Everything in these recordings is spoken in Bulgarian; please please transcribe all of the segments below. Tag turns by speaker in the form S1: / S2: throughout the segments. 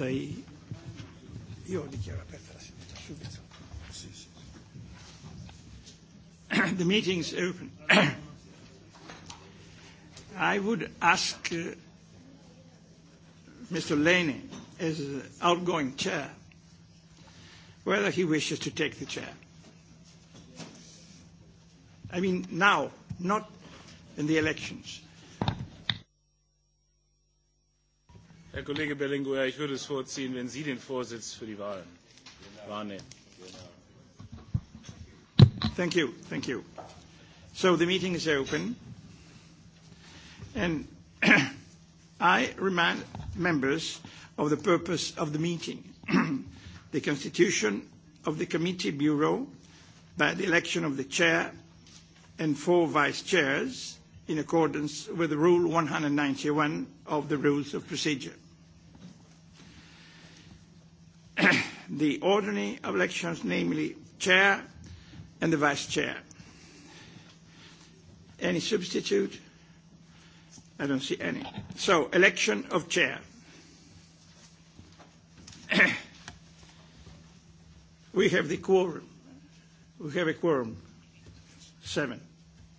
S1: dai... Io dichiaro aperta la seduta subito. Sì, sì. The meeting is open. I would ask uh, Mr. Laney, as outgoing chair, whether he wishes to take the chair. I mean now, not in the elections. Herr Kollege Berlinguer, ich würde es vorziehen, wenn Sie den Vorsitz für die Wahlen wahrnehmen. Thank you. Thank you. So the meeting is open. And I remind members of the purpose of the meeting. the constitution of the committee bureau by the election of the chair and four vice chairs in accordance with rule one hundred and ninety one of the rules of procedure. the ordinary elections, namely chair and the vice chair. Any substitute? I don't see any. So, election of chair. we have the quorum. We have a quorum. Seven.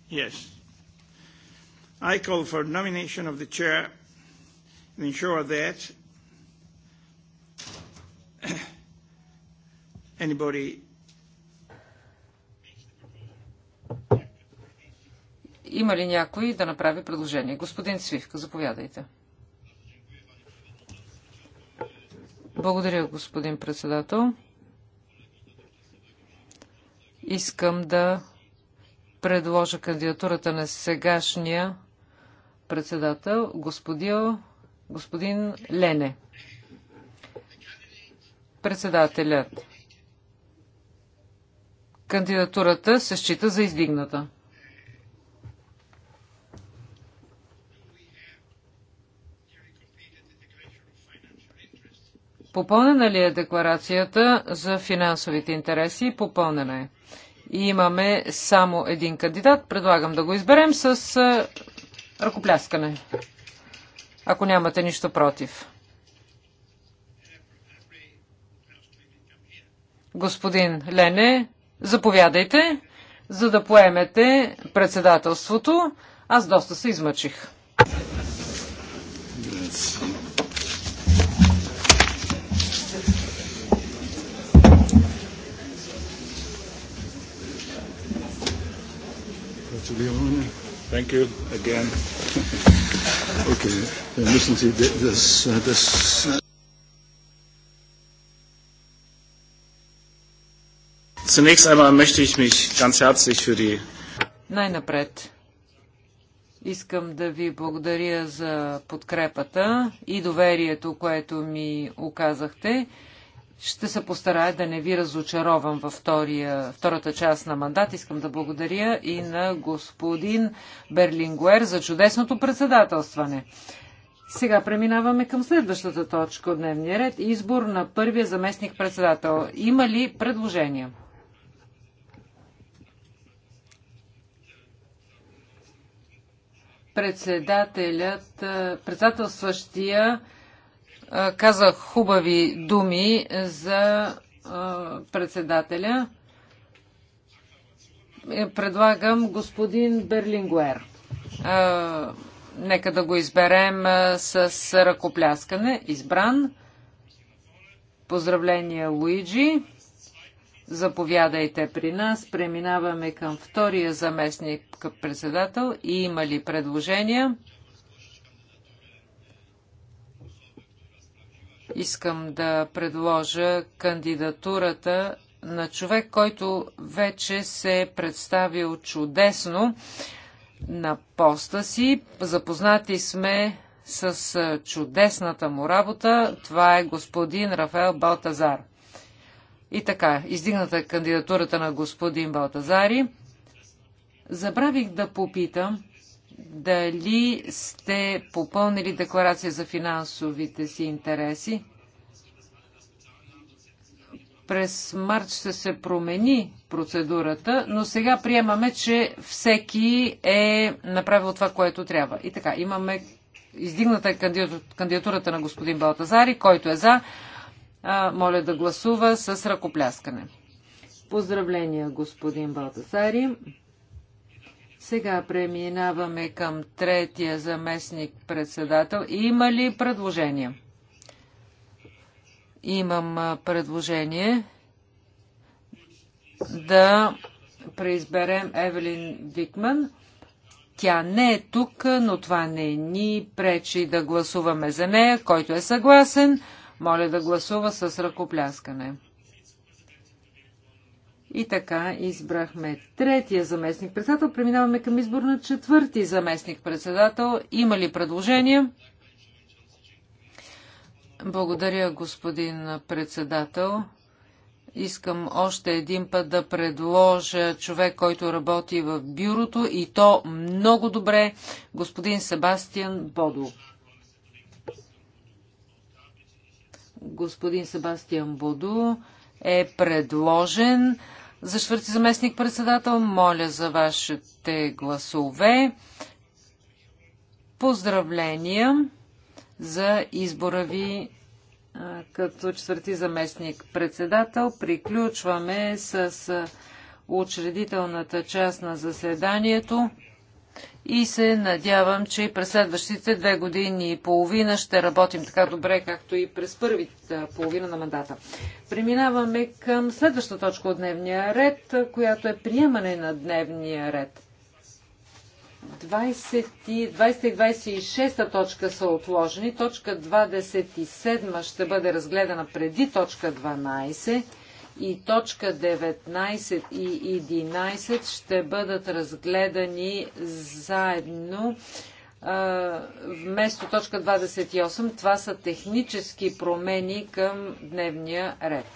S1: Yes. I call for nomination of the chair and ensure that Anybody?
S2: Има ли някой да направи предложение? Господин Свивка, заповядайте. Благодаря, господин председател. Искам да предложа кандидатурата на сегашния председател, господин, господин Лене. Председателят Кандидатурата се счита за издигната. Попълнена ли е декларацията за финансовите интереси? Попълнена е. И имаме само един кандидат. Предлагам да го изберем с ръкопляскане. Ако нямате нищо против. Господин Лене, Заповядайте, за да поемете председателството. Аз доста се измъчих.
S1: Thank you again. Okay, dann müssen Sie das, das Zunächst einmal möchte ich mich ganz herzlich für die
S2: най-напред искам да ви благодаря за подкрепата и доверието, което ми оказахте. Ще се постарая да не ви разочаровам във втория, втората част на мандат. Искам да благодаря и на господин Берлингуер за чудесното председателстване. Сега преминаваме към следващата точка от дневния ред. Избор на първия заместник председател. Има ли предложения? председателят, председателстващия каза хубави думи за председателя. Е, предлагам господин Берлингуер. Нека да го изберем с ръкопляскане. Избран. Поздравления, Луиджи. Заповядайте при нас. Преминаваме към втория заместник председател. И има ли предложения? Искам да предложа кандидатурата на човек, който вече се е представил чудесно на поста си. Запознати сме с чудесната му работа. Това е господин Рафаел Балтазар. И така, издигната кандидатурата на господин Балтазари. Забравих да попитам дали сте попълнили декларация за финансовите си интереси. През март ще се промени процедурата, но сега приемаме, че всеки е направил това, което трябва. И така, имаме издигната кандидатурата на господин Балтазари, който е за а, моля да гласува с ръкопляскане. Поздравления, господин Балтасари. Сега преминаваме към третия заместник председател. Има ли предложение? Имам предложение да преизберем Евелин Викман. Тя не е тук, но това не ни пречи да гласуваме за нея. Който е съгласен, моля да гласува с ръкопляскане. И така избрахме третия заместник председател. Преминаваме към избор на четвърти заместник председател. Има ли предложения? Благодаря, господин председател. Искам още един път да предложа човек, който работи в бюрото и то много добре, господин Себастиан Бодо. господин Себастиан Буду е предложен за четвърти заместник председател. Моля за вашите гласове. Поздравления за избора ви като четвърти заместник председател. Приключваме с учредителната част на заседанието и се надявам, че и през следващите две години и половина ще работим така добре, както и през първите половина на мандата. Преминаваме към следващата точка от дневния ред, която е приемане на дневния ред. 20, 20 и 26 точка са отложени. Точка 27 ще бъде разгледана преди точка 12 и точка 19 и 11 ще бъдат разгледани заедно вместо точка 28. Това са технически промени към дневния ред.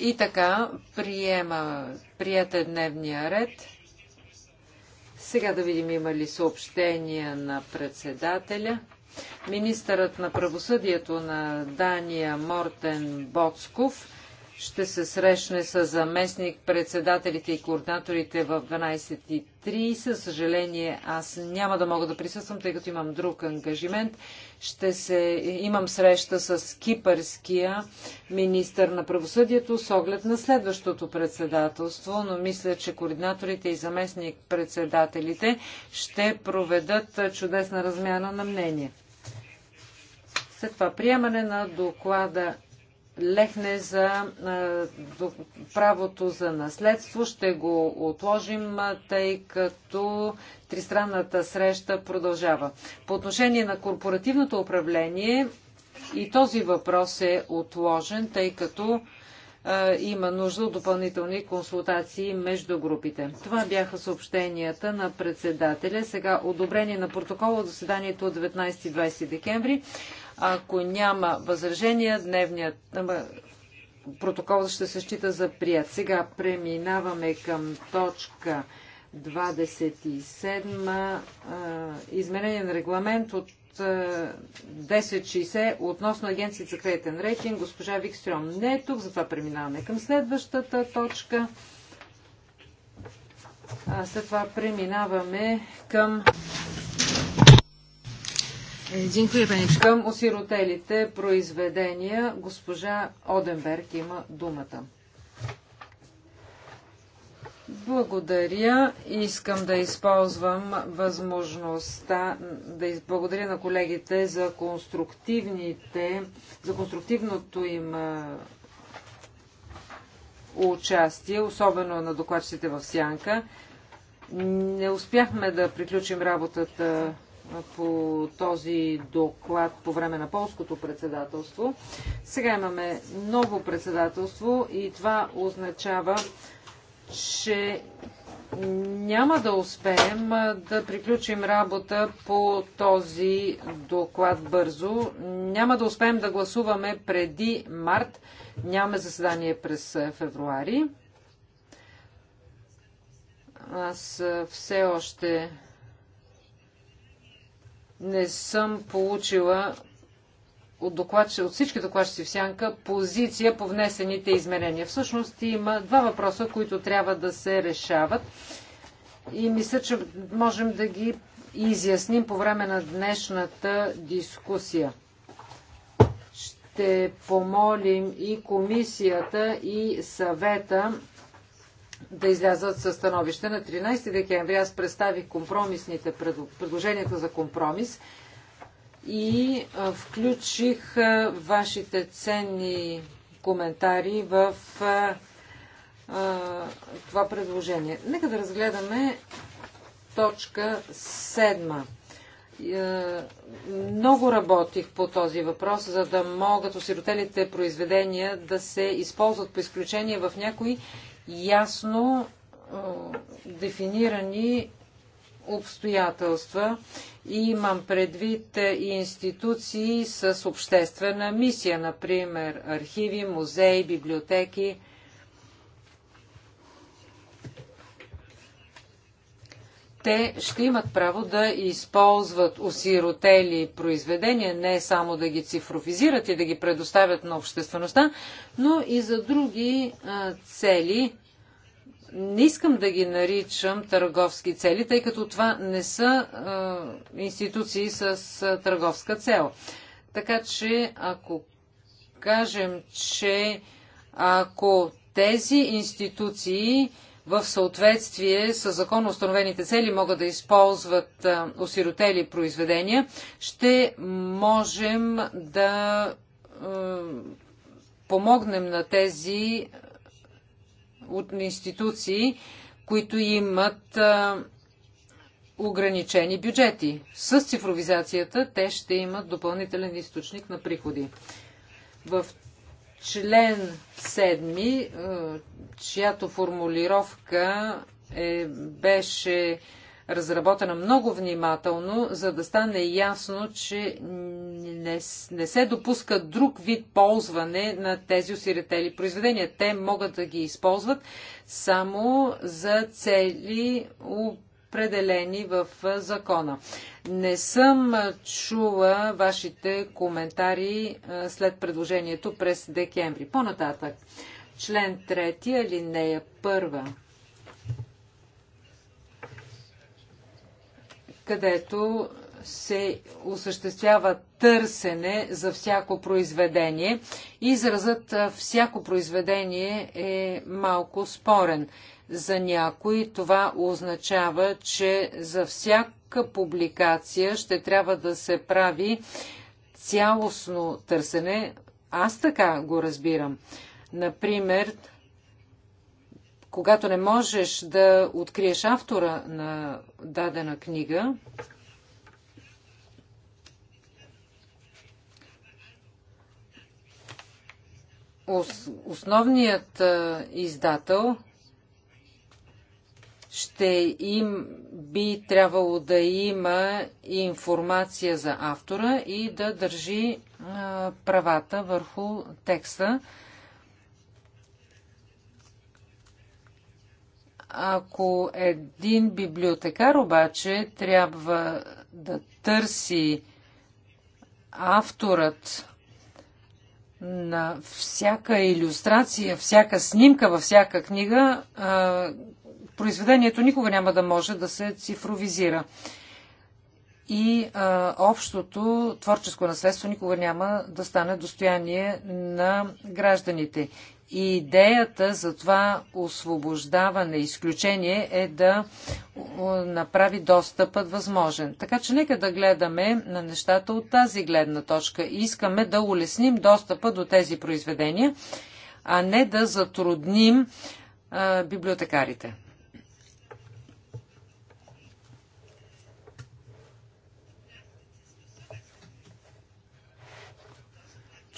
S2: И така, приема, прията е дневния ред. Сега да видим има ли съобщения на председателя. Министърът на правосъдието на Дания Мортен Боцков ще се срещне с заместник председателите и координаторите в 12.30. Със съжаление, аз няма да мога да присъствам, тъй като имам друг ангажимент. Ще се, имам среща с кипърския министр на правосъдието с оглед на следващото председателство, но мисля, че координаторите и заместник председателите ще проведат чудесна размяна на мнение. След това приемане на доклада лехне за правото за наследство. Ще го отложим, тъй като тристранната среща продължава. По отношение на корпоративното управление и този въпрос е отложен, тъй като има нужда от допълнителни консултации между групите. Това бяха съобщенията на председателя. Сега одобрение на протокола от заседанието от 19-20 декември. Ако няма възражения, дневният протокол ще се счита за прият. Сега преминаваме към точка 27. Изменение на регламент от 1060 относно агенцията за кредитен рейтинг. Госпожа Викстрион не е тук, затова преминаваме към следващата точка. А след това преминаваме към е, Към осиротелите произведения госпожа Оденберг има думата. Благодаря. Искам да използвам възможността да благодаря на колегите за конструктивните, за конструктивното им участие, особено на докладчиците в Сянка. Не успяхме да приключим работата по този доклад по време на полското председателство. Сега имаме ново председателство и това означава, че няма да успеем да приключим работа по този доклад бързо. Няма да успеем да гласуваме преди март. Нямаме заседание през февруари. Аз все още не съм получила от, доклад, от всички докладчици в сянка позиция по внесените изменения. Всъщност има два въпроса, които трябва да се решават и мисля, че можем да ги изясним по време на днешната дискусия. Ще помолим и комисията, и съвета да излязат със становище. На 13 декември аз представих компромисните предложенията за компромис и включих вашите ценни коментари в това предложение. Нека да разгледаме точка 7. Много работих по този въпрос, за да могат осиротелите произведения да се използват по изключение в някои ясно дефинирани обстоятелства и имам предвид и институции с обществена мисия, например архиви, музеи, библиотеки, те ще имат право да използват осиротели произведения, не само да ги цифровизират и да ги предоставят на обществеността, но и за други а, цели. Не искам да ги наричам търговски цели, тъй като това не са а, институции с а, търговска цел. Така че, ако кажем, че ако тези институции а, в съответствие с установените цели могат да използват осиротели произведения, ще можем да помогнем на тези от институции, които имат ограничени бюджети. С цифровизацията те ще имат допълнителен източник на приходи. В член 7, е, чиято формулировка е, беше разработена много внимателно, за да стане ясно, че не, не се допуска друг вид ползване на тези осиротели произведения. Те могат да ги използват само за цели определени в закона. Не съм чула вашите коментари след предложението през декември. По-нататък, член 3, алинея 1, където се осъществява търсене за всяко произведение. Изразът всяко произведение е малко спорен. За някои това означава, че за всяка публикация ще трябва да се прави цялостно търсене. Аз така го разбирам. Например, когато не можеш да откриеш автора на дадена книга, основният издател ще им би трябвало да има информация за автора и да държи а, правата върху текста. Ако един библиотекар обаче трябва да търси авторът на всяка иллюстрация, всяка снимка във всяка книга, а, произведението никога няма да може да се цифровизира. И а, общото творческо наследство никога няма да стане достояние на гражданите. И идеята за това освобождаване, изключение е да направи достъпът възможен. Така че нека да гледаме на нещата от тази гледна точка. Искаме да улесним достъпа до тези произведения, а не да затрудним а, библиотекарите.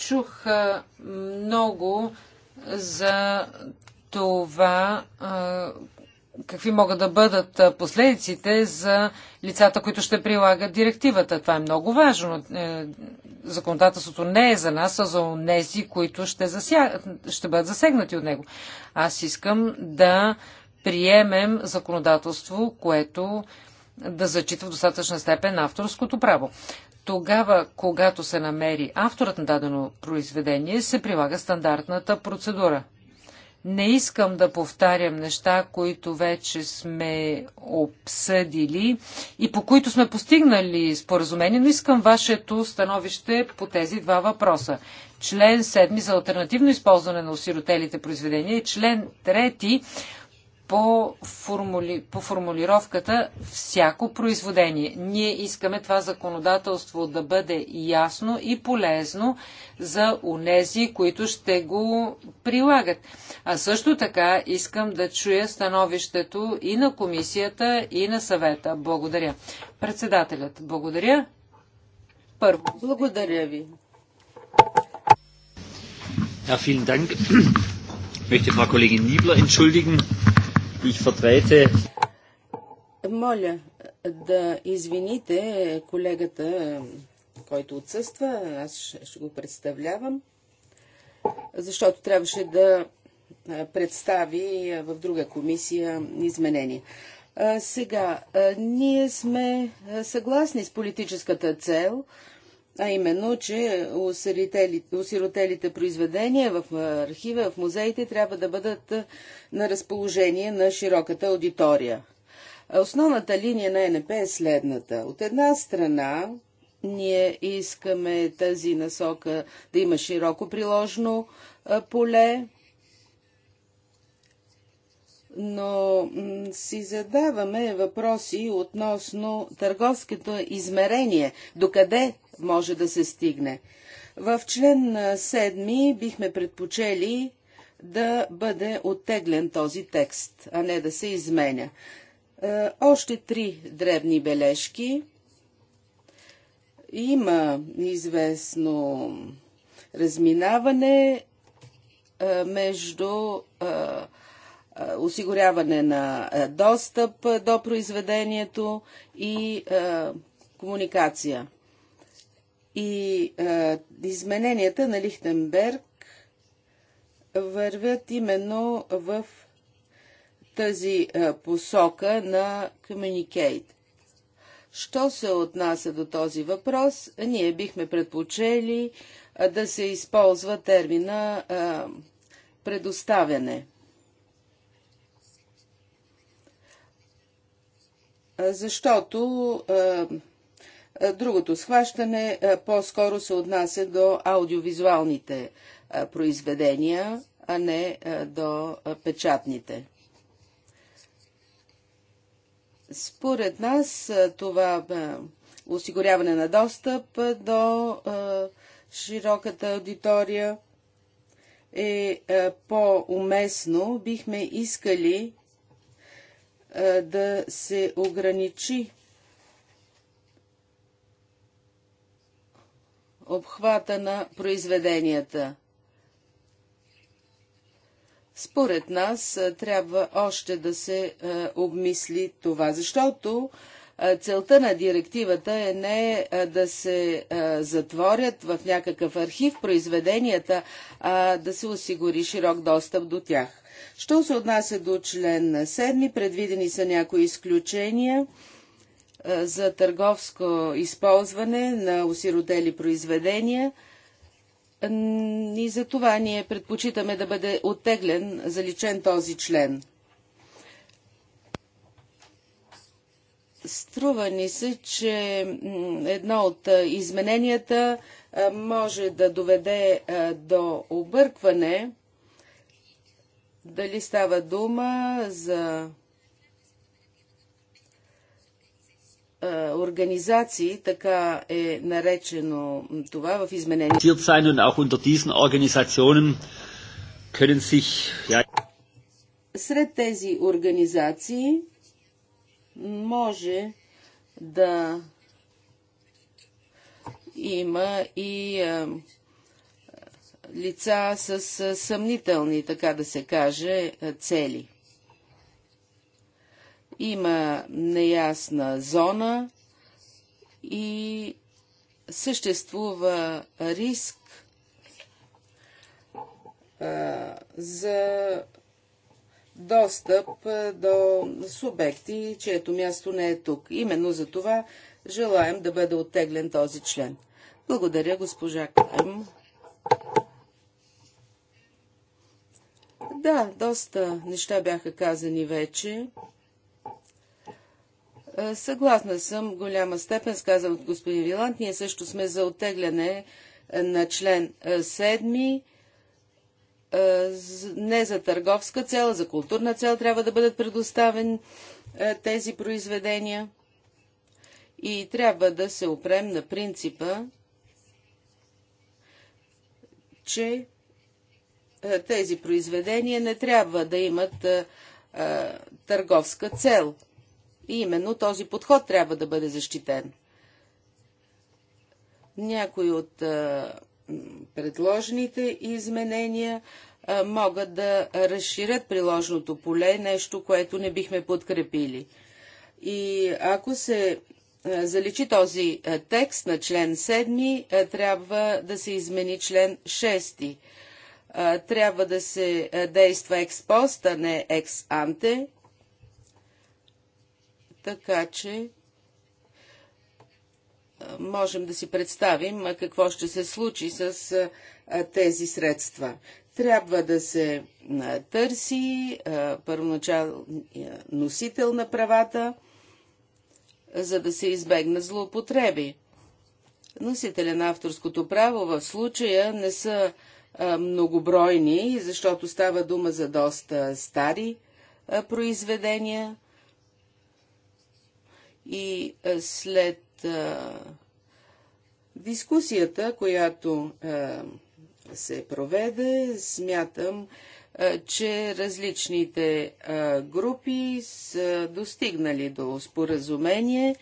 S2: чух много за това какви могат да бъдат последиците за лицата, които ще прилагат директивата. Това е много важно. Е, законодателството не е за нас, а за онези, които ще, засяг... ще бъдат засегнати от него. Аз искам да приемем законодателство, което да зачита в достатъчна степен авторското право. Тогава, когато се намери авторът на дадено произведение, се прилага стандартната процедура. Не искам да повтарям неща, които вече сме обсъдили и по които сме постигнали споразумение, но искам вашето становище по тези два въпроса. Член 7 за альтернативно използване на осиротелите произведения и член 3 по, формули, по формулировката всяко производение. Ние искаме това законодателство да бъде ясно и полезно за унези, които ще го прилагат. А също така искам да чуя становището и на комисията, и на съвета. Благодаря. Председателят, благодаря. Първо. Благодаря ви.
S1: Ja, vielen Dank. Ich möchte Frau Kollegin Niebler entschuldigen. Ich vertrete.
S3: Моля да извините колегата, който отсъства, аз ще го представлявам, защото трябваше да представи в друга комисия изменения. Сега, ние сме съгласни с политическата цел, а именно, че осиротелите произведения в архива, в музеите трябва да бъдат на разположение на широката аудитория. Основната линия на НП е следната. От една страна, ние искаме тази насока да има широко приложно поле, но си задаваме въпроси относно търговското измерение. Докъде може да се стигне. В член 7 бихме предпочели да бъде оттеглен този текст, а не да се изменя. Още три дребни бележки. Има известно разминаване между осигуряване на достъп до произведението и комуникация. И а, е, измененията на Лихтенберг вървят именно в тази а, е, посока на Communicate. Що се отнася до този въпрос, ние бихме предпочели а, е, да се използва термина а, предоставяне. Защото е, другото схващане е, по-скоро се отнася до аудиовизуалните е, произведения, а не до печатните. Според нас това осигуряване на достъп до широката аудитория е по-уместно. Бихме искали да се ограничи обхвата на произведенията. Според нас трябва още да се обмисли това, защото целта на директивата е не да се затворят в някакъв архив произведенията, а да се осигури широк достъп до тях. Що се отнася до член 7, предвидени са някои изключения – е, за търговско използване на осиротели произведения и за това ние предпочитаме да бъде оттеглен, заличен този член. Струва ни се, че едно от е, измененията е, може да доведе до объркване дали става дума за Е, организации, така е наречено това в изменение. Сред тези организации може да има и е, лица с е, съмнителни, така да се каже, цели. Има неясна зона и съществува риск за достъп до субекти, чието място не е тук. Именно за това желаем да бъде оттеглен този член. Благодаря, госпожа Кайм. Да, доста неща бяха казани вече. Е, съгласна съм голяма степен, сказан от господин Виланд, ние също сме за оттегляне е, на член 7 е, не за търговска цел, за културна цел трябва да бъдат предоставени тези произведения. И трябва да се опрем на принципа, че тези произведения не трябва да имат търговска цел. И именно този подход трябва да бъде защитен. Някои от предложените изменения могат да разширят приложното поле, нещо, което не бихме подкрепили. И ако се заличи този текст на член 7, трябва да се измени член 6. Трябва да се действа експост, а не екс-анте, така че можем да си представим какво ще се случи с тези средства. Трябва да се търси първоначал носител на правата, за да се избегнат злоупотреби. Носителя на авторското право в случая не са многобройни, защото става дума за доста стари произведения – и е, след е, дискусията, която е, се проведе, смятам, че различните групи са достигнали до споразумение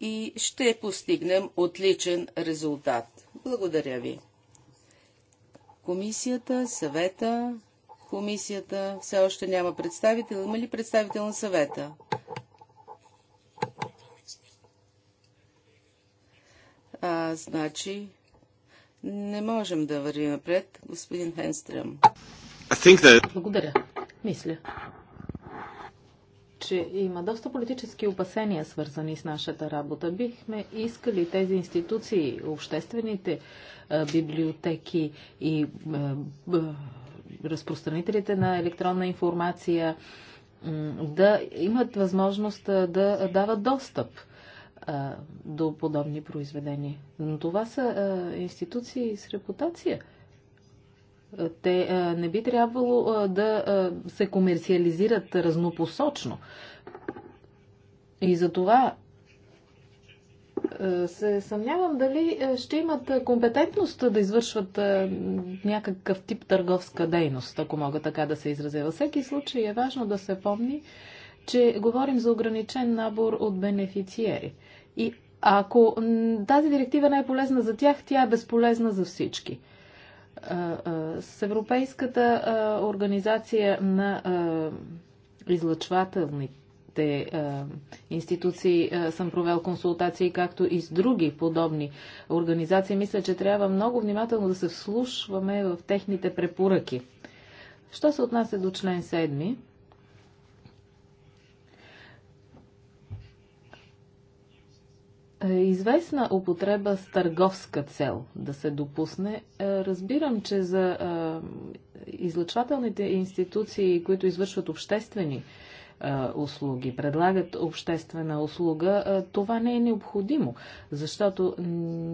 S3: и ще постигнем отличен резултат. Благодаря ви. Комисията, съвета, комисията все още няма представител. Има ли представител на съвета? А, значи, не
S4: можем да вървим напред, господин Хенстрем.
S2: That...
S4: Благодаря. Мисля, че има доста политически опасения, свързани с нашата работа. Бихме искали тези институции, обществените библиотеки и разпространителите на електронна информация да имат възможност да дават достъп а, до подобни произведения. Но това са а, институции с репутация. Те а, не би трябвало а, да а, се комерциализират разнопосочно. И за това се съмнявам дали ще имат компетентност да извършват някакъв тип търговска дейност, ако мога така да се изразя. Във всеки случай е важно да се помни, че говорим за ограничен набор от бенефициери – и ако тази директива не е полезна за тях, тя е безполезна за всички. С Европейската организация на излъчвателните институции съм провел консултации, както и с други подобни организации. Мисля, че трябва много внимателно да се вслушваме в техните препоръки. Що се отнася до член 7? Е, известна употреба с търговска цел да се допусне. Е, разбирам, че за е, излъчвателните институции, които извършват обществени услуги, предлагат обществена услуга, това не е необходимо, защото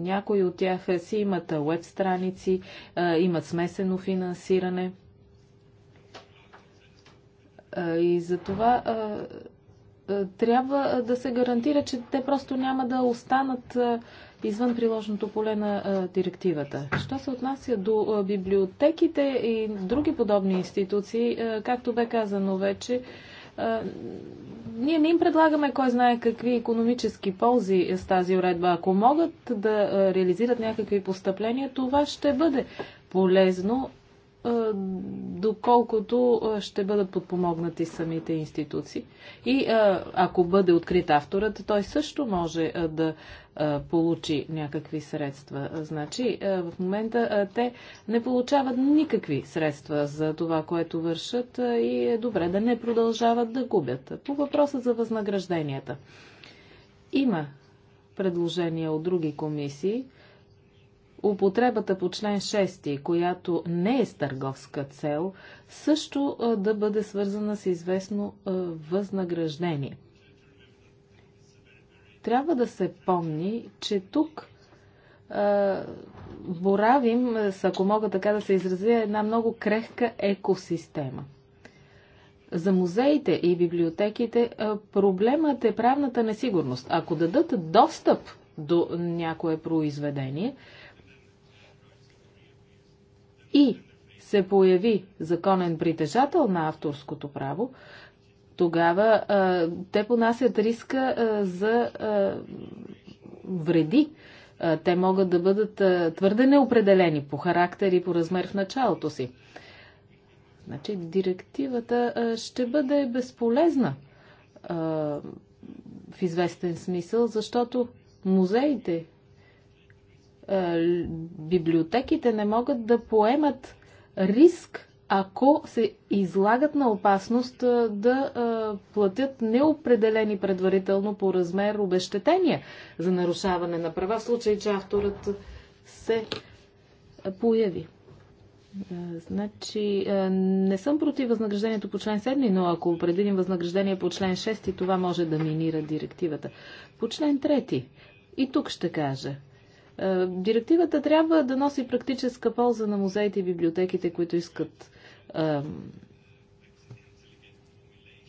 S4: някои от тях си имат веб страници, имат смесено финансиране. И за това е, трябва е, да се гарантира, че те просто няма да останат е, извън приложното поле на директивата. Що се отнася до библиотеките и други подобни институции, както бе казано вече, ние не им предлагаме кой знае какви економически ползи с тази уредба. Ако могат да реализират някакви постъпления, това ще бъде полезно доколкото ще бъдат подпомогнати самите институции. И ако бъде открит авторът, той също може да получи някакви средства. Значи, в момента те не получават никакви средства за това, което вършат и е добре да не продължават да губят. По въпроса за възнагражденията. Има предложения от други комисии употребата по член 6, която не е с търговска цел, също да бъде свързана с известно възнаграждение. Трябва да се помни, че тук боравим, ако мога така да се изразя, една много крехка екосистема. За музеите и библиотеките проблемът е правната несигурност. Ако дадат достъп до някое произведение, и се появи законен притежател на авторското право, тогава а, те понасят риска а, за а, вреди. А, те могат да бъдат а, твърде неопределени по характер и по размер в началото си. Значи директивата а, ще бъде безполезна а, в известен смисъл, защото музеите, е, библиотеките не могат да поемат риск, ако се излагат на опасност е, да е, платят неопределени предварително по размер обещетения за нарушаване на права, в случай, че авторът се появи. Значи, не съм против възнаграждението по член 7, но ако определим възнаграждение по член 6, това може да минира директивата. По член 3. И тук ще кажа. Е, директивата трябва да носи практическа полза на музеите и библиотеките, които искат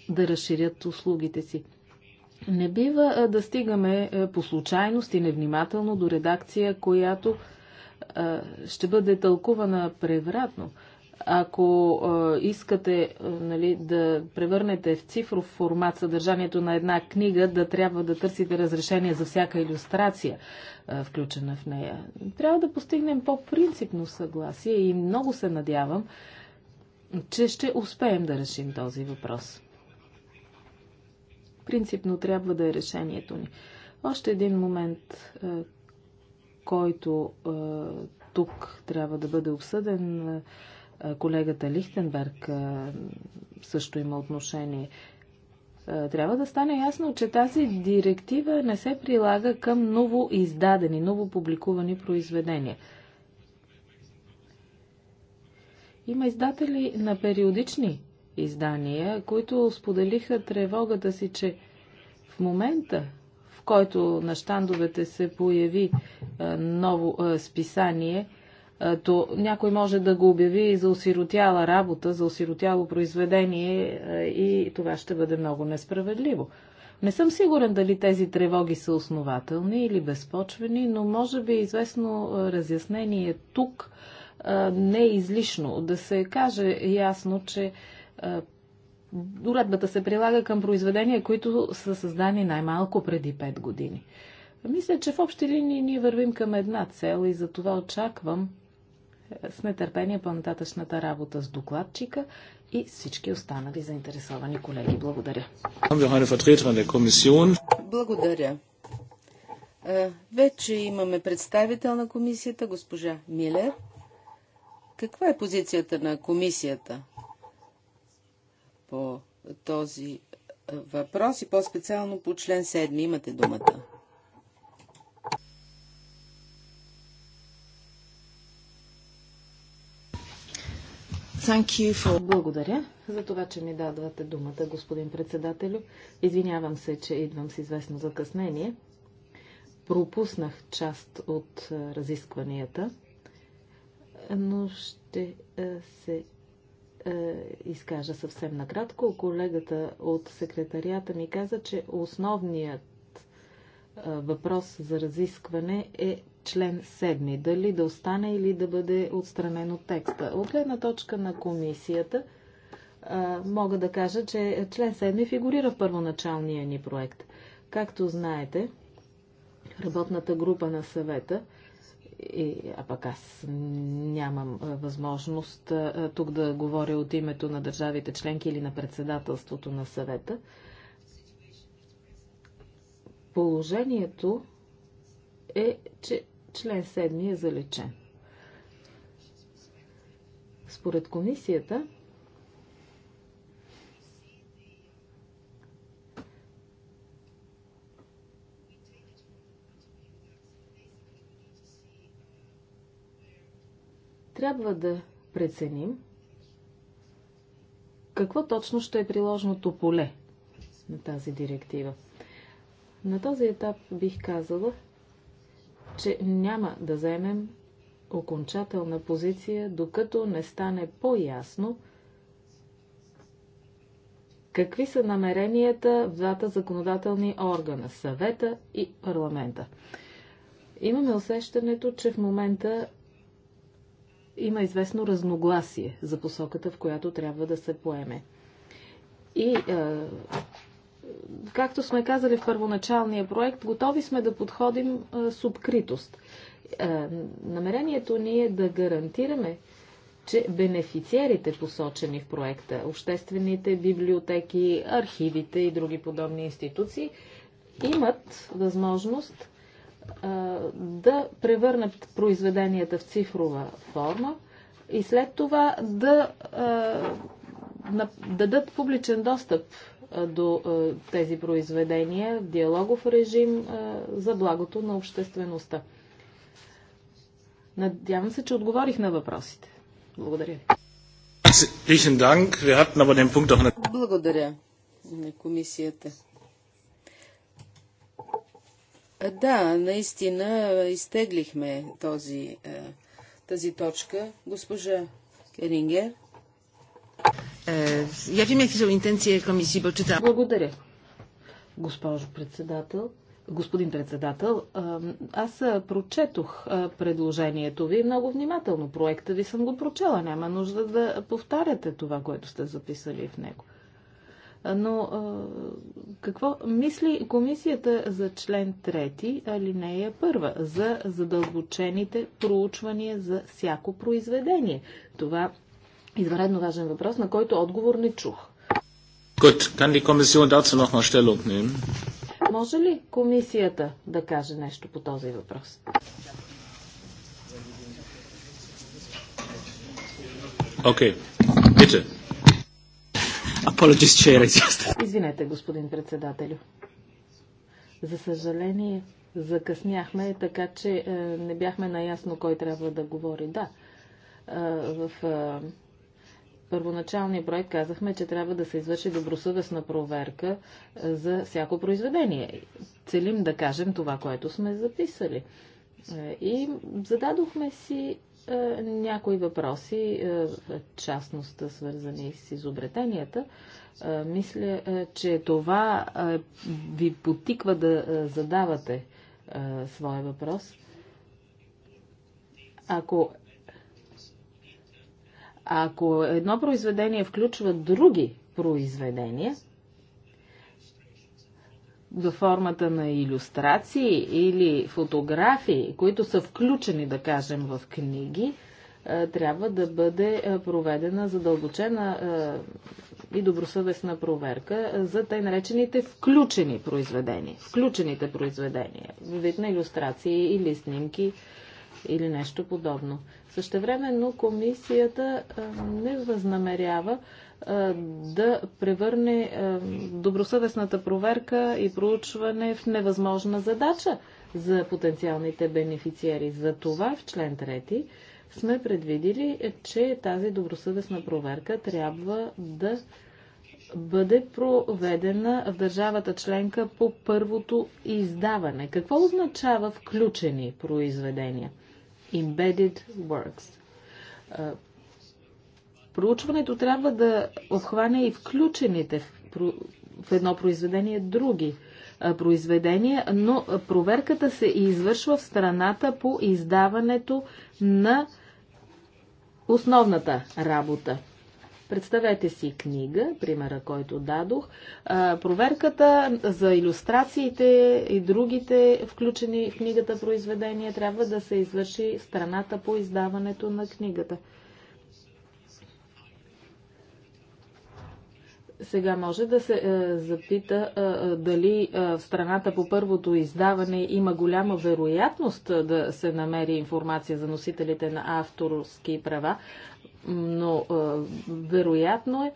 S4: да разширят услугите си. Не бива е, да стигаме е, по случайност и невнимателно до редакция, която ще бъде тълкувана превратно. Ако искате нали, да превърнете в цифров формат съдържанието на една книга, да трябва да търсите разрешение за всяка иллюстрация, включена в нея. Трябва да постигнем по-принципно съгласие и много се надявам, че ще успеем да решим този въпрос. Принципно трябва да е решението ни. Още един момент, който тук трябва да бъде обсъден, Колегата Лихтенберг също има отношение. Трябва да стане ясно, че тази директива не се прилага към ново издадени, ново публикувани произведения. Има издатели на периодични издания, които споделиха тревогата си, че в момента, в който на щандовете се появи ново списание, е, то някой може да го обяви за осиротяла работа, за осиротяло произведение е, и това ще бъде много несправедливо. Не съм сигурен дали тези тревоги са основателни или безпочвени, но може би известно е, разяснение тук не е излишно. Да се каже ясно, че уредбата се прилага към произведения, които са създани най-малко преди 5 години. Мисля, че в общи линии ние вървим към една цел и за това очаквам с нетърпение по-нататъчната работа с докладчика и всички останали заинтересовани колеги. Благодаря. Благодаря.
S3: Е, вече имаме представител на комисията, госпожа Милер. Каква е позицията на комисията по този е, въпрос и по-специално по член 7? Имате думата.
S4: For... Благодаря за това, че ми дадвате думата, господин председателю. Извинявам се, че идвам с известно закъснение. Пропуснах част от разискванията, но ще се изкажа съвсем накратко. Колегата от секретарията ми каза, че основният въпрос за разискване е член 7. Дали да остане или да бъде отстранен от текста. От гледна точка на комисията мога да кажа, че член 7 фигурира в първоначалния ни проект. Както знаете, работната група на съвета и, а пък аз нямам възможност тук да говоря от името на държавите членки или на председателството на съвета. Положението е, че член 7 е залечен. Според комисията, трябва да преценим какво точно ще е приложното поле на тази директива. На този етап бих казала, че няма да заемем окончателна позиция, докато не стане по-ясно какви са намеренията в двата законодателни органа – съвета и парламента. Имаме усещането, че в момента има известно разногласие за посоката, в която трябва да се поеме. И е, както сме казали в първоначалния проект, готови сме да подходим с откритост. Е, намерението ни е да гарантираме, че бенефициерите, посочени в проекта, обществените библиотеки, архивите и други подобни институции, имат възможност да превърнат произведенията в цифрова форма и след това да дадат публичен достъп до тези произведения в диалогов режим за благото на обществеността. Надявам се, че отговорих на въпросите. Благодаря ви.
S3: Благодаря на комисията. Да, наистина изтеглихме този, тази точка. Госпожа Керингер.
S4: Е, я wiem, jakie są intencje komisji, bo Благодаря, госпожо председател. Господин председател, аз прочетох предложението ви много внимателно. Проекта ви съм го прочела. Няма нужда да повтаряте това, което сте записали в него. Но какво мисли комисията за член 3, алинея 1, за задълбочените проучвания за всяко произведение? Това извънредно важен въпрос, на който отговор не чух.
S2: Gut, kann die Kommission dazu noch mal Stellung nehmen?
S4: Може ли комисията да каже нещо по този въпрос?
S1: Окей, okay. Bitte.
S4: Apologies, chair. Извинете, господин председателю. За съжаление, закъсняхме, така че е, не бяхме наясно кой трябва да говори. Да, е, в е, първоначалния брой казахме, че трябва да се извърши добросъвестна проверка е, за всяко произведение. Целим да кажем това, което сме записали. Е, и зададохме си е, някои въпроси, в частност свързани с изобретенията. Мисля, че това ви потиква да задавате своя въпрос. Ако ако едно произведение включва други произведения, до формата на иллюстрации или фотографии, които са включени, да кажем, в книги, трябва да бъде проведена задълбочена и добросъвестна проверка за тъй наречените включени произведения. Включените произведения. Вид на иллюстрации или снимки или нещо подобно. Същевременно комисията не възнамерява да превърне добросъвестната проверка и проучване в невъзможна задача за потенциалните бенефициери. За това в член 3 сме предвидили, че тази добросъвестна проверка трябва да бъде проведена в държавата членка по първото издаване. Какво означава включени произведения? Embedded Works. Проучването трябва да обхване и включените в едно произведение други произведения, но проверката се извършва в страната по издаването на основната работа. Представете си книга, примера, който дадох, проверката за иллюстрациите и другите включени в книгата произведения трябва да се извърши страната по издаването на книгата. сега може да се е, запита е, дали е, в страната по първото издаване има голяма вероятност да се намери информация за носителите на авторски права, но вероятно е,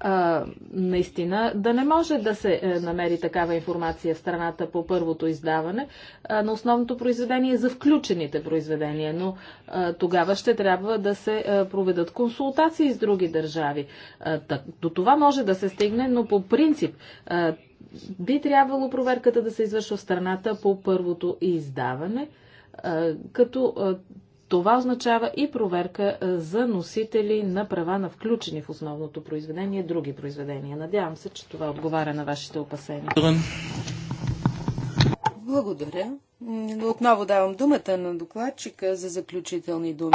S4: а, наистина да не може да се а, е, намери такава информация в страната по първото издаване а, на основното произведение за включените произведения, но а, тогава ще трябва да се а, е, проведат консултации с други държави. А, так, до това може да се стигне, но по принцип а, би трябвало проверката да се извършва в страната по първото издаване, а, като а, това означава и проверка е, за носители на права на включени в основното произведение други произведения. Надявам се, че това отговаря на вашите опасения. Благодаря. Отново давам думата на докладчика за заключителни думи.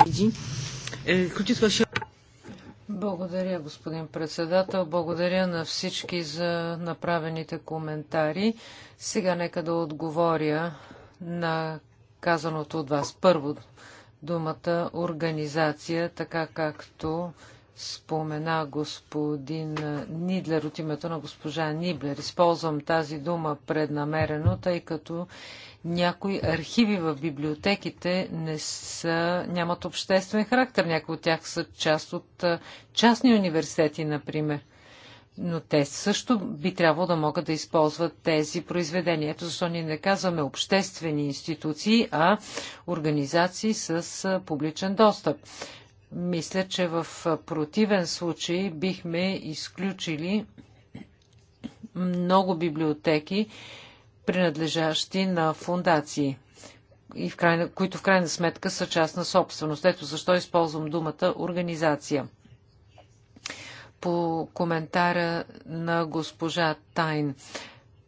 S2: Благодаря, господин председател. Благодаря на всички за направените коментари. Сега нека да отговоря на казаното от вас. Първо, думата организация, така както спомена господин Нидлер от името на госпожа Ниблер. Използвам тази дума преднамерено, тъй като някои архиви в библиотеките не са, нямат обществен характер. Някои от тях са част от частни университети, например но те също би трябвало да могат да използват тези произведения. Ето защо ние не казваме обществени институции, а организации с публичен достъп. Мисля, че в противен случай бихме изключили много библиотеки, принадлежащи на фундации, и в крайна, които в крайна сметка са частна собственост. Ето защо използвам думата организация по коментара на госпожа Тайн.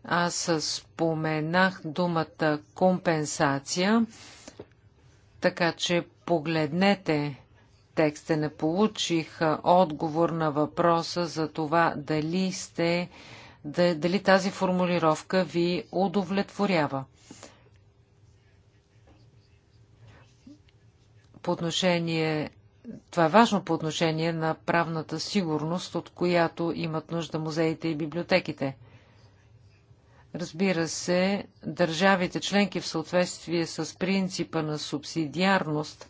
S2: Аз споменах думата компенсация, така че погледнете текста. Не получих отговор на въпроса за това дали сте дали тази формулировка ви удовлетворява. По отношение това е важно по отношение на правната сигурност, от която имат нужда музеите и библиотеките. Разбира се, държавите членки в съответствие с принципа на субсидиарност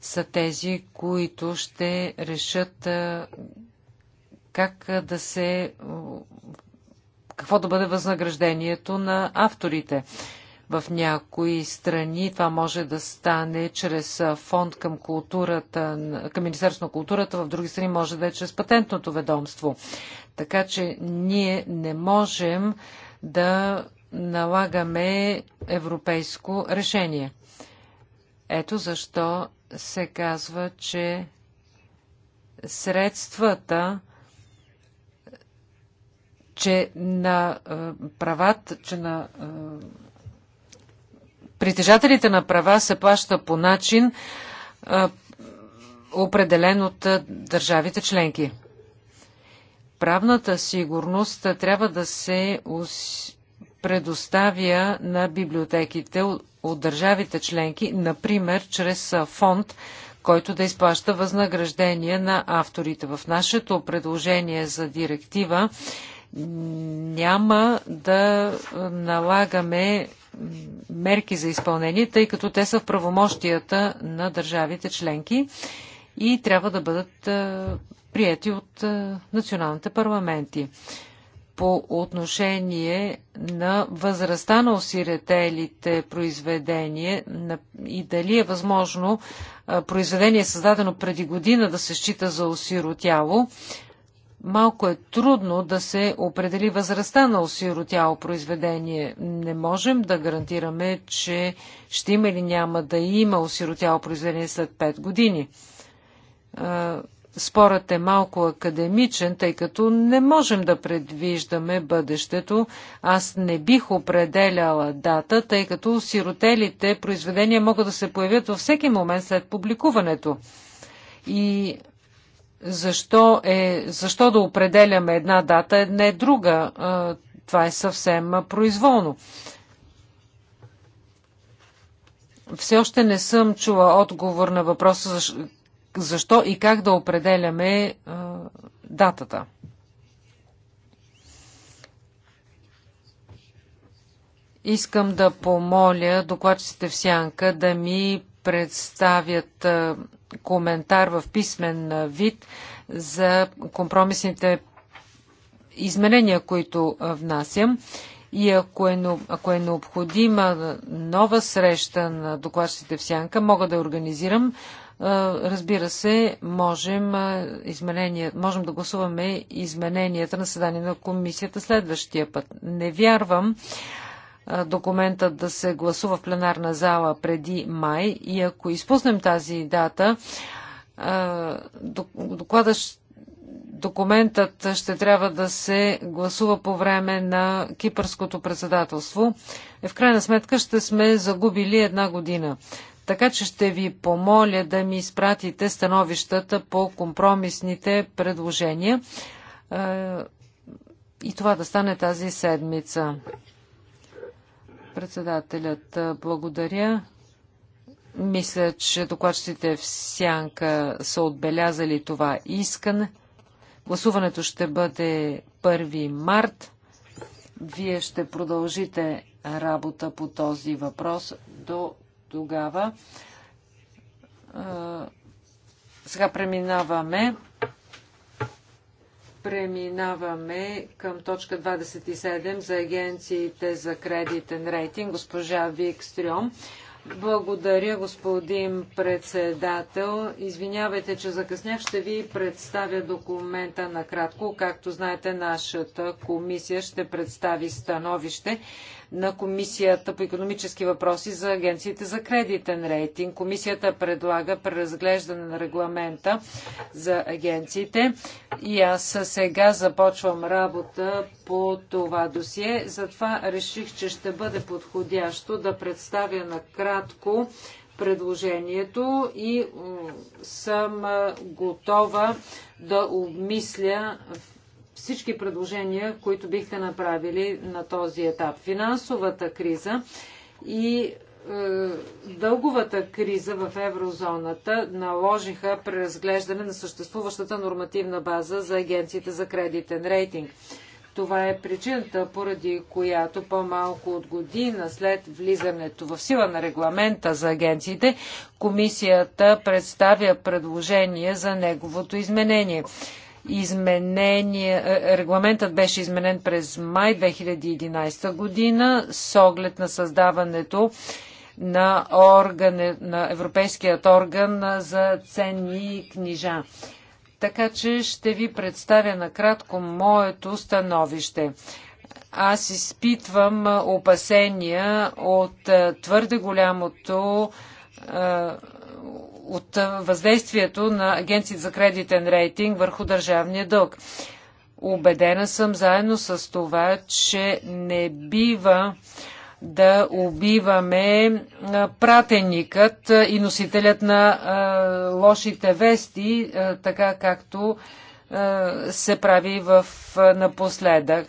S2: са тези, които ще решат как да се какво да бъде възнаграждението на авторите. В някои страни това може да стане чрез фонд към, културата, към Министерство на културата, в други страни може да е чрез патентното ведомство. Така че ние не можем да налагаме европейско решение. Ето защо се казва, че средствата, че на правата, че на притежателите на права се плаща по начин определен от държавите членки. Правната сигурност трябва да се предоставя на библиотеките от държавите членки, например чрез фонд, който да изплаща възнаграждение на авторите. В нашето предложение за директива няма да налагаме мерки за изпълнение, тъй като те са в правомощията на държавите членки и трябва да бъдат прияти от националните парламенти. По отношение на възрастта на осиретелите произведение и дали е възможно произведение, създадено преди година, да се счита за осиротяло, тяло, малко е трудно да се определи възрастта на осиротяло произведение. Не можем да гарантираме, че ще има или няма да има осиротяло произведение след 5 години. Спорът е малко академичен, тъй като не можем да предвиждаме бъдещето. Аз не бих определяла дата, тъй като сиротелите произведения могат да се появят във всеки момент след публикуването. И защо, е, защо да определяме една дата, не друга? Това е съвсем произволно. Все още не съм чула отговор на въпроса защо, и как да определяме датата. Искам да помоля докладчиците в Сянка да ми представят а, коментар в писмен вид за компромисните изменения, които внасям. И ако е, ако е необходима нова среща на докладчите в Сянка, мога да организирам. Разбира се, можем, изменения, можем да гласуваме измененията на съдание на комисията следващия път. Не вярвам, документът да се гласува в пленарна зала преди май и ако изпуснем тази дата, доклада, документът ще трябва да се гласува по време на кипърското председателство. В крайна сметка ще сме загубили една година. Така че ще ви помоля да ми изпратите становищата по компромисните предложения и това да стане тази седмица. Председателят, благодаря. Мисля, че докладчиците в Сянка са отбелязали това искане. Гласуването ще бъде 1 март. Вие ще продължите работа по този въпрос до тогава. Сега преминаваме Преминаваме към точка 27 за агенциите за кредитен рейтинг. Госпожа Викстрюм. Благодаря, господин председател. Извинявайте, че закъснях. Ще ви представя документа накратко. Както знаете, нашата комисия ще представи становище на Комисията по економически въпроси за агенциите за кредитен рейтинг. Комисията предлага преразглеждане на регламента за агенциите и аз сега започвам работа по това досие. Затова реших, че ще бъде подходящо да представя накратко предложението и съм готова да обмисля всички предложения, които бихте направили на този етап. Финансовата криза и е, дълговата криза в еврозоната наложиха преразглеждане на съществуващата нормативна база за агенциите за кредитен рейтинг. Това е причината, поради която по-малко от година след влизането в сила на регламента за агенциите, комисията представя предложение за неговото изменение изменение, е, регламентът беше изменен през май 2011 година с оглед на създаването на, орган, на Европейският орган за ценни книжа. Така че ще ви представя накратко моето становище. Аз изпитвам е, опасения от е, твърде голямото от въздействието на Агенцията за кредитен рейтинг върху държавния дълг. Убедена съм заедно с това, че не бива да убиваме пратеникът и носителят на лошите вести, така както се прави в напоследък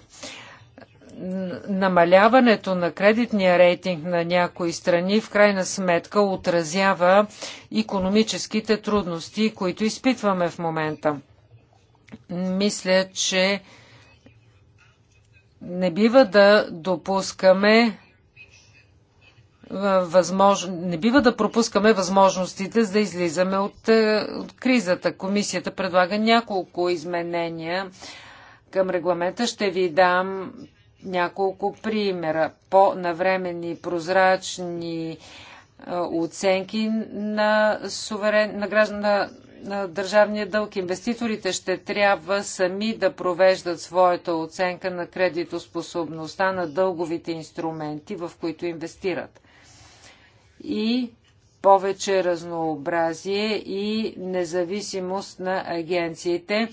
S2: намаляването на кредитния рейтинг на някои страни в крайна сметка отразява економическите трудности, които изпитваме в момента. Мисля, че не бива да допускаме възмож... не бива да пропускаме възможностите за да излизаме от, е, от кризата. Комисията предлага няколко изменения към регламента. Ще ви дам няколко примера. По-навремени прозрачни оценки на, суверен, на, граждан, на, на държавния дълг. Инвеститорите ще трябва сами да провеждат своята оценка на кредитоспособността на дълговите инструменти, в които инвестират. И повече разнообразие и независимост на агенциите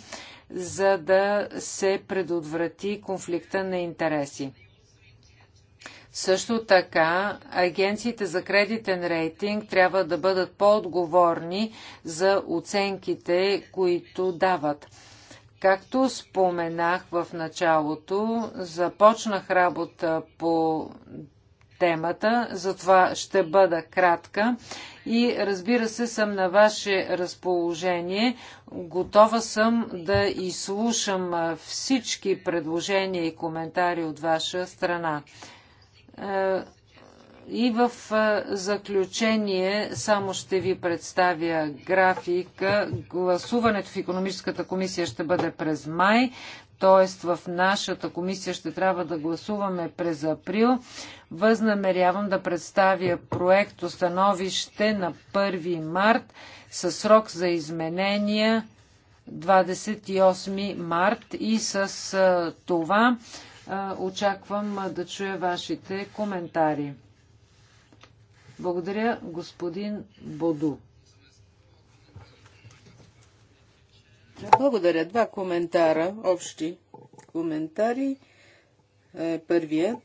S2: за да се предотврати конфликта на интереси. Също така, агенциите за кредитен рейтинг трябва да бъдат по-отговорни за оценките, които дават. Както споменах в началото, започнах работа по темата, затова ще бъда кратка. И разбира се, съм на ваше разположение. Готова съм да изслушам всички предложения и коментари от ваша страна. И в заключение само ще ви представя графика. Гласуването в економическата комисия ще бъде през май. Т.е. в нашата комисия ще трябва да гласуваме през април. Възнамерявам да представя проект установище на 1 март с срок за изменения 28 март и с това очаквам да чуя вашите коментари. Благодаря, господин Боду. Благодаря. Два коментара,
S3: общи коментари. Е, първият,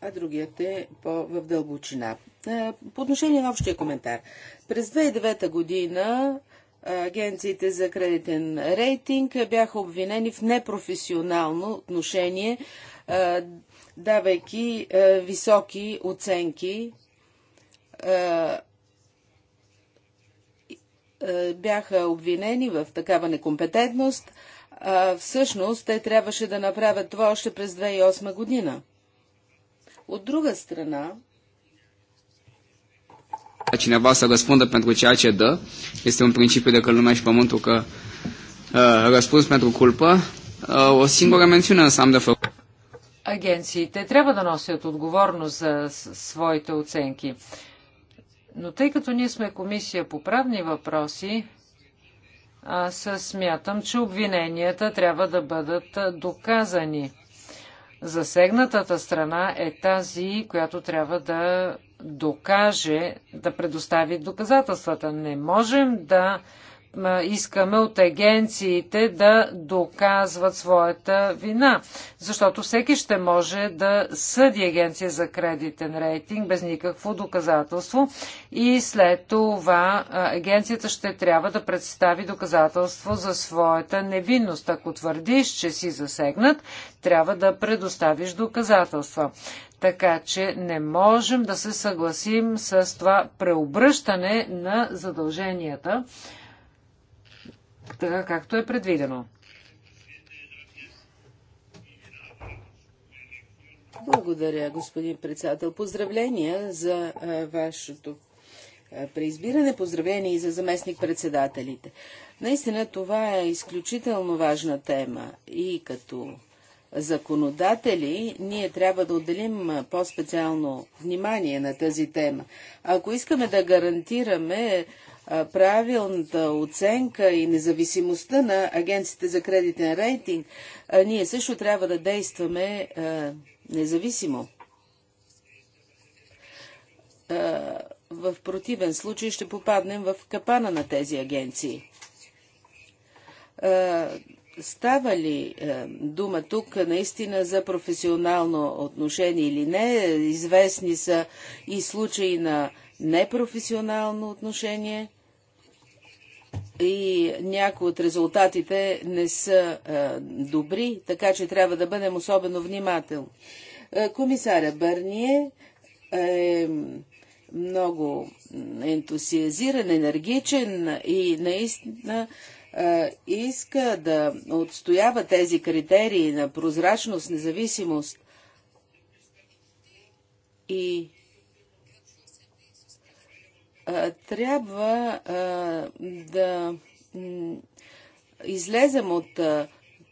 S3: а другият е по, в дълбочина. Е, по отношение на общия коментар. През 2009 година е, агенциите за кредитен рейтинг бяха обвинени в непрофесионално отношение, давайки високи оценки бяха обвинени в такава некомпетентност, а всъщност те трябваше да направят това още през 2008 година. От друга страна,
S2: cineva să răspundă pentru ceea ce dă. Este un principiu de că lumea și pământul că uh, răspuns
S3: pentru culpă. Uh, o singură mențiune însă am de făcut.
S2: Агенциите трябва да носят отговорност за своите оценки. Uh, но тъй като ние сме комисия по правни въпроси, аз смятам, че обвиненията трябва да бъдат доказани. Засегнатата страна е тази, която трябва да докаже, да предостави доказателствата. Не можем да искаме от агенциите да доказват своята вина, защото всеки ще може да съди агенция за кредитен рейтинг без никакво доказателство и след това агенцията ще трябва да представи доказателство за своята невинност. Ако твърдиш, че си засегнат, трябва да предоставиш доказателства. Така че не можем да се съгласим с това преобръщане на задълженията така както е предвидено.
S3: Благодаря, господин председател. Поздравления за а, вашето а, преизбиране. Поздравления и за заместник-председателите. Наистина това е изключително важна тема и като законодатели ние трябва да отделим по-специално внимание на тази тема. Ако искаме да гарантираме правилната оценка и независимостта на агенциите за кредитен рейтинг, ние също трябва да действаме независимо. В противен случай ще попаднем в капана на тези агенции. Става ли дума тук наистина за професионално отношение или не? Известни са и случаи на непрофесионално отношение и някои от резултатите не са а, е, добри, така че трябва да бъдем особено внимателни. Е, комисаря Бърние е много ентусиазиран, енергичен и наистина е, иска да отстоява тези критерии на прозрачност, независимост и трябва да излезем от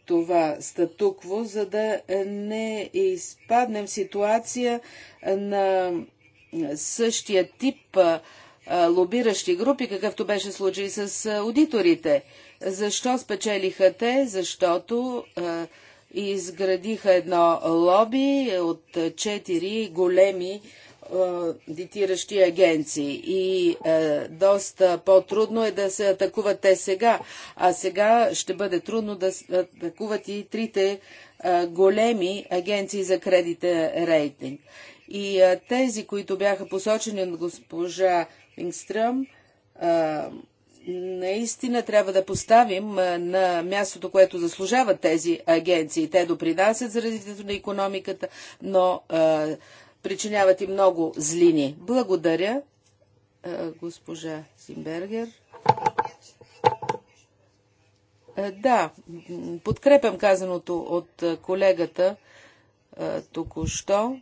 S3: това статукво, за да не изпаднем в ситуация на същия тип лобиращи групи, какъвто беше случай с аудиторите. Защо спечелиха те? Защото изградиха едно лоби от четири големи Дитиращи агенции и е, доста по-трудно е да се атакуват те сега, а сега ще бъде трудно да атакуват и трите е, големи агенции за кредите рейтинг. И е, тези, които бяха посочени от госпожа Лингстръм, е, наистина трябва да поставим на мястото, което заслужават тези агенции. Те допринасят за развитието на економиката, но е, причиняват и много злини. Благодаря, е, госпожа Симбергер. Е, да, подкрепям казаното от е, колегата току-що.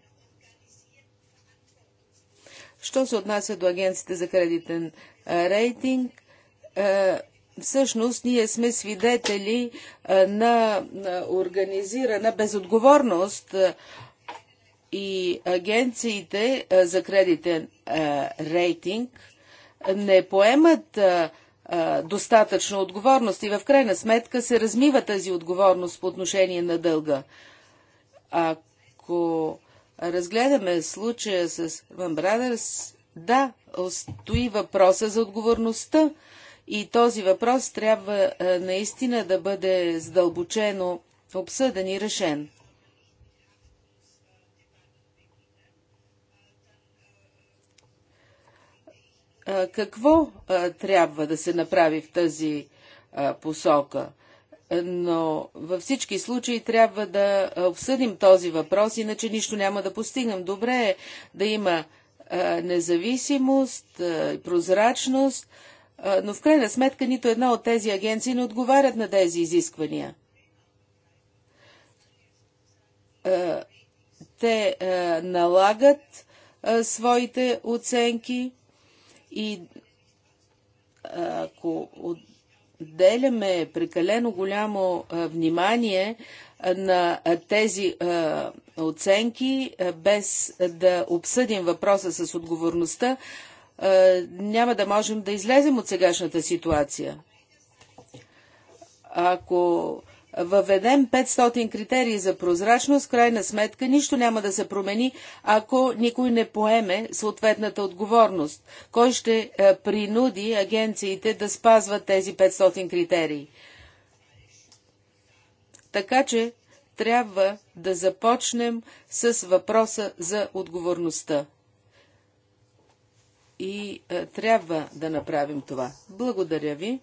S3: Що се отнася до агенците за кредитен рейтинг, всъщност ние сме свидетели на организирана безотговорност и агенциите за кредитен рейтинг не поемат достатъчно отговорност и в крайна сметка се размива тази отговорност по отношение на дълга. Ако разгледаме случая с Ван Брадърс, да, стои въпроса за отговорността и този въпрос трябва наистина да бъде задълбочено обсъден и решен. какво трябва да се направи в тази посока. Но във всички случаи трябва да обсъдим този въпрос, иначе нищо няма да постигнем. Добре е да има независимост, прозрачност, но в крайна сметка нито една от тези агенции не отговарят на тези изисквания. Те налагат своите оценки и ако отделяме прекалено голямо внимание на тези оценки, без да обсъдим въпроса с отговорността, няма да можем да излезем от сегашната ситуация. Ако въведем 500 критерии за прозрачност, крайна сметка нищо няма да се промени, ако никой не поеме съответната отговорност. Кой ще е, принуди агенциите да спазват тези 500 критерии? Така че трябва да започнем с въпроса за отговорността. И е, трябва да направим това. Благодаря ви.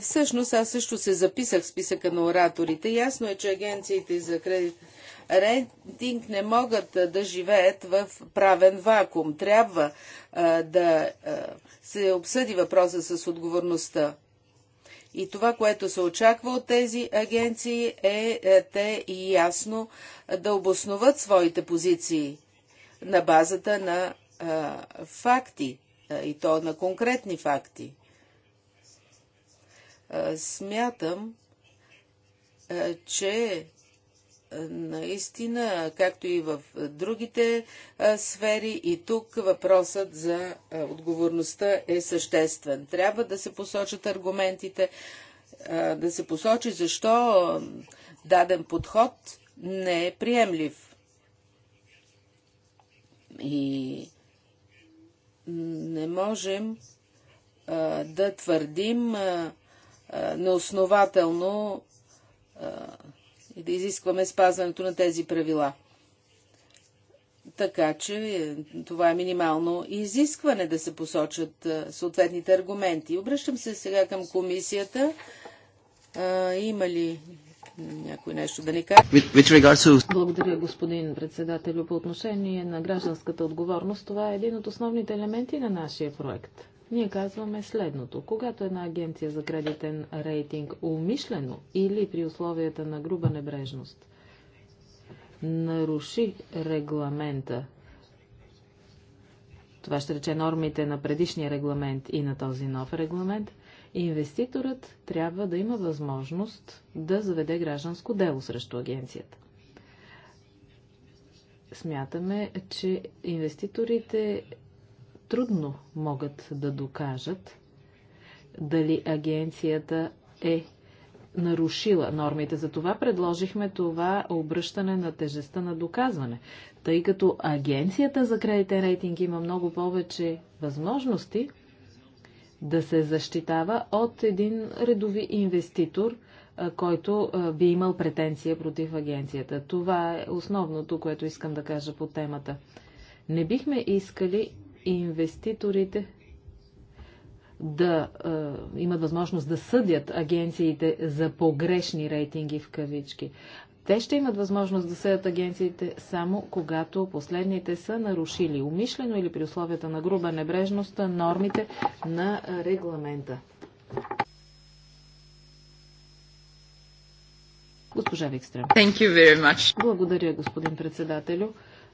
S3: Всъщност аз също се записах в списъка на ораторите. Ясно е, че агенциите за кредит рейтинг не могат да живеят в правен вакуум. Трябва а, да а, се обсъди въпроса с отговорността. И това, което се очаква от тези агенции е, е те и ясно да обосноват своите позиции на базата на а, факти и то на конкретни факти. Е, смятам, е, че е, наистина, както и в другите сфери, и тук въпросът за отговорността е съществен. Трябва да се посочат аргументите, да се посочи защо даден подход не е приемлив. И не можем да твърдим, е, неоснователно е, и да изискваме спазването на тези правила. Така че е, това е минимално изискване да се посочат съответните аргументи. Обръщам се сега към комисията. има ли някой нещо
S4: да ни каже? Благодаря, господин председател. По отношение на гражданската отговорност, това е един от основните елементи на нашия проект. Ние казваме следното. Когато една агенция за кредитен рейтинг умишлено или при условията на груба небрежност наруши регламента, това ще рече нормите на предишния регламент и на този нов регламент, инвеститорът трябва да има възможност да заведе гражданско дело срещу агенцията смятаме, че инвеститорите трудно могат да докажат дали агенцията е нарушила нормите. Затова предложихме това обръщане на тежестта на доказване, тъй като агенцията за кредитен рейтинг има много повече възможности да се защитава от един редови инвеститор, който би имал претенция против агенцията. Това е основното, което искам да кажа по темата. Не бихме искали инвеститорите да е, имат възможност да съдят агенциите за погрешни рейтинги в кавички. Те ще имат възможност да съдят агенциите само когато последните са нарушили умишлено или при условията на груба небрежност нормите на регламента. Госпожа Викстрем. Благодаря, господин председателю.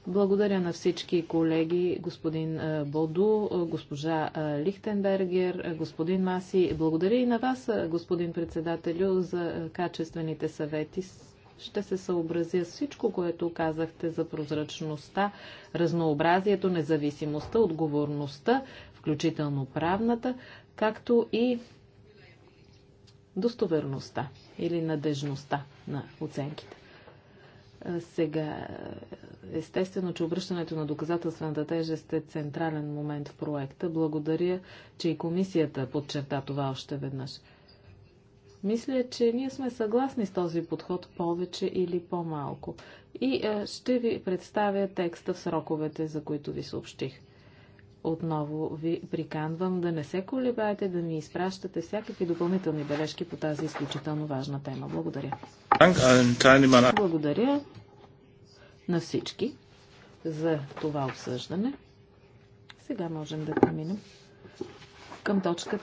S4: Благодаря на всички колеги, господин Боду, госпожа Лихтенбергер, господин Маси. Благодаря и на вас, господин председателю, за качествените съвети. Ще се съобразя с всичко, което казахте за прозрачността, разнообразието, независимостта, отговорността, включително правната, както и достоверността или надежността на оценките. Сега, е, естествено, че обръщането на доказателствената тежест е централен момент в проекта. Благодаря, че и комисията подчерта това още веднъж. Мисля, че ние сме съгласни с този подход повече или по-малко. И а, ще ви представя текста в сроковете, за които ви съобщих. Отново ви приканвам да не се колебаете, да ни изпращате всякакви допълнителни бележки по тази изключително важна тема. Благодаря. Благодаря на всички за това обсъждане. Сега можем да преминем към точка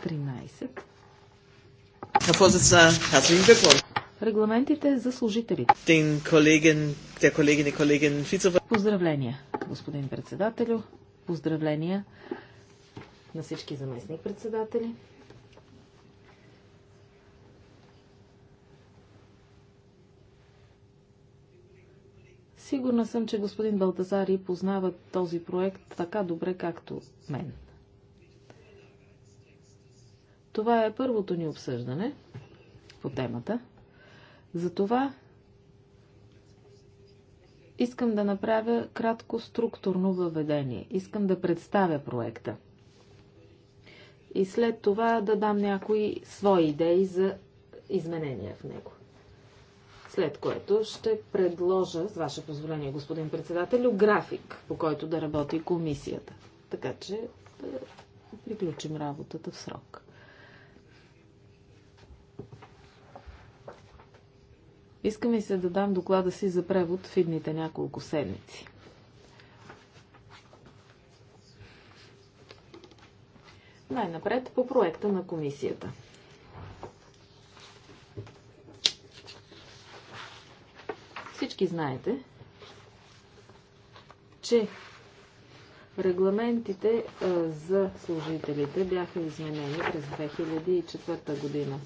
S4: 13. Регламентите за служителите. Поздравления, господин председателю. Поздравления на всички заместник председатели. Сигурна съм, че господин Балтазари познава този проект така добре, както мен. Това е първото ни обсъждане по темата. Затова Искам да направя кратко структурно въведение. Искам да представя проекта. И след това да дам някои свои идеи за изменения в него. След което ще предложа, с ваше позволение, господин председател, график, по който да работи комисията. Така че да приключим работата в срок. Искам и се да дам доклада си за превод в идните няколко седмици. Най-напред по проекта на комисията. Всички знаете, че регламентите за служителите бяха изменени през 2004 година.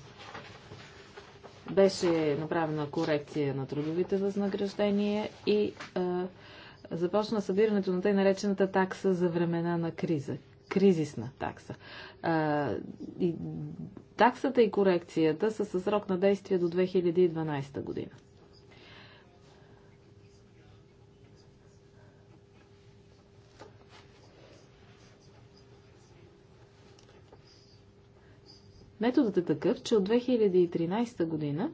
S4: Беше направена корекция на трудовите възнаграждения и а, започна събирането на тъй наречената такса за времена на криза. Кризисна такса. А, и, таксата и корекцията са със срок на действие до 2012 година. Методът е такъв, че от 2013 година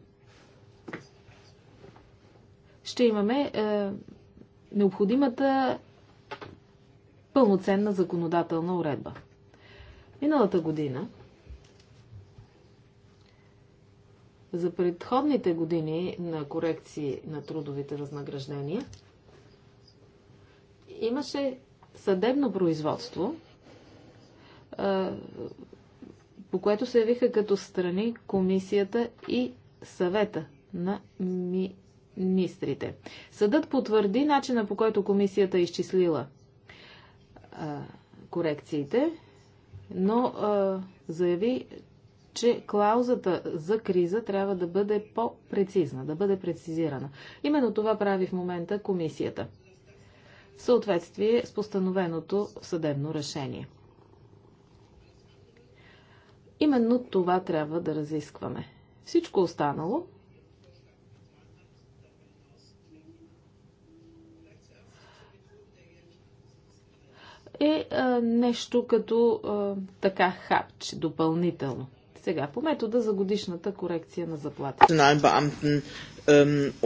S4: ще имаме е, необходимата пълноценна законодателна уредба. Миналата година, за предходните години на корекции на трудовите възнаграждения, имаше съдебно производство, е, по което се явиха като страни комисията и съвета на министрите. Съдът потвърди начина по който комисията е изчислила а, корекциите, но а, заяви, че клаузата за криза трябва да бъде по-прецизна, да бъде прецизирана. Именно това прави в момента комисията в съответствие с постановеното съдебно решение. Именно това трябва да разискваме. Всичко останало е а, нещо като а, така хапче допълнително. Сега по метода за годишната корекция на заплати.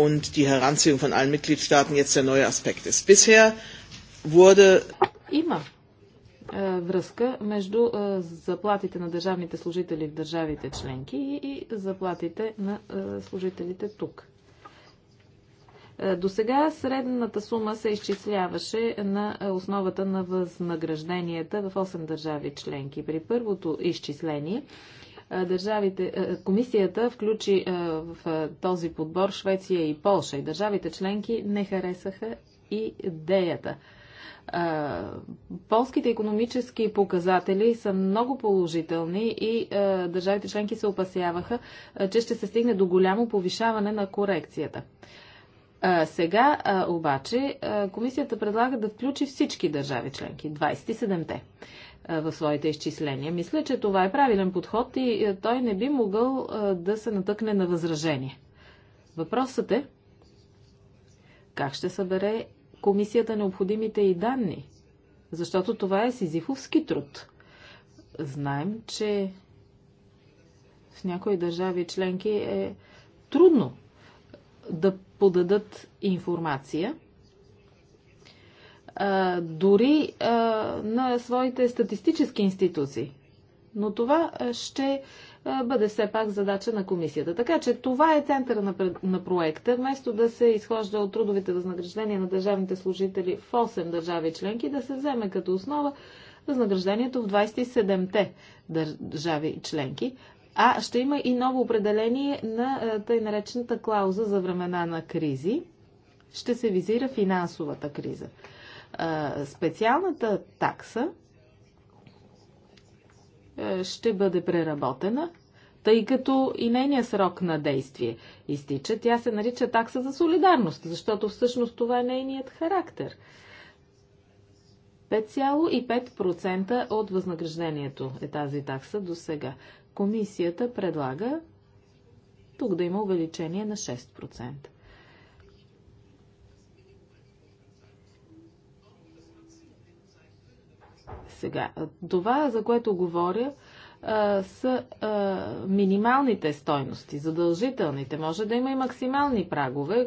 S4: und die Heranziehung von allen Mitgliedstaaten jetzt der neue Aspekt ist. Bisher wurde Има е, връзка между е, заплатите на държавните служители в държавите членки и заплатите на е, служителите тук. До сега средната сума се изчисляваше на основата на възнагражденията в 8 държави членки. При първото изчисление държавите, комисията включи в този подбор Швеция и Полша и държавите членки не харесаха идеята. Полските економически показатели са много положителни и държавите членки се опасяваха, че ще се стигне до голямо повишаване на корекцията. Сега обаче комисията предлага да включи всички държави членки, 27-те в своите изчисления. Мисля, че това е правилен подход и той не би могъл да се натъкне на възражение. Въпросът е как ще събере комисията необходимите и данни, защото това е сизифовски труд. Знаем, че в някои държави членки е трудно да подадат информация, дори на своите статистически институции. Но това ще бъде все пак задача на комисията. Така че това е центъра на, на проекта. Вместо да се изхожда от трудовите възнаграждения на държавните служители в 8 държави членки, да се вземе като основа възнаграждението в 27-те държави членки. А ще има и ново определение на тъй наречената клауза за времена на кризи. Ще се визира финансовата криза. Специалната такса е, ще бъде преработена, тъй като и нейният срок на действие изтича. Тя се нарича такса за солидарност, защото всъщност това е нейният характер. 5,5% от възнаграждението е тази такса до сега. Комисията предлага тук да има увеличение на 6%. сега. Това, за което говоря, са минималните стойности, задължителните. Може да има и максимални прагове.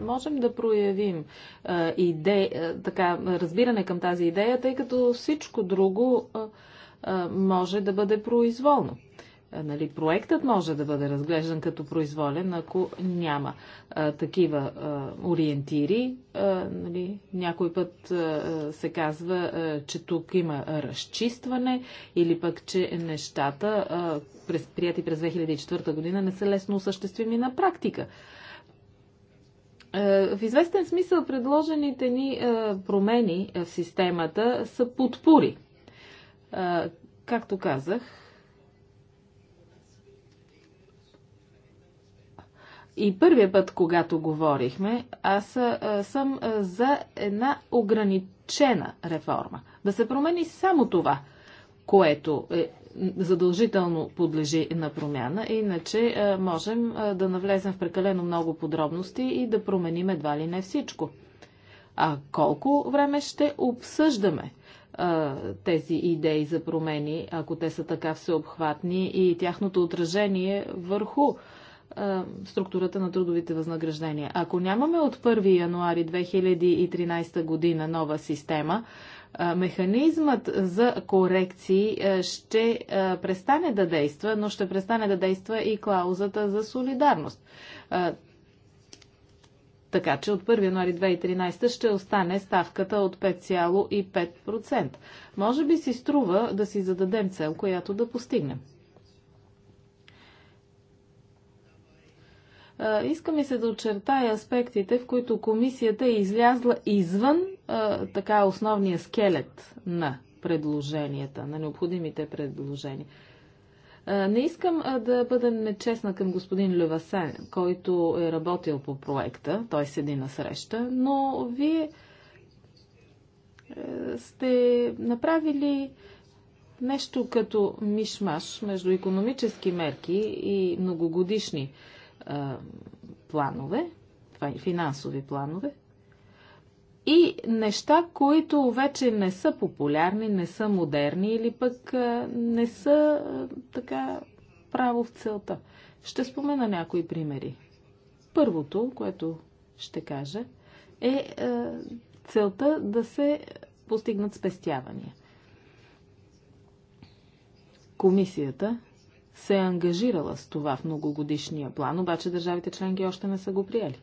S4: Можем да проявим идея, така, разбиране към тази идея, тъй като всичко друго може да бъде произволно. Е, нали, проектът може да бъде разглеждан като произволен, ако няма а, такива а, ориентири. А, нали, някой път а, се казва, а, че тук има разчистване или пък, че нещата, а, през, прияти през 2004 година, не са лесно осъществими на практика. Е, в известен смисъл предложените ни е, промени в системата са подпори. Както казах, И първия път, когато говорихме, аз съм за една ограничена реформа. Да се промени само това, което е задължително подлежи на промяна, иначе можем да навлезем в прекалено много подробности и да променим едва ли не всичко. А колко време ще обсъждаме а, тези идеи за промени, ако те са така всеобхватни и тяхното отражение върху структурата на трудовите възнаграждения. Ако нямаме от 1 януари 2013 година нова система, механизмът за корекции ще престане да действа, но ще престане да действа и клаузата за солидарност. Така че от 1 януари 2013 ще остане ставката от 5,5%. Може би си струва да си зададем цел, която да постигнем. Иска ми се да очертая аспектите, в които комисията е излязла извън така основния скелет на предложенията, на необходимите предложения. не искам да бъда нечестна към господин Левасен, който е работил по проекта, той седи на среща, но вие е, сте направили нещо като мишмаш между економически мерки и многогодишни планове, е финансови планове, и неща, които вече не са популярни, не са модерни или пък не са така право в целта. Ще спомена някои примери. Първото, което ще кажа, е целта да се постигнат спестявания. Комисията се е ангажирала с това в многогодишния план, обаче държавите членки още не са го приели.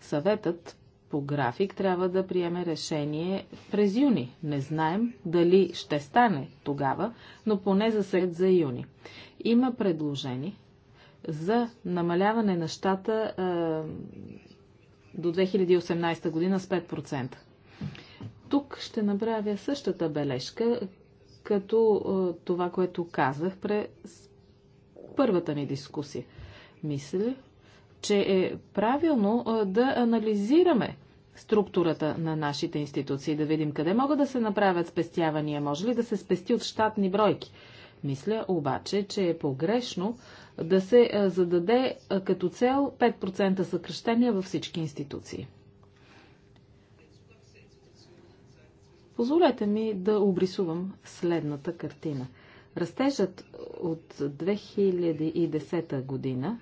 S4: Съветът по график трябва да приеме решение през юни. Не знаем дали ще стане тогава, но поне за сред за юни. Има предложение за намаляване на щата е, до 2018 година с 5%. Тук ще направя същата бележка, като е, това, което казах през първата ни дискусия. Мисля, че е правилно е, да анализираме структурата на нашите институции, да видим къде могат да се направят спестявания, може ли да се спести от щатни бройки. Мисля обаче, че е погрешно да се е, зададе като цел 5% съкръщения във всички институции. Позволете ми да обрисувам следната картина. Растежът от 2010 година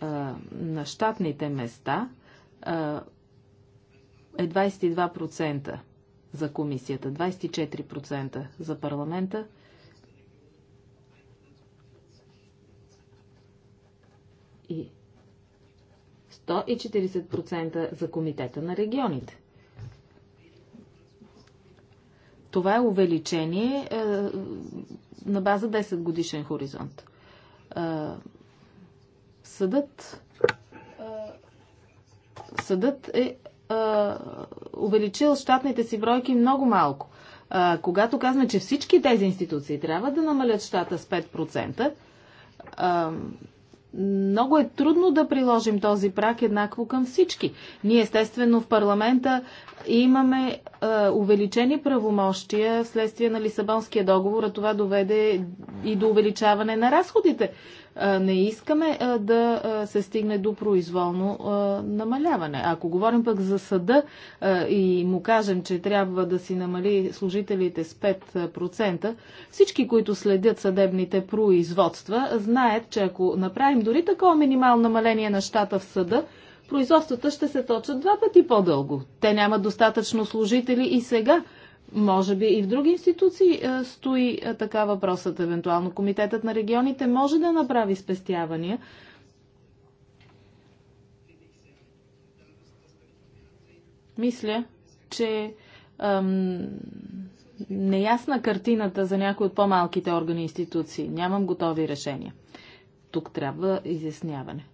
S4: а, на щатните места е 22% за комисията, 24% за парламента, и 140% за комитета на регионите. Това е увеличение а, е, на база 10 годишен хоризонт. А, е, съдът, а, е, съдът е увеличил щатните си бройки много малко. когато казваме, че всички тези институции трябва да намалят щата с 5%, много е трудно да приложим този прак еднакво към всички. Ние естествено в парламента имаме е, увеличени правомощия вследствие на Лисабонския договор, а това доведе и до увеличаване на разходите не искаме да се стигне до произволно намаляване. Ако говорим пък за съда и му кажем, че трябва да си намали служителите с 5%, всички, които следят съдебните производства, знаят, че ако направим дори такова минимално намаление на щата в съда, производствата ще се точат два пъти по-дълго. Те нямат достатъчно служители и сега може би и в други институции е, стои е, така въпросът. Евентуално Комитетът на регионите може да направи спестявания. Мисля, че ам, неясна картината за някои от по-малките органи и институции. Нямам готови решения. Тук трябва изясняване.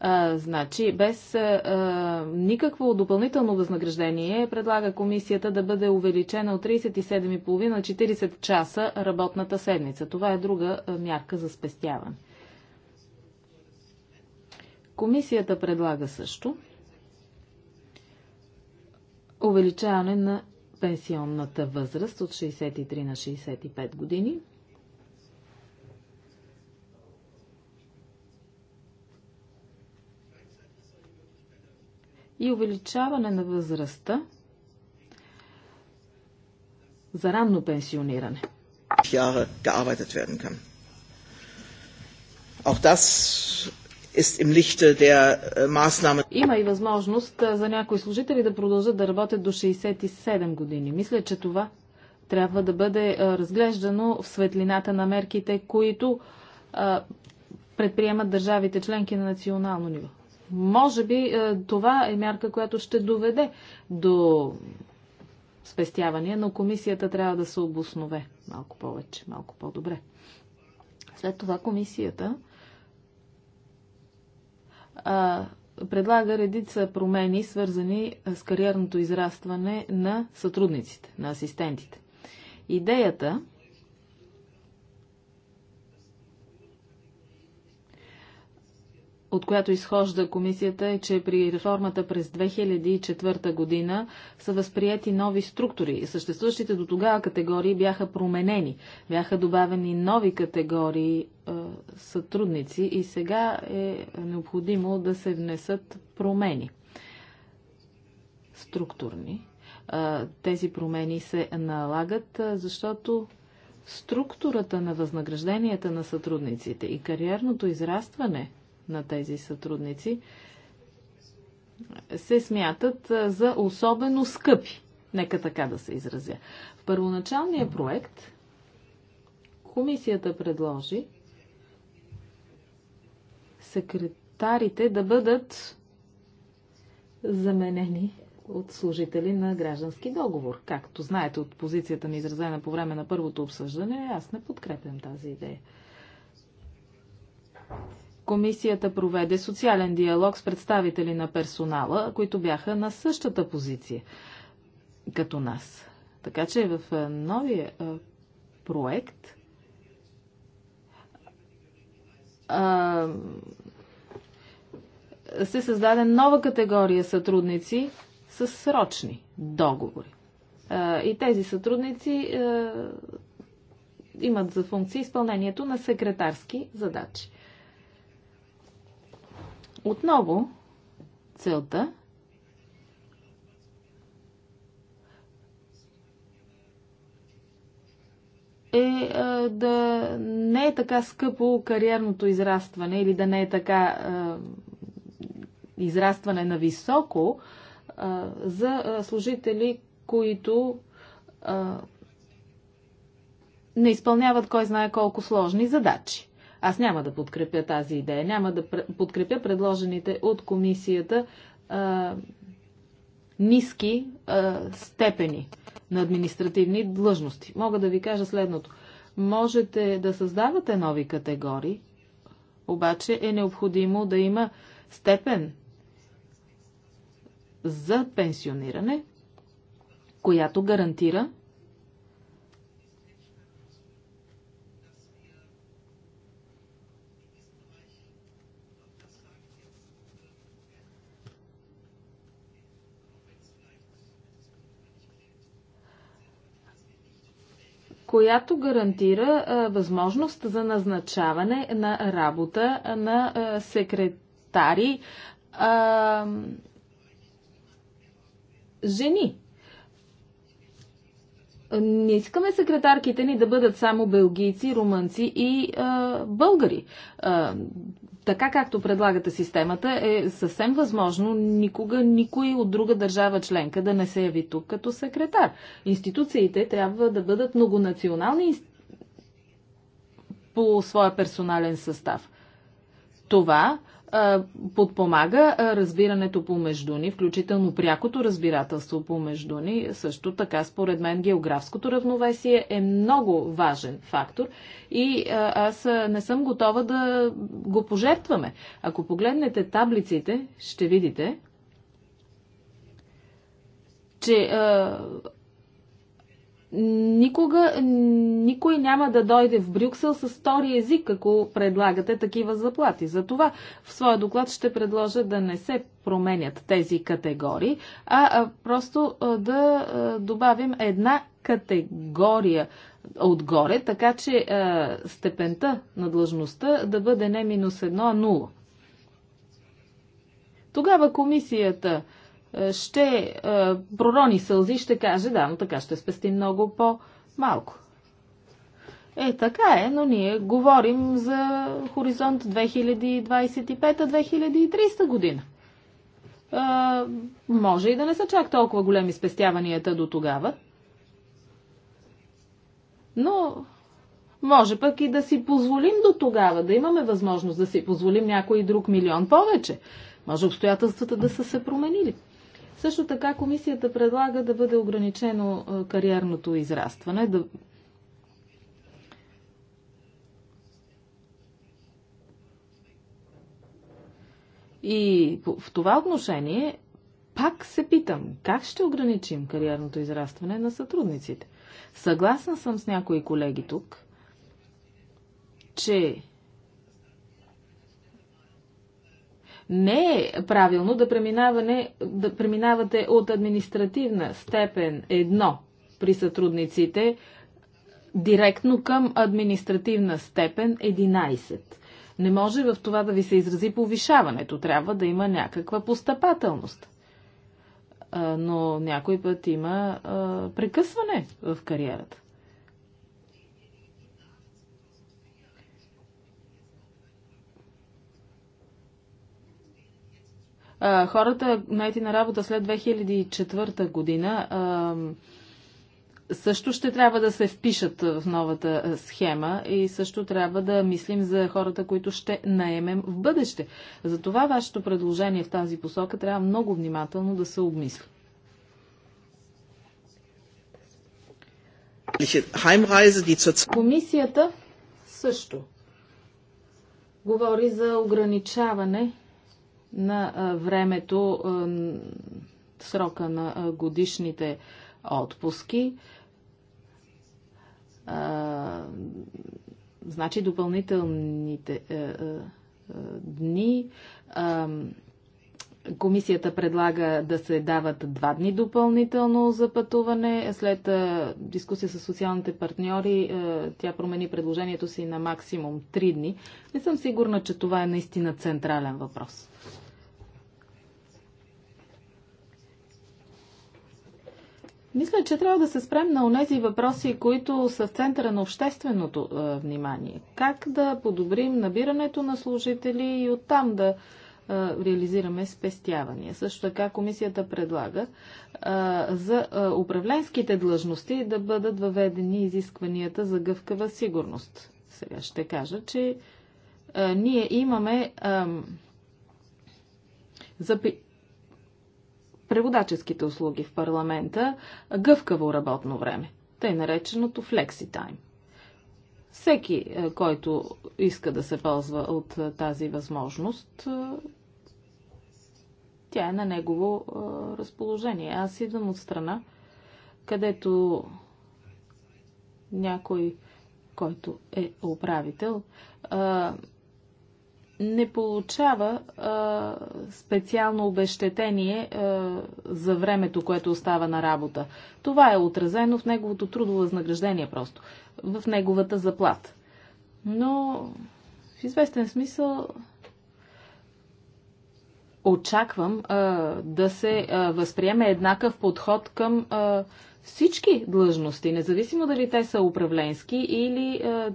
S4: А, значи, без а, никакво допълнително възнаграждение предлага комисията да бъде увеличена от 37,5 на 40 часа работната седмица. Това е друга мярка за спестяване. Комисията предлага също увеличаване на пенсионната възраст от 63 на 65 години – и увеличаване на възрастта за ранно пенсиониране.
S1: Jahre gearbeitet werden kann. Auch das ist im
S4: Lichte der äh, Maßnahme. Има и възможност за някои служители да продължат да работят до 67 години. Мисля, че това трябва да бъде разглеждано в светлината на мерките, които предприемат държавите членки на национално ниво. Може би е, това е мярка, която ще доведе до спестявания, но комисията трябва да се обоснове малко повече, малко по-добре. След това комисията а, предлага редица промени, свързани с кариерното израстване на сътрудниците, на асистентите. Идеята от която изхожда комисията, е, че при реформата през 2004 година са възприяти нови структури. Съществуващите до тогава категории бяха променени. Бяха добавени нови категории е, сътрудници и сега е необходимо да се внесат промени. Структурни. Е, тези промени се налагат, е, защото структурата на възнагражденията на сътрудниците и кариерното израстване на тези сътрудници се смятат за особено скъпи. Нека така да се изразя. В първоначалния проект комисията предложи секретарите да бъдат заменени от служители на граждански договор. Както знаете от позицията ми изразена по време на първото обсъждане, аз не подкрепям тази идея. Комисията проведе социален диалог с представители на персонала, които бяха на същата позиция като нас. Така че в е, новия е, проект се създаде нова категория сътрудници с срочни договори. И тези сътрудници е, имат за функция изпълнението на секретарски задачи. Отново целта е да не е така скъпо кариерното израстване или да не е така израстване на високо за служители, които не изпълняват кой знае колко сложни задачи. Аз няма да подкрепя тази идея. Няма да подкрепя предложените от комисията а, ниски а, степени на административни длъжности. Мога да ви кажа следното. Можете да създавате нови категории, обаче е необходимо да има степен за пенсиониране, която гарантира която гарантира възможност за назначаване на работа на секретари жени не искаме секретарките ни да бъдат само белгийци, румънци и а, българи. А, така както предлагате системата, е съвсем възможно никога никой от друга държава членка да не се яви тук като секретар. Институциите трябва да бъдат многонационални по своя персонален състав. Това подпомага разбирането помежду ни, включително прякото разбирателство помежду ни. Също така, според мен, географското равновесие е много важен фактор и аз не съм готова да го пожертваме. Ако погледнете таблиците, ще видите, че Никога никой няма да дойде в Брюксел с втори език, ако предлагате такива заплати. Затова в своя доклад ще предложа да не се променят тези категории, а просто да добавим една категория отгоре, така че степента на длъжността да бъде не минус едно, а нула. Тогава комисията ще е, пророни сълзи, ще каже, да, но така ще спести много по-малко. Е, така е, но ние говорим за хоризонт 2025-2030 година. А, е, може и да не са чак толкова големи спестяванията до тогава. Но може пък и да си позволим до тогава, да имаме възможност да си позволим някой друг милион повече. Може обстоятелствата да са се променили. Също така комисията предлага да бъде ограничено кариерното израстване, да И в това отношение пак се питам, как ще ограничим кариерното израстване на сътрудниците? Съгласна съм с някои колеги тук, че Не е правилно да, да преминавате от административна степен 1 при сътрудниците директно към административна степен 11. Не може в това да ви се изрази повишаването. Трябва да има някаква постъпателност. Но някой път има прекъсване в кариерата. а, хората, найти на работа след 2004 година, а, също ще трябва да се впишат в новата схема и също трябва да мислим за хората, които ще наемем в бъдеще. Затова вашето предложение в тази посока трябва много внимателно да се обмисли. Комисията също говори за ограничаване на времето срока на годишните отпуски. Значи допълнителните дни Комисията предлага да се дават два дни допълнително за пътуване. След дискусия с социалните партньори тя промени предложението си на максимум три дни. Не съм сигурна, че това е наистина централен въпрос. Мисля, че трябва да се спрем на онези въпроси, които са в центъра на общественото внимание. Как да подобрим набирането на служители и оттам да реализираме спестявания. Също така комисията предлага а, за а, управленските длъжности да бъдат въведени изискванията за гъвкава сигурност. Сега ще кажа, че а, ние имаме за преводаческите услуги в парламента гъвкаво работно време, тъй нареченото флекси тайм. Всеки, е, който иска да се ползва от е, тази възможност, е, тя е на негово разположение. Аз идвам от страна, където някой, който е управител, не получава а, специално обещетение а, за времето, което остава на работа. Това е отразено в неговото трудово възнаграждение просто, в неговата заплата. Но в известен смисъл очаквам а, да се а, възприеме еднакъв подход към а, всички длъжности, независимо дали те са управленски или а,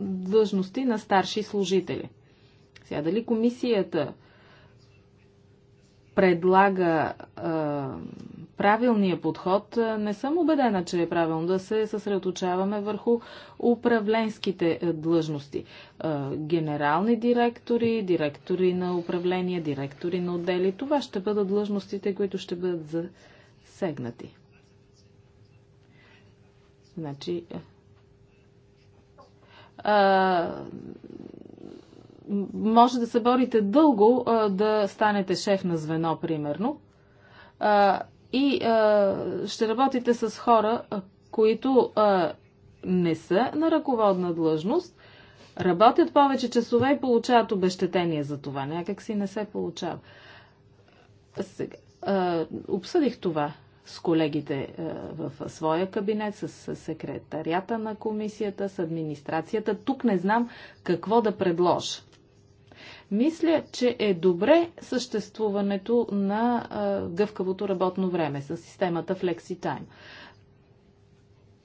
S4: длъжности на старши служители. Сега дали комисията предлага а, правилния подход, не съм убедена, че е правилно да се съсредоточаваме върху управленските длъжности. А, генерални директори, директори на управление, директори на отдели. Това ще бъдат длъжностите, които ще бъдат засегнати. Значи, а, може да се борите дълго а, да станете шеф на звено, примерно. А, и а, ще работите с хора, които а, не са на ръководна длъжност, работят повече часове и получават обещетение за това. Някак си не се получава. Сега, а, обсъдих това с колегите а, в своя кабинет, с, с секретарята на комисията, с администрацията. Тук не знам какво да предложа. Мисля, че е добре съществуването на гъвкавото работно време с системата FlexiTime.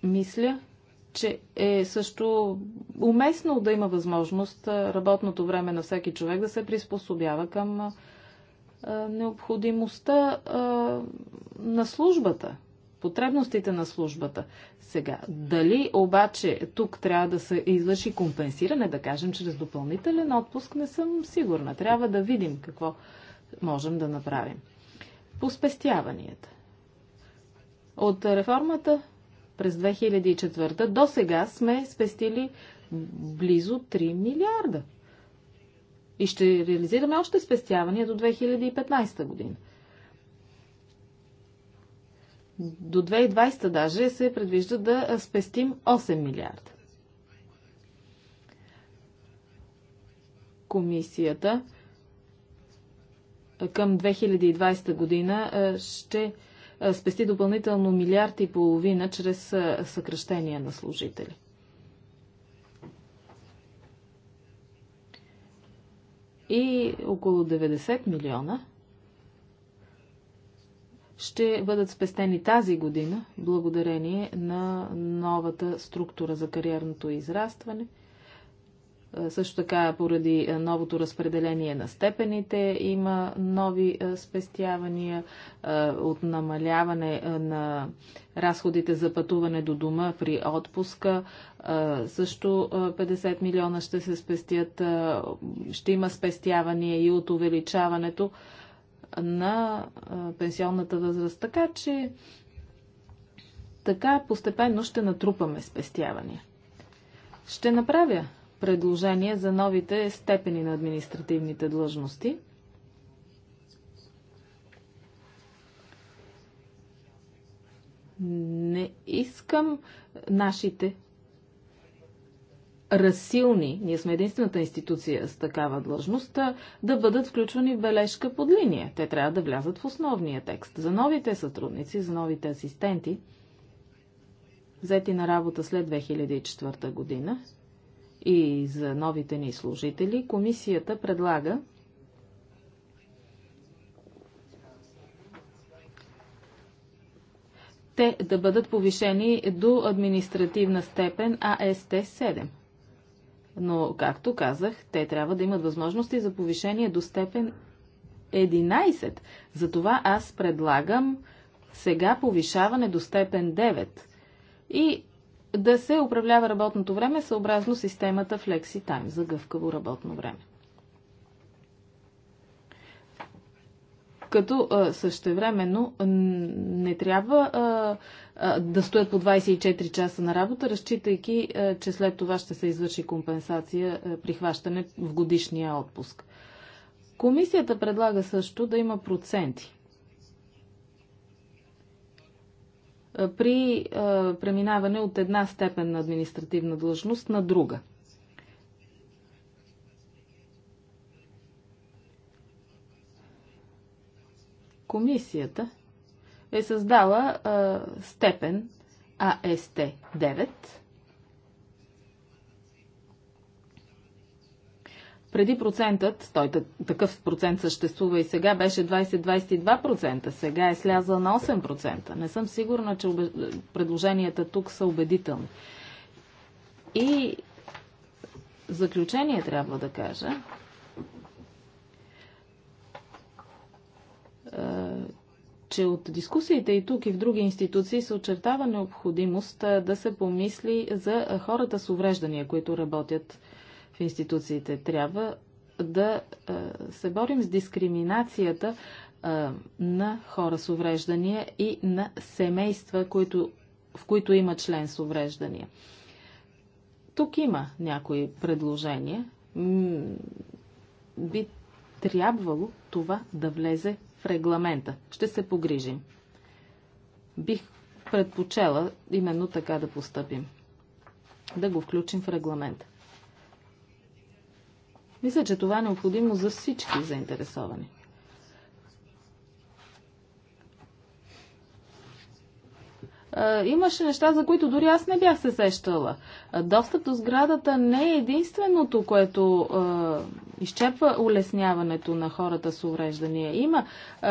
S4: Мисля, че е също уместно да има възможност работното време на всеки човек да се приспособява към необходимостта на службата потребностите на службата. Сега, дали обаче тук трябва да се извърши компенсиране, да кажем, чрез допълнителен отпуск, не съм сигурна. Трябва да видим какво можем да направим. По спестяванията. От реформата през 2004 до сега сме спестили близо 3 милиарда. И ще реализираме още спестявания до 2015 година. До 2020 даже се предвижда да спестим 8 милиарда. Комисията към 2020 година ще спести допълнително милиард и половина чрез съкръщение на служители. И около 90 милиона – ще бъдат спестени тази година, благодарение на новата структура за кариерното израстване. Също така, поради новото разпределение на степените, има нови спестявания от намаляване на разходите за пътуване до дома при отпуска. Също 50 милиона ще се спестят. Ще има спестявания и от увеличаването на пенсионната възраст. Така че така постепенно ще натрупаме спестявания. Ще направя предложение за новите степени на административните длъжности. Не искам нашите Разсилни, ние сме единствената институция с такава длъжност, да бъдат включвани в бележка под линия. Те трябва да влязат в основния текст. За новите сътрудници, за новите асистенти, взети на работа след 2004 година и за новите ни служители, комисията предлага те да бъдат повишени до административна степен АСТ 7. Но, както казах, те трябва да имат възможности за повишение до степен 11. Затова аз предлагам сега повишаване до степен 9 и да се управлява работното време съобразно системата FlexiTime за гъвкаво работно време. Като същевременно не трябва да стоят по 24 часа на работа, разчитайки, че след това ще се извърши компенсация при хващане в годишния отпуск. Комисията предлага също да има проценти. При преминаване от една степен на административна длъжност на друга. Комисията е създала а, степен АСТ-9. Преди процентът, той такъв процент съществува и сега, беше 20-22%, сега е слязал на 8%. Не съм сигурна, че обе... предложенията тук са убедителни. И заключение трябва да кажа, че от дискусиите и тук и в други институции се очертава необходимост да се помисли за хората с увреждания, които работят в институциите. Трябва да се борим с дискриминацията на хора с увреждания и на семейства, които, в които има член с увреждания. Тук има някои предложения. Би трябвало това да влезе регламента. Ще се погрижим. Бих предпочела именно така да постъпим. Да го включим в регламента. Мисля, че това е необходимо за всички заинтересовани. имаше неща, за които дори аз не бях се сещала. Достъп до сградата не е единственото, което изчепва улесняването на хората с увреждания. Има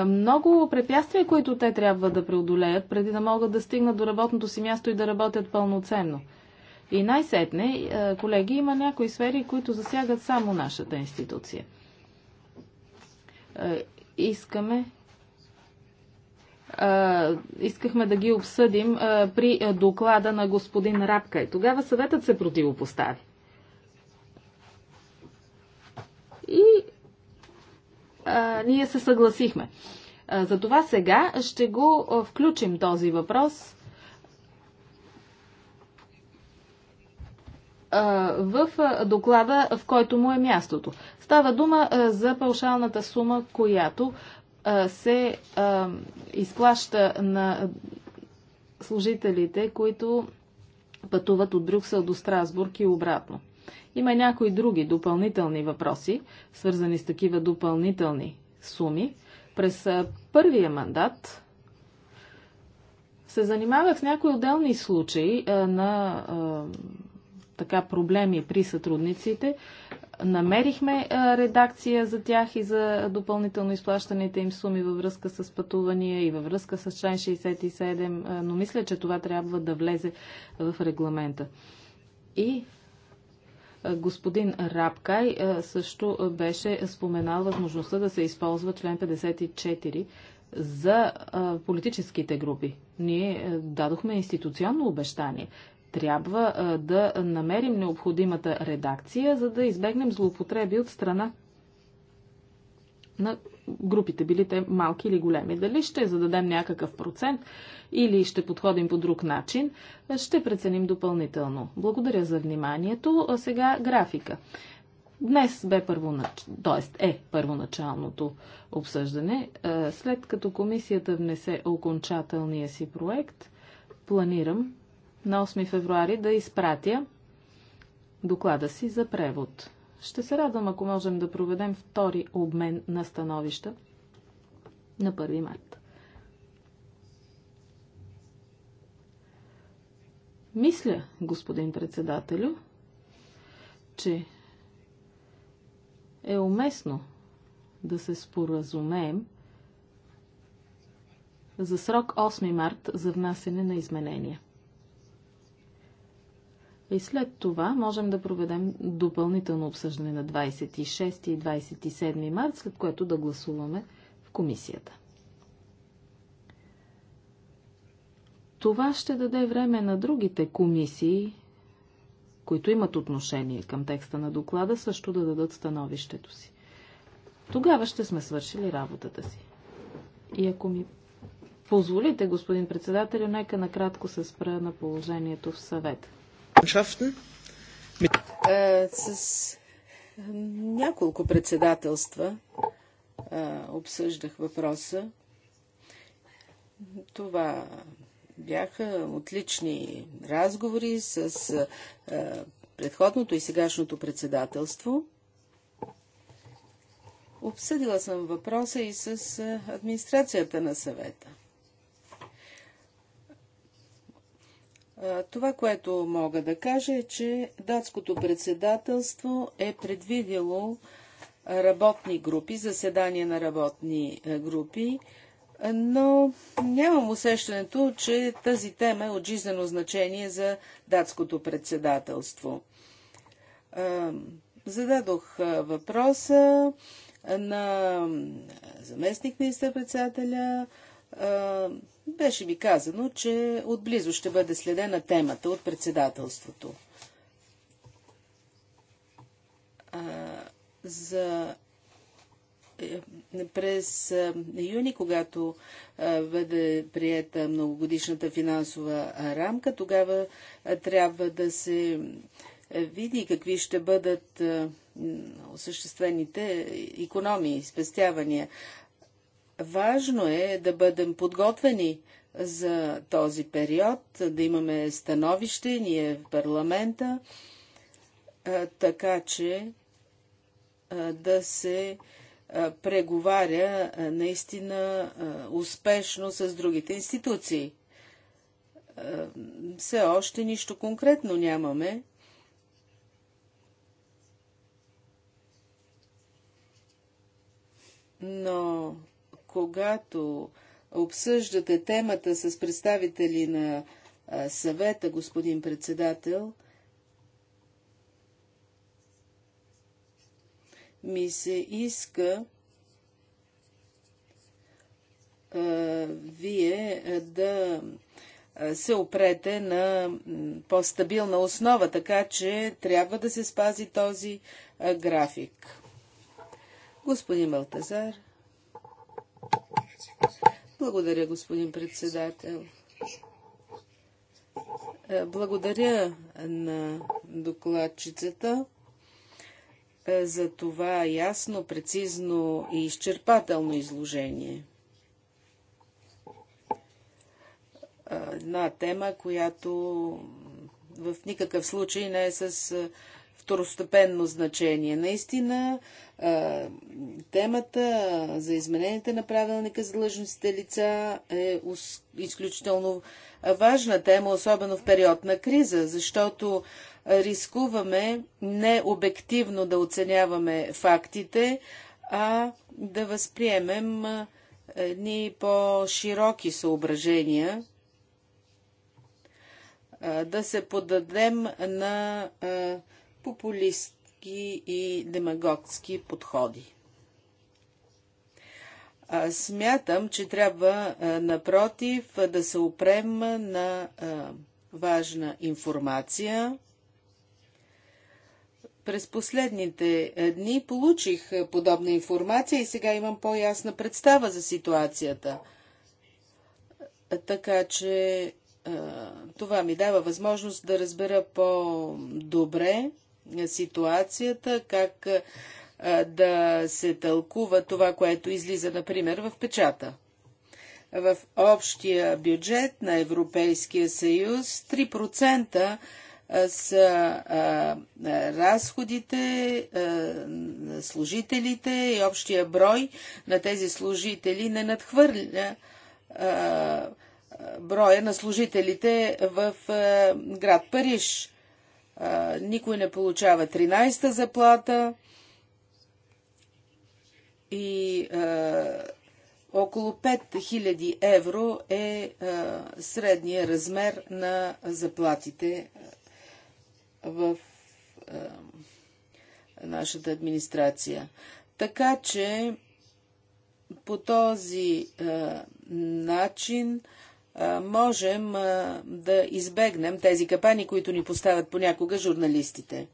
S4: много препятствия, които те трябва да преодолеят, преди да могат да стигнат до работното си място и да работят пълноценно. И най-сетне, колеги, има някои сфери, които засягат само нашата институция. Искаме искахме да ги обсъдим при доклада на господин Рапка. И е, тогава съветът се противопостави. а, ние се съгласихме. А, затова сега ще го включим този въпрос в доклада, в който му е мястото. Става дума за паушалната сума, която се изплаща на служителите, които пътуват от Брюксел до Страсбург и обратно. Има някои други допълнителни въпроси, свързани с такива допълнителни суми. През първия мандат се занимавах с някои отделни случаи на така проблеми при сътрудниците. Намерихме редакция за тях и за допълнително изплащаните им суми във връзка с пътувания и във връзка с член 67, но мисля, че това трябва да влезе в регламента. И Господин Рабкай също беше споменал възможността да се използва член 54 за политическите групи. Ние дадохме институционно обещание. Трябва да намерим необходимата редакция, за да избегнем злоупотреби от страна на групите, били те малки или големи. Дали ще зададем някакъв процент или ще подходим по друг начин, ще преценим допълнително. Благодаря за вниманието. А сега графика. Днес бе първонач... т.е. е първоначалното обсъждане. След като комисията внесе окончателния си проект, планирам на 8 февруари да изпратя доклада си за превод. Ще се радвам, ако можем да проведем втори обмен на становища на 1 март. Мисля, господин председателю, че е уместно да се споразумеем за срок 8 март за внасене на изменения. И след това можем да проведем допълнително обсъждане на 26 и 27 март, след което да гласуваме в комисията. Това ще даде време на другите комисии, които имат отношение към текста на доклада, също да дадат становището си. Тогава ще сме свършили работата си. И ако ми позволите, господин председател, нека накратко се спра на положението в съвет. Е, с е, няколко председателства е,
S3: обсъждах въпроса. Това бяха отлични разговори с предходното и сегашното председателство. Обсъдила съм въпроса и с администрацията на съвета. Това, което мога да кажа е, че датското председателство е предвидело работни групи, заседания на работни групи, но нямам усещането, че тази тема е от жизнено значение за датското председателство. Зададох въпроса на заместник министър-председателя, беше ми казано, че отблизо ще бъде следена темата от председателството. за е, през юни, когато бъде приета многогодишната финансова рамка, тогава трябва да се види какви ще бъдат осъществените економии, спестявания. Важно е да бъдем подготвени за този период, да имаме становище ние в парламента, така че да се преговаря наистина успешно с другите институции. Все още нищо конкретно нямаме. Но когато обсъждате темата с представители на съвета, господин председател, ми се иска а, вие да се опрете на по-стабилна основа, така че трябва да се спази този график. Господин Балтазар. Благодаря, господин председател. Е, благодаря на докладчицата е, за това ясно, прецизно и изчерпателно изложение. Е, една тема, която в никакъв случай не е с второстепенно значение. Наистина, темата за измененията на правилника за длъжностите лица е изключително важна тема, особено в период на криза, защото рискуваме не обективно да оценяваме фактите, а да възприемем едни по-широки съображения, да се подадем на популистки и демагогски подходи. Смятам, че трябва напротив да се опрем на важна информация. През последните дни получих подобна информация и сега имам по-ясна представа за ситуацията. Така че това ми дава възможност да разбера по-добре ситуацията, как да се тълкува това, което излиза, например, в печата. В общия бюджет на Европейския съюз 3% са разходите, служителите и общия брой на тези служители не надхвърля броя на служителите в град Париж никой не получава 13-та заплата и а, около 5000 евро е а, средния размер на заплатите в а, нашата администрация. Така че по този а, начин а, можем да избегнем тези капани, които ни поставят понякога журналистите.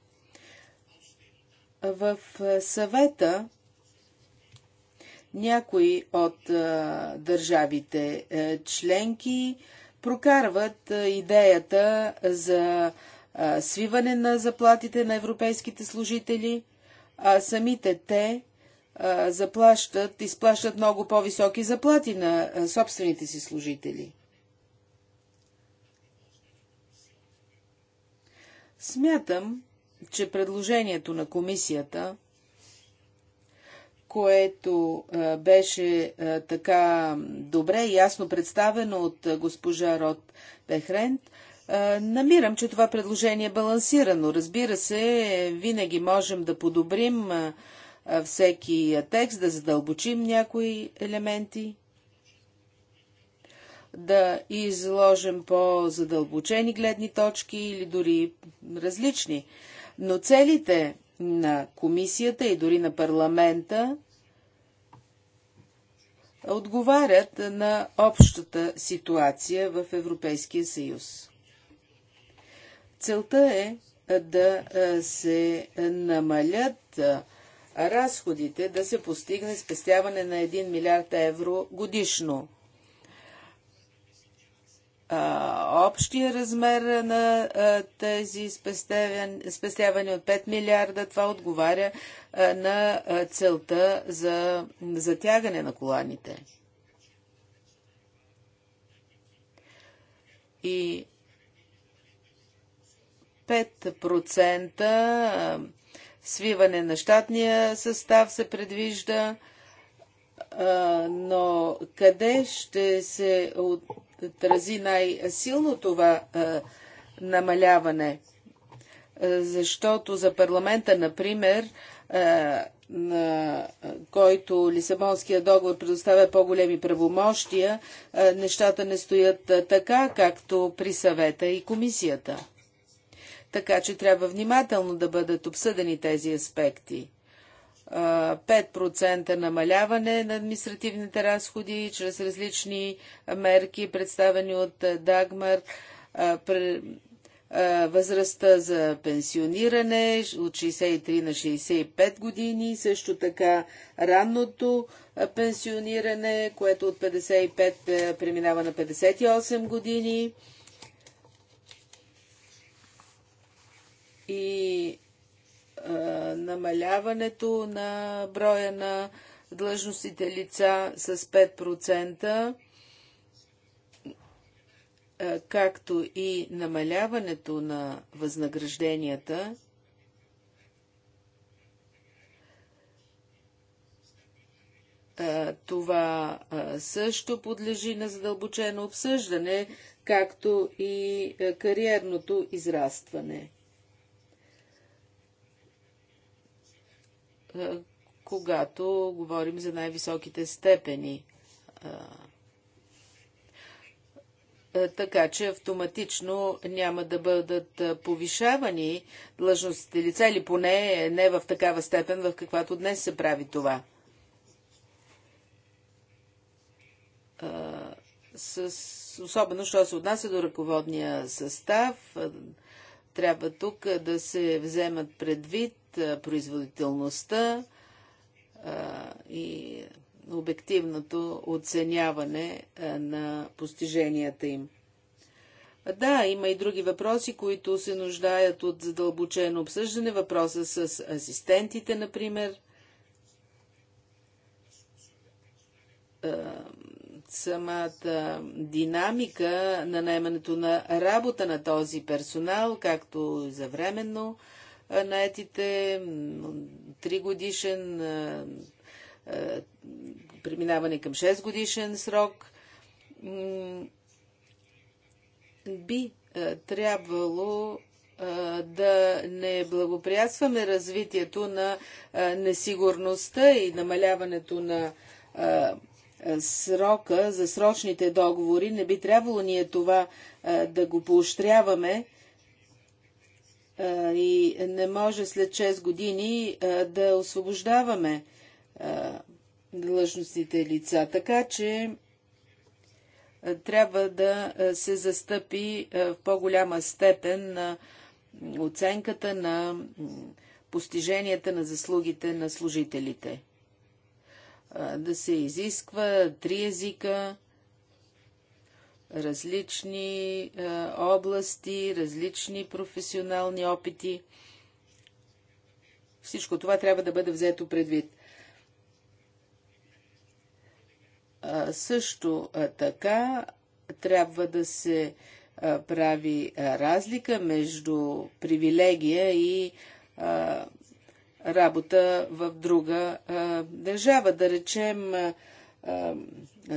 S3: В съвета някои от държавите членки прокарват идеята за свиване на заплатите на европейските служители, а самите те заплащат, изплащат много по-високи заплати на собствените си служители. Смятам, че предложението на комисията, което беше така добре и ясно представено от госпожа Рот Бехрент, намирам, че това предложение е балансирано. Разбира се, винаги можем да подобрим всеки текст, да задълбочим някои елементи да изложим по-задълбочени гледни точки или дори различни. Но целите на комисията и дори на парламента отговарят на общата ситуация в Европейския съюз. Целта е да се намалят разходите, да се постигне спестяване на 1 милиард евро годишно общия размер на тези спестявания от 5 милиарда, това отговаря на целта за затягане на коланите. И 5% свиване на щатния състав се предвижда, но къде ще се отрази най-силно това а, намаляване. защото за парламента, например, а, на който Лисабонския договор предоставя по-големи правомощия, нещата не стоят така, както при съвета и комисията. Така че трябва внимателно да бъдат обсъдени тези аспекти. 5% намаляване на административните разходи чрез различни мерки, представени от Дагмар, възрастта за пенсиониране от 63 на 65 години, също така ранното пенсиониране, което от 55 преминава на 58 години. И намаляването на броя на длъжностите лица с 5%, както и намаляването на възнагражденията, Това също подлежи на задълбочено обсъждане, както и кариерното израстване. Е, когато говорим за най-високите степени. Е, е, така че автоматично няма да бъдат повишавани длъжностите лица или поне не в такава степен, в каквато днес се прави това. С, особено, що се отнася до ръководния състав, трябва тук да се вземат предвид производителността и обективното оценяване на постиженията им. Да, има и други въпроси, които се нуждаят от задълбочено обсъждане. Въпроса с асистентите, например. Самата динамика на наемането на работа на този персонал, както и за временно наетите, 3 годишен преминаване към 6 годишен срок. Би трябвало да не благоприятстваме развитието на несигурността и намаляването на срока за срочните договори. Не би трябвало ние това да го поощряваме, и не може след 6 години да освобождаваме длъжностните лица. Така че трябва да се застъпи в по-голяма степен на оценката на постиженията на заслугите на служителите. Да се изисква три езика, различни е, области, различни професионални опити. Всичко това трябва да бъде взето предвид. А, също а, така трябва да се а, прави разлика между привилегия и работа в друга държава. Да речем,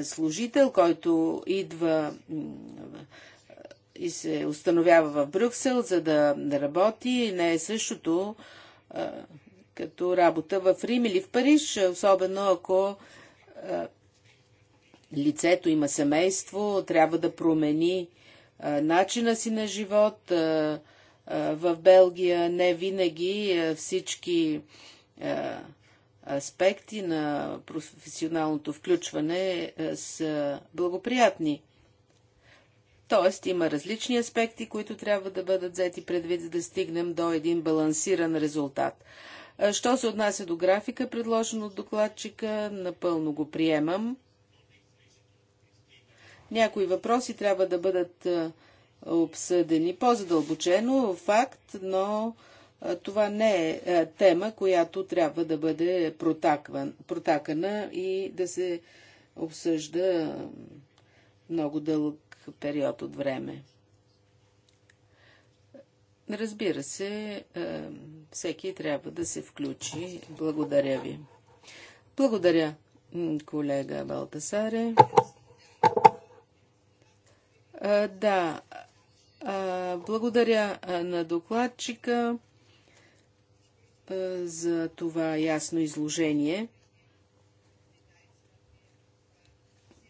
S3: служител, който идва и се установява в Брюксел, за да работи. Не е същото като работа в Рим или в Париж, особено ако лицето има семейство, трябва да промени начина си на живот. В Белгия не винаги всички аспекти на професионалното включване са благоприятни. Тоест има различни аспекти, които трябва да бъдат взети предвид, за да стигнем до един балансиран резултат. Що се отнася до графика, предложен от докладчика, напълно го приемам. Някои въпроси трябва да бъдат обсъдени по-задълбочено, факт, но това не е тема, която трябва да бъде протакван, протакана и да се обсъжда много дълъг период от време. Разбира се, всеки трябва да се включи. Благодаря ви. Благодаря, колега Балтасаре. Да, благодаря на докладчика. Е, за това ясно изложение.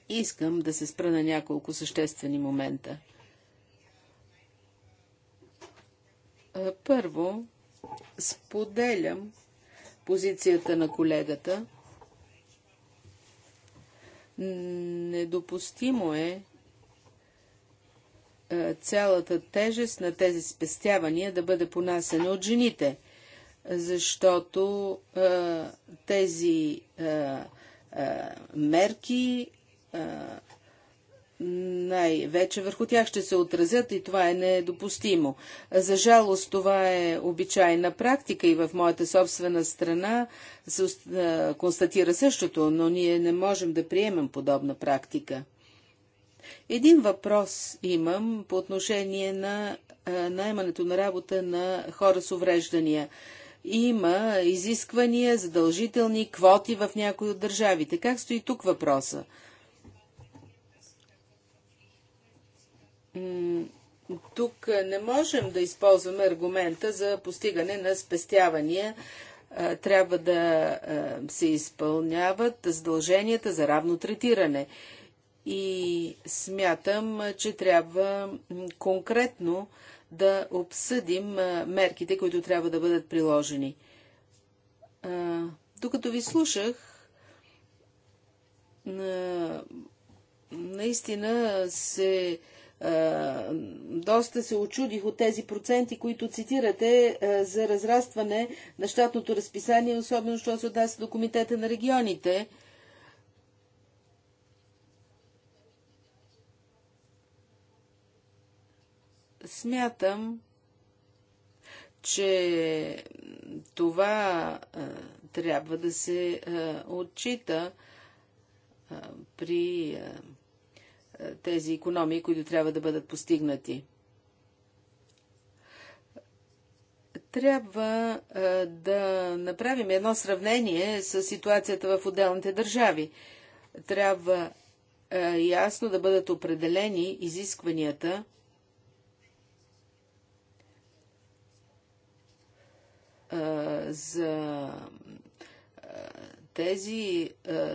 S3: Искам да се спра на няколко съществени момента. Е, първо, споделям позицията на колегата. Недопустимо е, е цялата тежест на тези спестявания да бъде понасена от жените защото а, тези а, а, мерки най-вече върху тях ще се отразят и това е недопустимо. За жалост това е обичайна практика и в моята собствена страна се констатира същото, но ние не можем да приемем подобна практика. Един въпрос имам по отношение на найемането на работа на хора с увреждания. Има изисквания, задължителни квоти в някои от държавите. Как стои тук въпроса? Тук не можем да използваме аргумента за постигане на спестявания. Трябва да се изпълняват задълженията за равно третиране. И смятам, че трябва конкретно да обсъдим мерките, които трябва да бъдат приложени. Докато ви слушах, наистина се доста се очудих от тези проценти, които цитирате за разрастване на щатното разписание, особено що се отнася до Комитета на регионите. Смятам, че това а, трябва да се а, отчита а, при а, тези економии, които трябва да бъдат постигнати. Трябва а, да направим едно сравнение с ситуацията в отделните държави. Трябва а, ясно да бъдат определени изискванията за тези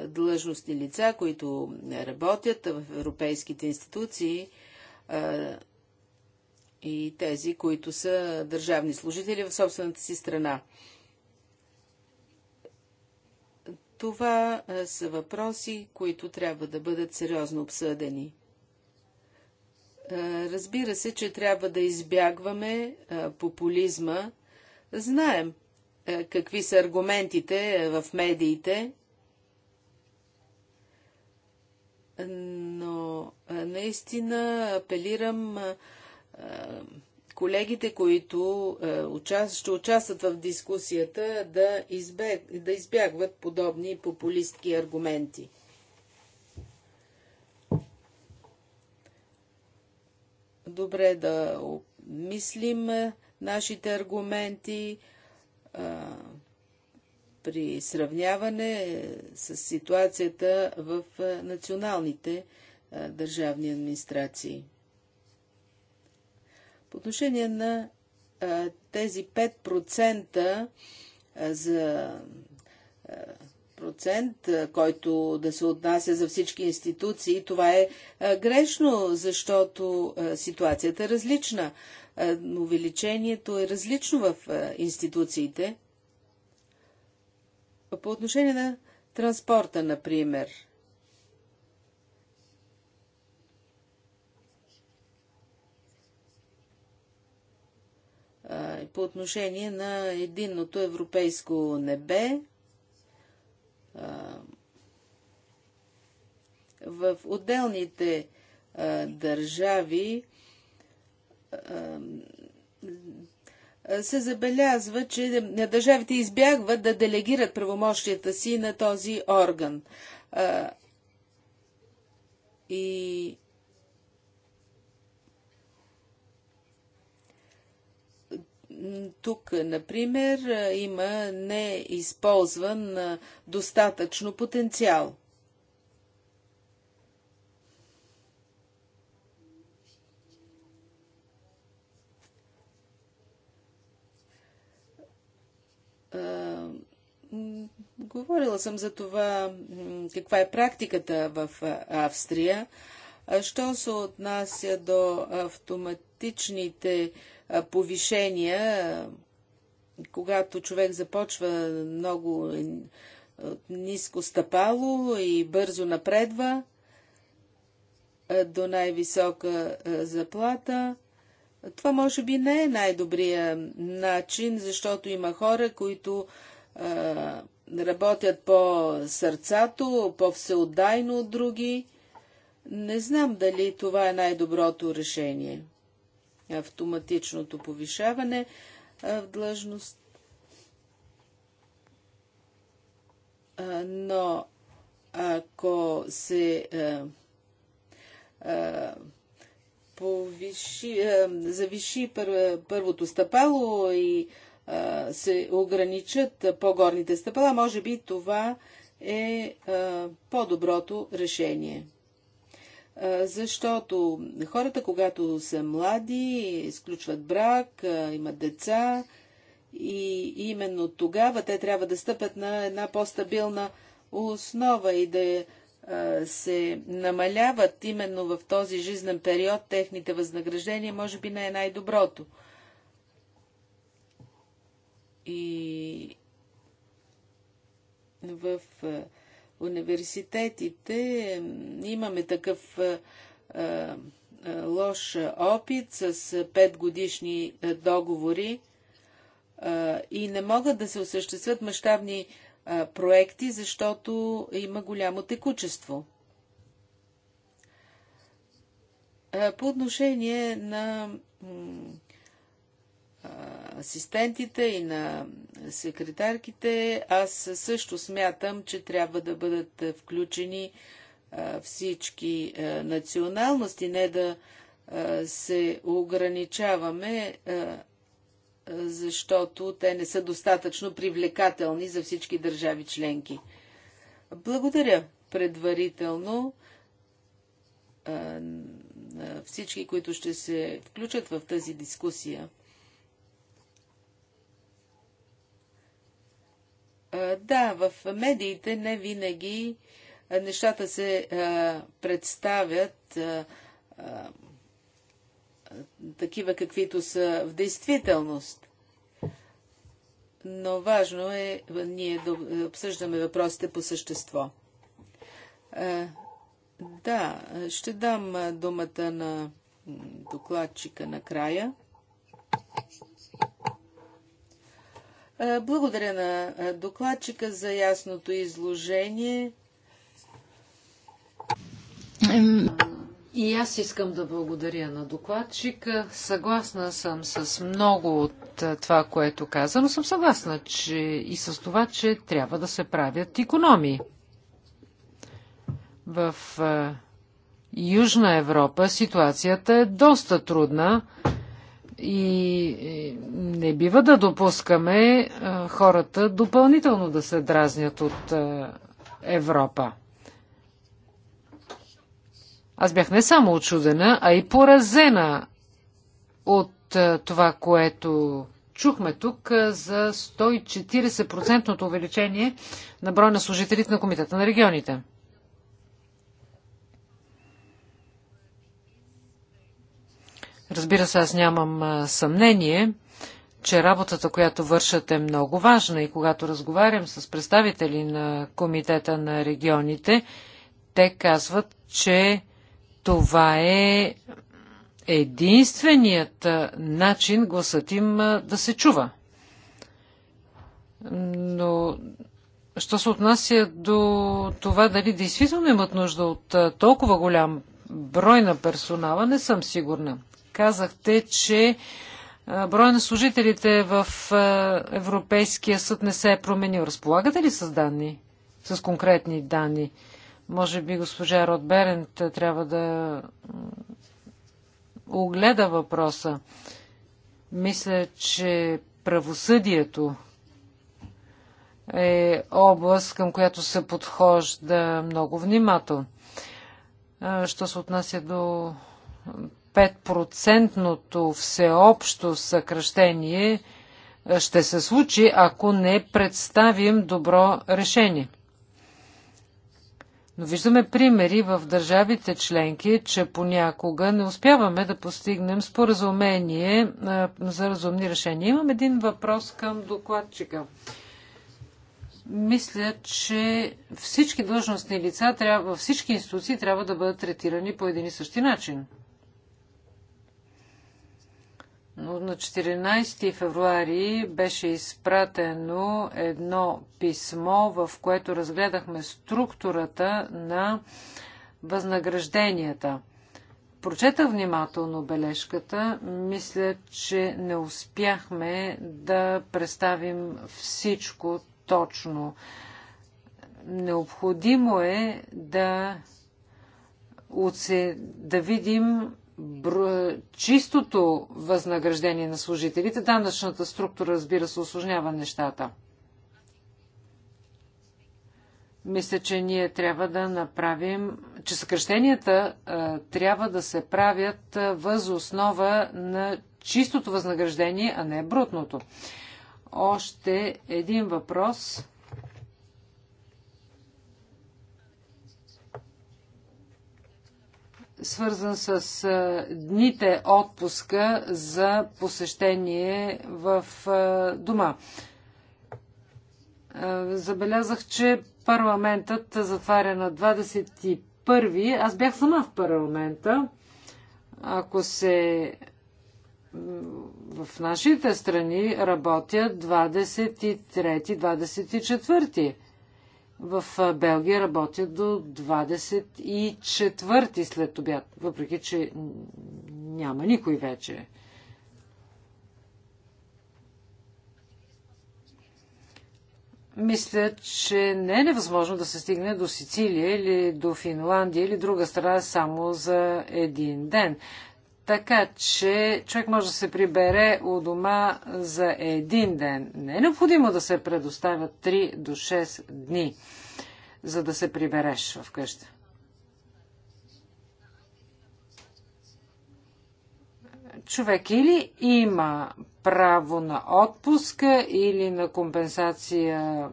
S3: длъжностни лица, които работят в европейските институции и тези, които са държавни служители в собствената си страна. Това са въпроси, които трябва да бъдат сериозно обсъдени. Разбира се, че трябва да избягваме популизма Знаем е, какви са аргументите е, в медиите, но е, наистина апелирам колегите, които ще участват в дискусията, да, избег, да избягват подобни популистки аргументи. Добре да мислим нашите аргументи а, при сравняване е, с ситуацията в националните а, държавни администрации. По отношение на а, тези 5% за процент, който да се отнася за всички институции, това е грешно, защото ситуацията е различна. Е, увеличението е различно в е, институциите. По отношение на транспорта, например, е, по отношение на единното европейско небе, в отделните държави се забелязва, че държавите избягват да делегират правомощията си на този орган. И тук, например, има неизползван достатъчно потенциал. Говорила съм за това каква е практиката в Австрия. Що се отнася до автоматичните повишения, когато човек започва много е, е, ниско стъпало и бързо напредва до най-висока заплата, това може би не е най-добрия начин, защото има хора, които е, работят по сърцато, по-всеотдайно от други. Не знам дали това е най-доброто решение. Автоматичното повишаване в длъжност. но ако се. Е, е, повиши, а, е, завиши пър, първото стъпало и а, е, се ограничат по-горните стъпала, може би това е, е по-доброто решение. защото хората, когато са млади, изключват брак, имат деца и именно тогава те трябва да стъпят на една по-стабилна основа и да се намаляват именно в този жизнен период техните възнаграждения, може би не е най-доброто. И в университетите имаме такъв лош опит с 5 годишни договори и не могат да се осъществят мащабни проекти, защото има голямо текучество. По отношение на асистентите и на секретарките, аз също смятам, че трябва да бъдат включени всички националности, не да се ограничаваме защото те не са достатъчно привлекателни за всички държави членки. Благодаря предварително на всички, които ще се включат в тази дискусия. Да, в медиите не винаги нещата се представят такива каквито са в действителност. Но важно е ние да обсъждаме въпросите по същество. Да, ще дам думата на докладчика накрая. Благодаря
S2: на докладчика за ясното изложение. И аз искам да благодаря на докладчика. Съгласна съм с много от това, което каза, но съм съгласна че и с това, че трябва да се правят економии. В Южна Европа ситуацията е доста трудна и не бива да допускаме хората допълнително да се дразнят от Европа. Аз бях не само очудена, а и поразена от е, това, което чухме тук е, за 140% увеличение на броя на служителите на Комитета на регионите. Разбира се, аз нямам е, съмнение, че работата, която вършат е много важна и когато разговарям с представители на Комитета на регионите, те казват, че това е единственият начин гласът им да се чува. Но що се отнася до това дали действително имат нужда от толкова голям брой на персонала, не съм сигурна. Казахте, че брой на служителите в Европейския съд не се е променил. Разполагате ли с данни? С конкретни данни? Може би госпожа Род Берент е, трябва да огледа въпроса. Мисля, че правосъдието е област, към която се подхожда много внимателно. Що се отнася до 5 всеобщо съкръщение, ще се случи, ако не представим добро решение. Но виждаме примери в държавите членки, че понякога не успяваме да постигнем споразумение за разумни решения. Имам един въпрос към докладчика. Мисля, че всички длъжностни лица, трябва, всички институции трябва да бъдат третирани по един и същи начин на 14 февруари беше изпратено едно писмо, в което разгледахме структурата на възнагражденията. Прочетах внимателно бележката. Мисля, че не успяхме да представим всичко точно. Необходимо е да, да видим чистото възнаграждение на служителите, данъчната структура, разбира се, осложнява нещата. Мисля, че ние трябва да направим, че съкръщенията а, трябва да се правят въз основа на чистото възнаграждение, а не брутното. Още един въпрос свързан с дните отпуска за посещение в дома. Забелязах, че парламентът затваря на 21-и. Аз бях сама в парламента. Ако се в нашите страни работят 23-24 в Белгия работят до 24 след обяд, въпреки че няма никой вече. Мисля, че не е невъзможно да се стигне до Сицилия или до Финландия или друга страна само за един ден. Така че човек може да се прибере у дома за един ден. Не е необходимо да се предоставят 3 до 6 дни, за да се прибереш в къща. човек или има право на отпуска или на компенсация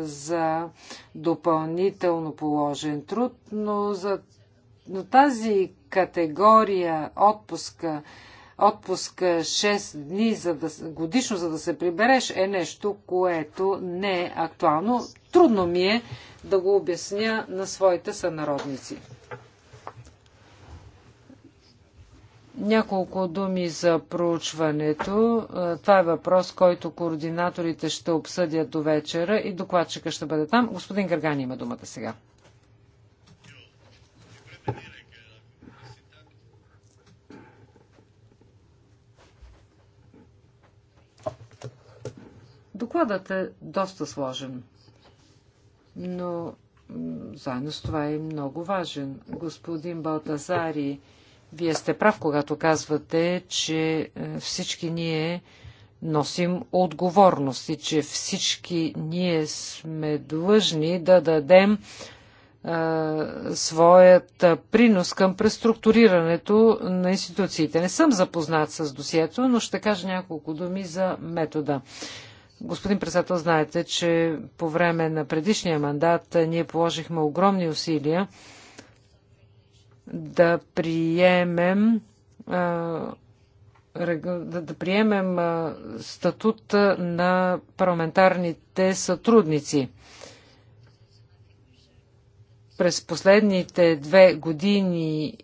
S2: за допълнително положен труд, но за но тази категория отпуска, отпуска 6 дни за да, годишно, за да се прибереш, е нещо, което не е актуално. Трудно ми е да го обясня на своите сънародници. Няколко думи за проучването. Е, това е въпрос, който координаторите ще обсъдят до вечера и докладчика ще бъде там. Господин Гъргани има думата сега. Докладът е доста сложен, но заедно с това е много важен. Господин Балтазари, вие сте прав, когато казвате, че е, всички ние носим отговорност и че всички ние сме длъжни да дадем е, своят принос към преструктурирането на институциите. Не съм запознат с досието, но ще кажа няколко думи за метода. Господин председател, знаете, че по време на предишния мандат ние положихме огромни усилия да приемем да приемем статут на парламентарните сътрудници. През последните две години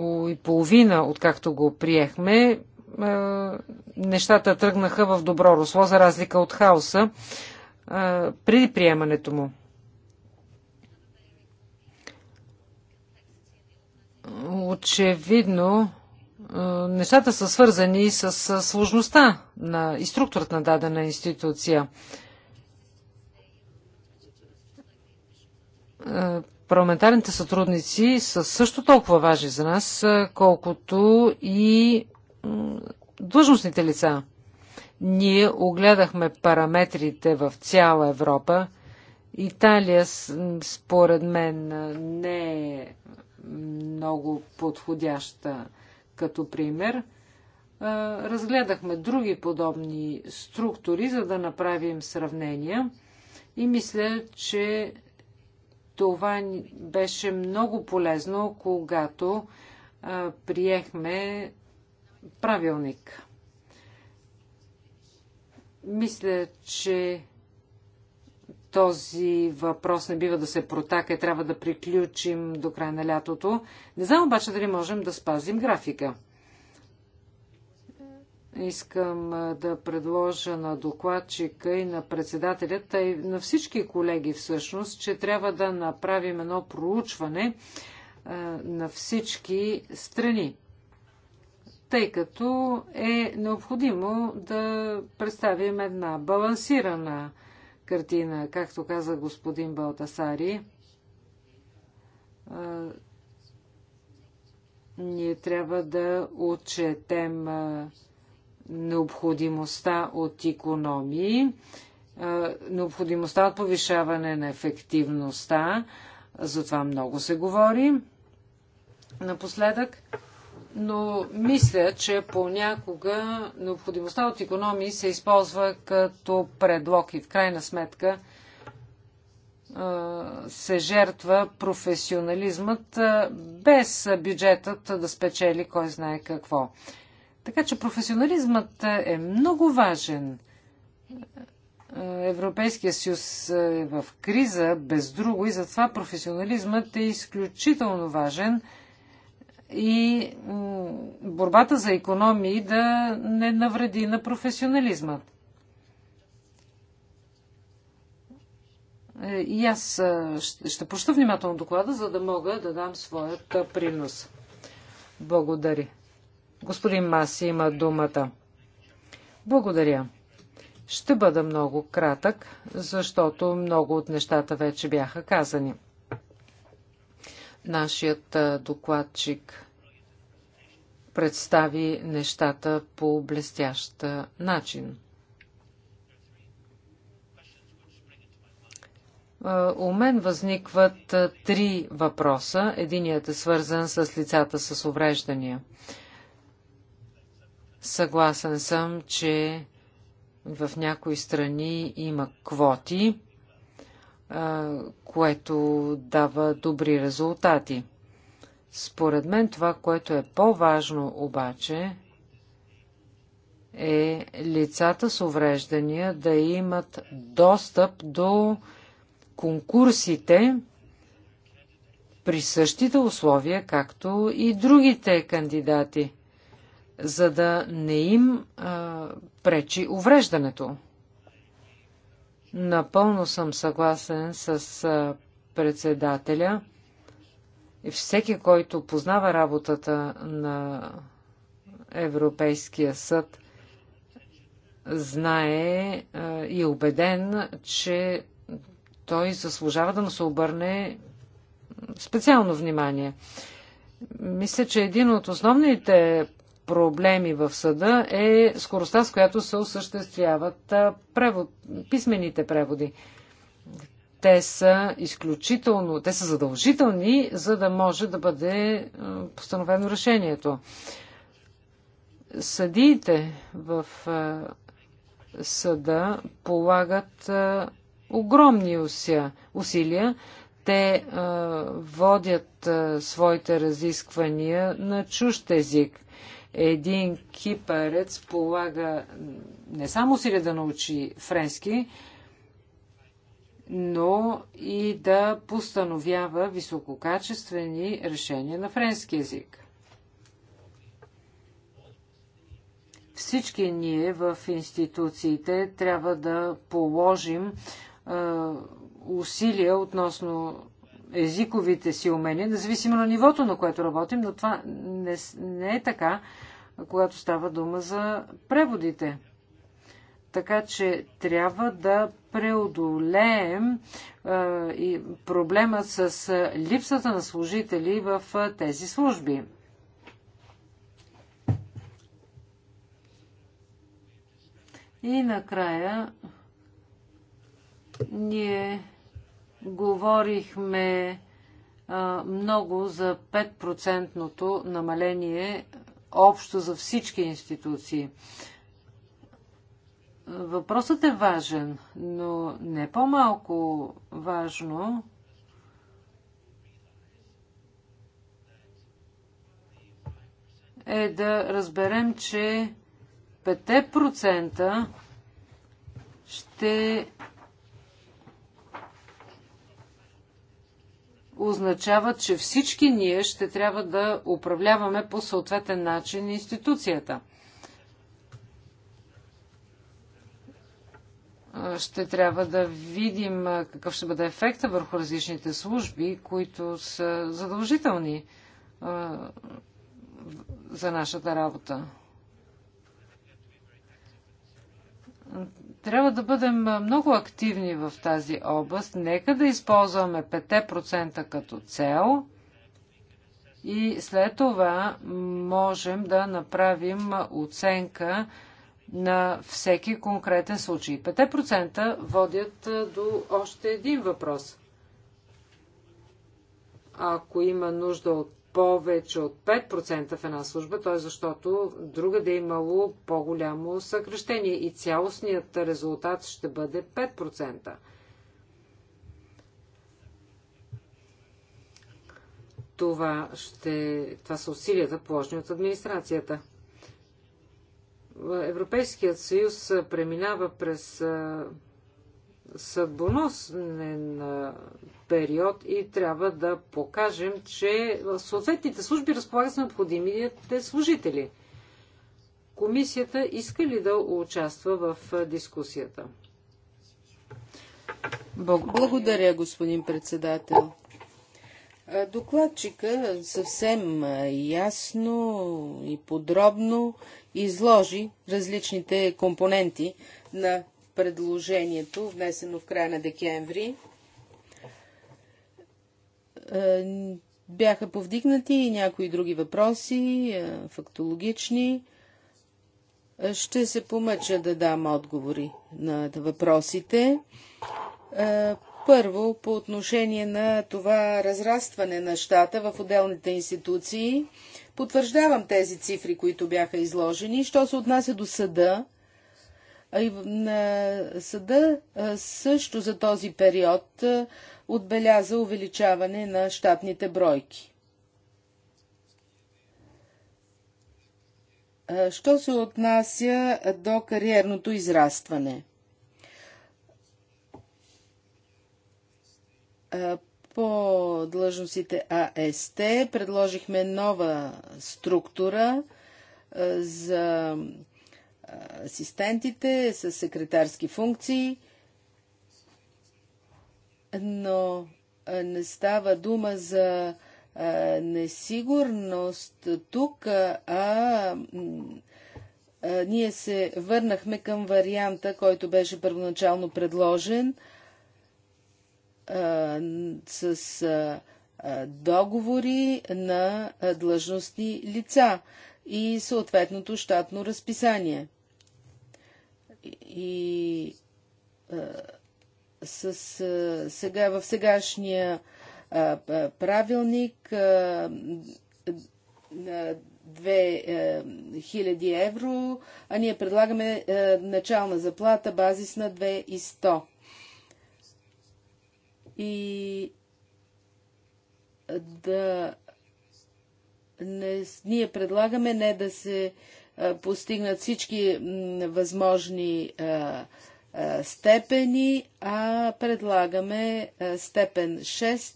S2: и половина, откакто го приехме, е, нещата тръгнаха в добро русло, за разлика от хаоса е, преди приемането му. Очевидно, е, нещата са свързани с сложността на, и структурата на дадена институция. Парламентарните сътрудници са също толкова важни за нас, колкото и длъжностните лица. Ние огледахме параметрите в цяла Европа. Италия, според мен, не е много подходяща като пример. Разгледахме други подобни структури, за да направим сравнения. И мисля, че това беше много полезно, когато приехме правилник. Мисля, че този въпрос не бива да се протака и трябва да приключим до края на лятото. Не знам обаче дали можем да спазим графика. Искам да предложа на докладчика и на председателята и на всички колеги всъщност, че трябва да направим едно проучване на всички страни тъй като е необходимо да представим една балансирана картина, както каза господин Балтасари. Ние трябва да отчетем необходимостта от економии, необходимостта от повишаване на ефективността. За това много се говори. Напоследък но мисля, че понякога необходимостта от економии се използва като предлог и в крайна сметка се жертва професионализмът без бюджетът да спечели кой знае какво. Така че професионализмът е много важен. Европейския съюз е в криза, без друго, и затова професионализмът е изключително важен – и борбата за економии да не навреди на професионализма. Е, и аз ще проща внимателно доклада, за да мога да дам своят принос. Благодаря. Господин Маси има думата. Благодаря. Ще бъда много кратък, защото много от нещата вече бяха казани. Нашият докладчик представи нещата по блестящ начин. У мен възникват три въпроса. Единият е свързан с лицата с увреждания. Съгласен съм, че в някои страни има квоти, което дава добри резултати. Според мен това, което е по-важно обаче, е лицата с увреждания да имат достъп до конкурсите при същите условия, както и другите кандидати, за да не им а, пречи увреждането. Напълно съм съгласен с председателя. Всеки, който познава работата на Европейския съд, знае и е убеден, че той заслужава да му се обърне специално внимание. Мисля, че един от основните проблеми в съда е скоростта, с която се осъществяват превод, писмените преводи. Те са изключително, те са задължителни, за да може да бъде постановено решението. Съдиите в съда полагат огромни усилия. Те водят своите разисквания на чужд език. Един кипарец полага не само си да научи френски, но и да постановява висококачествени решения на френски язик. Всички ние в институциите трябва да положим е, усилия относно езиковите си умения, независимо на нивото, на което работим, но това не, не е така, когато става дума за преводите. Така че трябва да преодолеем е, и проблема с липсата на служители в тези служби. И накрая ние Говорихме много за 5 намаление общо за всички институции. Въпросът е важен, но не по-малко важно е да разберем, че 5% ще означава, че всички ние ще трябва да управляваме по съответен начин институцията. Ще трябва да видим какъв ще бъде ефекта върху различните служби, които са задължителни за нашата работа трябва да бъдем много активни в тази област. Нека да използваме 5% като цел и след това можем да направим оценка на всеки конкретен случай. 5% водят до още един въпрос. Ако има нужда от повече от 5% в една служба, т.е. защото друга да е имало по-голямо съкрещение и цялостният резултат ще бъде 5%. Това, ще, това са усилията положени от администрацията. Европейският съюз преминава през съдбоносен период и трябва да покажем, че съответните служби разполагат с необходимите служители. Комисията иска ли да участва в дискусията?
S3: Благодаря, господин председател.
S2: Докладчика
S3: съвсем ясно и подробно изложи различните компоненти на предложението, внесено в края на декември, е, бяха повдигнати и някои други въпроси, е, фактологични. Е, ще се помъча да дам отговори на въпросите. Първо, по отношение на това разрастване на щата в отделните институции, потвърждавам тези цифри, които бяха изложени. Що се отнася до съда, на съда също за този период отбеляза увеличаване на щатните бройки. Що се отнася до кариерното израстване? По длъжностите АСТ предложихме нова структура за асистентите, с секретарски функции, но не става дума за несигурност тук, а ние се върнахме към варианта, който беше първоначално предложен с договори на длъжностни лица и съответното щатно разписание и с сега, в сегашния правилник 2000 евро, а ние предлагаме начална заплата базис на 2100. И да не, ние предлагаме не да се постигнат всички възможни степени, а предлагаме степен 6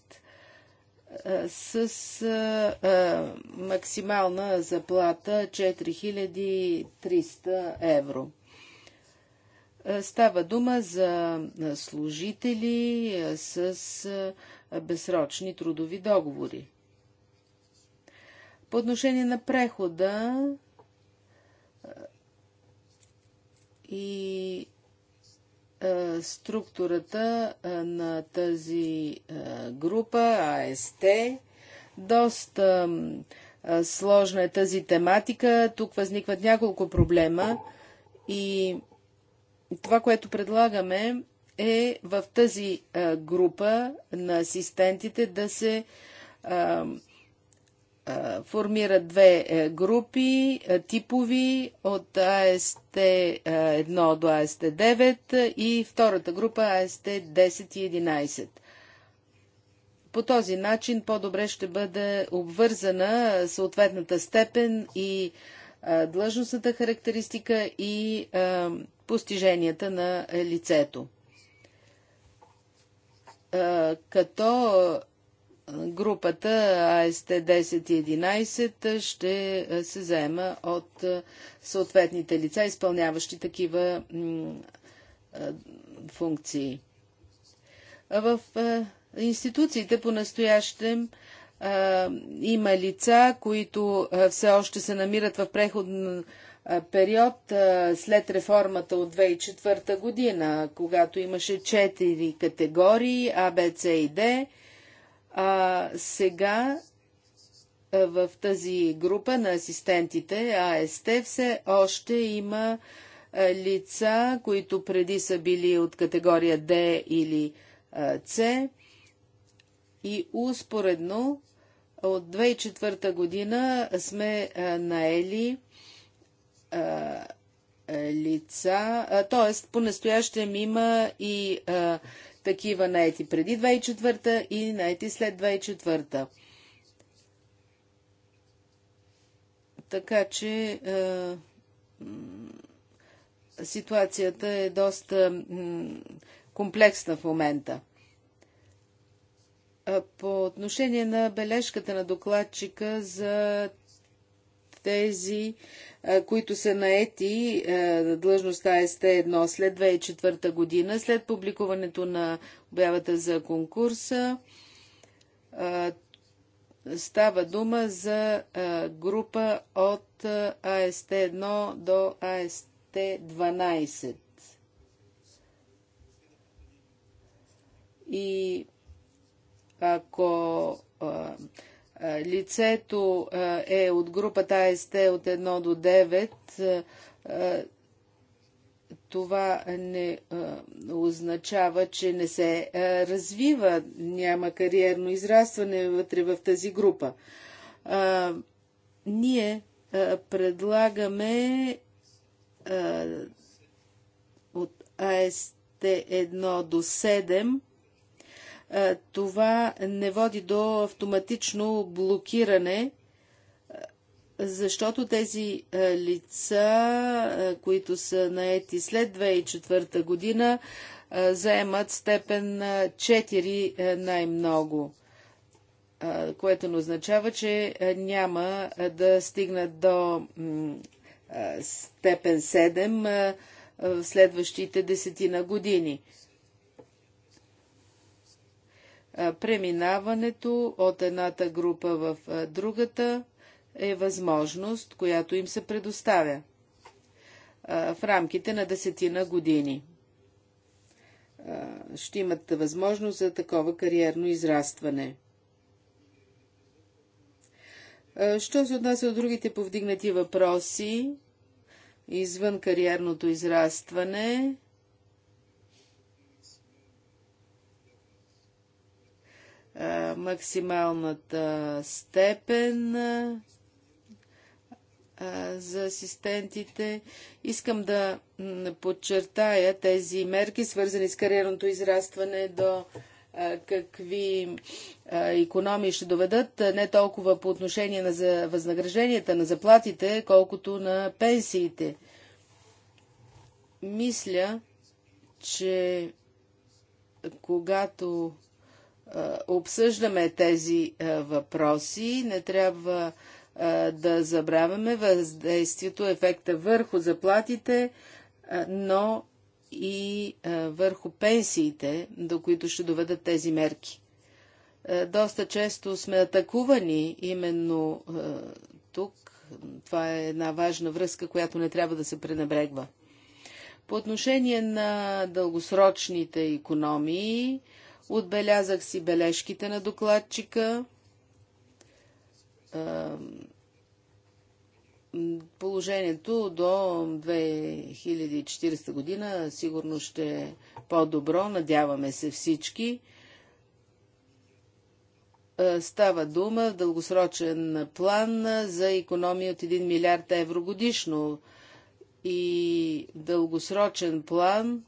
S3: с максимална заплата 4300 евро. Става дума за служители с безсрочни трудови договори. По отношение на прехода, и структурата на тази група АСТ. Доста сложна е тази тематика. Тук възникват няколко проблема и това, което предлагаме е в тази група на асистентите да се формира две е, групи е, типови от АСТ-1 е, до АСТ-9 и втората група АСТ-10 и 11. По този начин по-добре ще бъде обвързана съответната степен и длъжностната характеристика и постиженията на лицето. Като групата АСТ 10 и 11 ще се заема от съответните лица, изпълняващи такива функции. В институциите по-настоящем има лица, които все още се намират в преходен период след реформата от 2004 година, когато имаше четири категории А, Б, С и Д – а сега в тази група на асистентите АСТ все още има лица, които преди са били от категория Д или С. И успоредно от 2004 година сме наели лица, т.е. по-настоящем има и такива наети преди 2004 и наети след 2004. Така че е, ситуацията е доста комплексна в момента. По отношение на бележката на докладчика за тези, които са наети на длъжността СТ1 след 2004 година, след публикуването на обявата за конкурса. Става дума за група от АСТ1 до АСТ12. И ако лицето е от групата АСТ от 1 до 9, това не означава, че не се развива, няма кариерно израстване вътре в тази група. Ние предлагаме от АСТ 1 до 7 е, това не води до автоматично блокиране, е, защото тези е, лица, които са наети след 2004 година, заемат степен 4 най-много, което не означава, че няма да стигнат до степен 7 в следващите десетина години преминаването от едната група в другата е възможност, която им се предоставя в рамките на десетина години. Ще имат възможност за такова кариерно израстване. Що се отнася от другите повдигнати въпроси, извън кариерното израстване, Е, максималната степен а, е, е, за асистентите. Искам да подчертая тези мерки, свързани с кариерното израстване до какви економии ще доведат, не толкова по отношение на възнагражденията, на заплатите, колкото на пенсиите. Мисля, че когато обсъждаме тези въпроси, не трябва да забравяме въздействието, ефекта върху заплатите, но и върху пенсиите, до които ще доведат тези мерки. Доста често сме атакувани именно тук. Това е една важна връзка, която не трябва да се пренебрегва. По отношение на дългосрочните економии, Отбелязах си бележките на докладчика. Положението до 2040 година сигурно ще е по-добро, надяваме се всички. Става дума в дългосрочен план за економия от 1 милиард евро годишно и дългосрочен план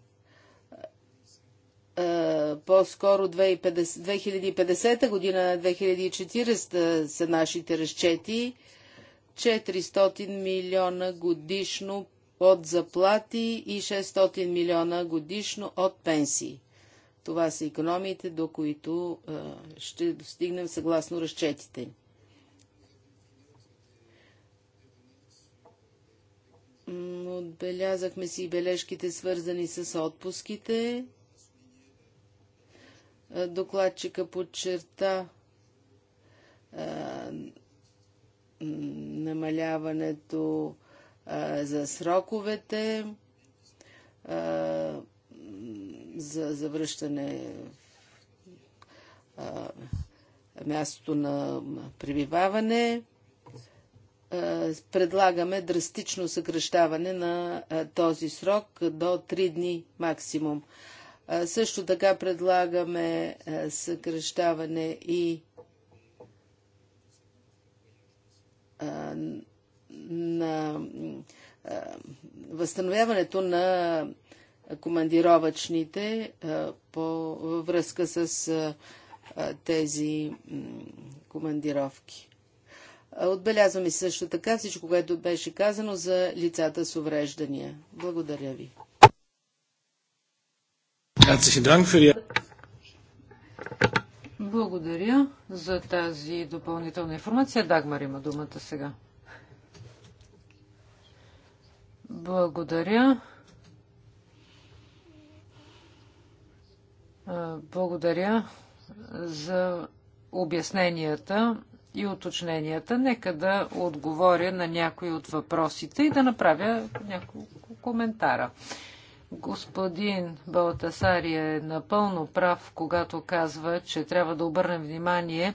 S3: е, по-скоро 2050, година, 2040 са нашите разчети. 400 милиона годишно от заплати и 600 милиона годишно от пенсии. Това са економиите, до които е, ще достигнем съгласно разчетите. Отбелязахме си бележките, свързани с отпуските. Е, докладчика подчерта е, намаляването е, за сроковете, за завръщане мястото на пребиваване, предлагаме драстично съкръщаване на този срок до 3 дни максимум. Също така предлагаме съкръщаване и на възстановяването на командировачните по връзка с тези командировки. Отбелязваме също така всичко, което беше казано за лицата с
S2: увреждания. Благодаря ви. Благодаря за тази допълнителна информация. Дагмар има думата сега. Благодаря. Благодаря за обясненията и уточненията. Нека да отговоря на някои от въпросите и да направя няколко коментара. Господин Балтасари е напълно прав, когато казва, че трябва да обърнем внимание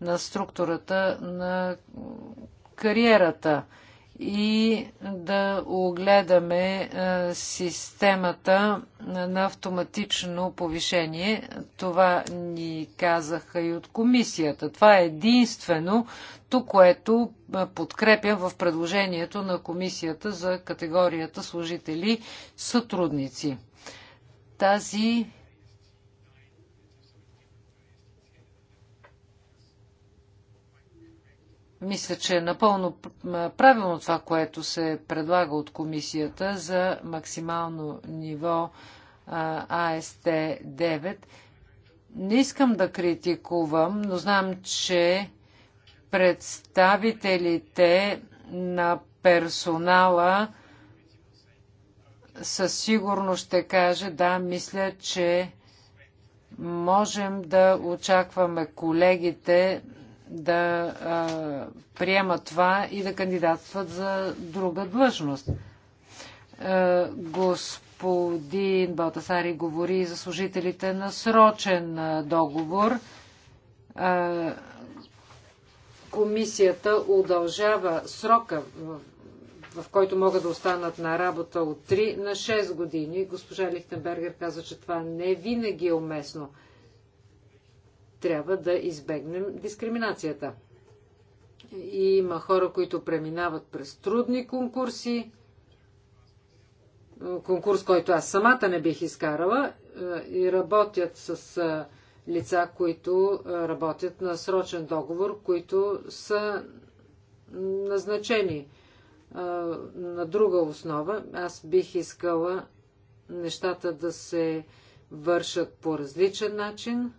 S2: на структурата на кариерата и да огледаме е, системата на автоматично повишение. Това ни казаха и от комисията. Това е единствено то, което е, подкрепям в предложението на комисията за категорията служители-сътрудници. Тази Мисля, че е напълно правилно това, което се предлага от комисията за максимално ниво АСТ-9. Не искам да критикувам, но знам, че представителите на персонала със сигурност ще каже, да, мисля, че можем да очакваме колегите да а, приемат това и да кандидатстват за друга длъжност. А, господин Балтасари говори за служителите на срочен а, договор. А, комисията удължава срока, в, в който могат да останат на работа от 3 на 6 години. Госпожа Лихтенбергер каза, че това не винаги е уместно трябва да избегнем дискриминацията. Има хора, които преминават през трудни конкурси, конкурс, който аз самата не бих изкарала, е, и работят с е, лица, които е, работят на срочен договор, които са назначени на друга основа. Аз бих искала нещата да се вършат по различен начин.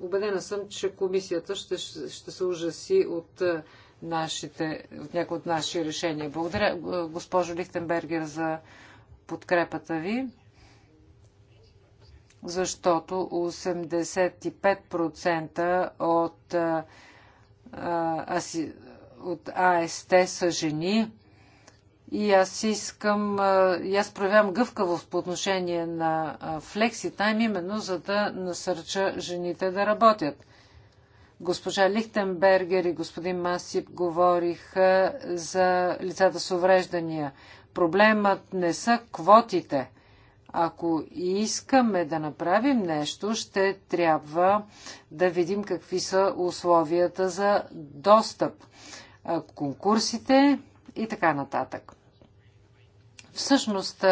S2: Обедена съм, че комисията ще, ще се ужаси от, е, нашите, от някои от наши решения. Благодаря, госпожо Лихтенбергер, за подкрепата ви, защото 85% от, е, е, от АСТ са жени и аз искам, и аз проявявам гъвкавост по отношение на тайм именно за да насърча жените да работят. Госпожа Лихтенбергер и господин Масип говориха за лицата с увреждания. Проблемът не са квотите. Ако искаме да направим нещо, ще трябва да видим какви са условията за достъп. Конкурсите, и така нататък. Всъщност,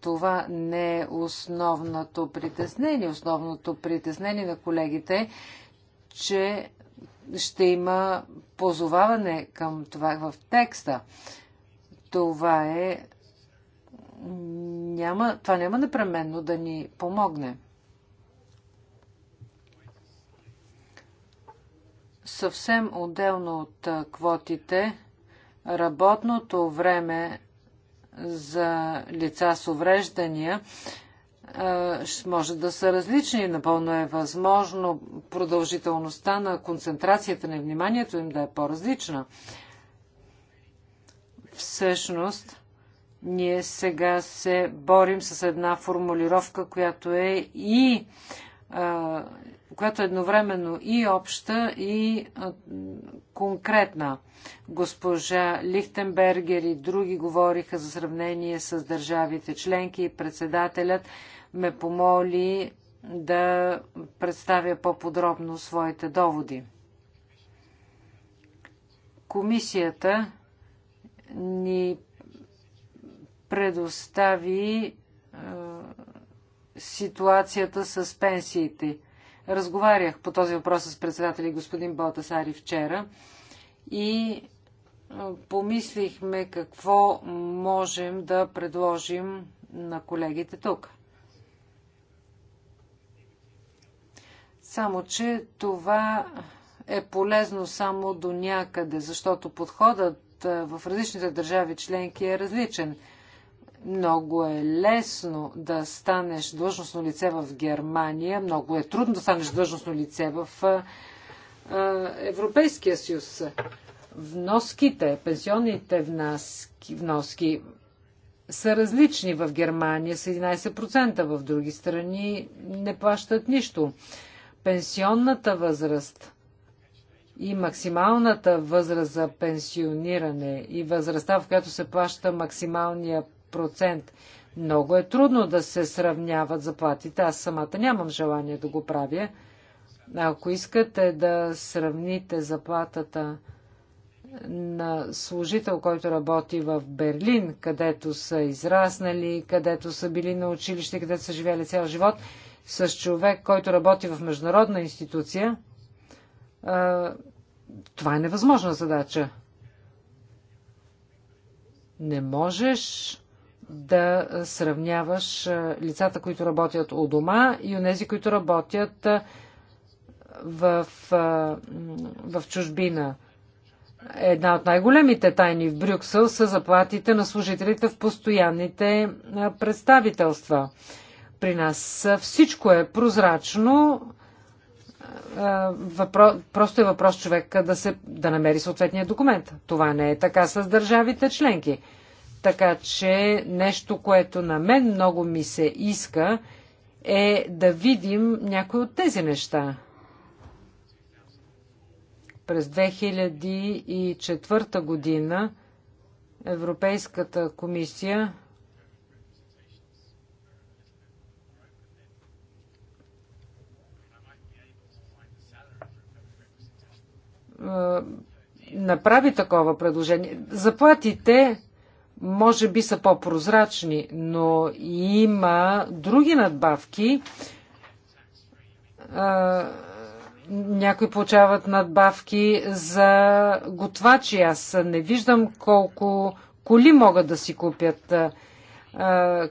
S2: това не е основното притеснение. Основното притеснение на колегите е, че ще има позоваване към това в текста. Това е. Няма, това няма непременно да ни помогне. Съвсем отделно от квотите, работното време за лица с увреждания може да са различни. Напълно е възможно продължителността на концентрацията на вниманието им да е по-различна. Всъщност, ние сега се борим с една формулировка, която е и която е едновременно и обща, и конкретна. Госпожа Лихтенбергер и други говориха за сравнение с държавите членки и председателят ме помоли да представя по-подробно своите доводи. Комисията ни предостави ситуацията с пенсиите. Разговарях по този въпрос с председателя господин Балтасари вчера и помислихме какво можем да предложим на колегите тук. Само, че това е полезно само до някъде, защото подходът в различните държави членки е различен – много е лесно да станеш длъжностно лице в Германия, много е трудно да станеш длъжностно лице в Европейския съюз. Вноските, пенсионните вноски, вноски са различни в Германия с 11%, в други страни не плащат нищо. Пенсионната възраст и максималната възраст за пенсиониране и възрастта, в която се плаща максималния 10%. Много е трудно да се сравняват заплатите. Аз самата нямам желание да го правя. Ако искате да сравните заплатата на служител, който работи в Берлин, където са израснали, където са били на училище, където са живели цял живот, с човек, който работи в международна институция, това е невъзможна задача. Не можеш да сравняваш лицата, които работят у дома и онези, които работят в, в чужбина. Една от най-големите тайни в Брюксел са заплатите на служителите в постоянните представителства. При нас всичко е прозрачно. Въпро... Просто е въпрос човек да, се... да намери съответния документ. Това не е така с държавите членки. Така че нещо, което на мен много ми се иска, е да видим някои от тези неща. През 2004 година Европейската комисия е, направи такова предложение. Заплатите може би са по-прозрачни, но има други надбавки. Някои получават надбавки за готвачи. Аз не виждам колко коли могат да си купят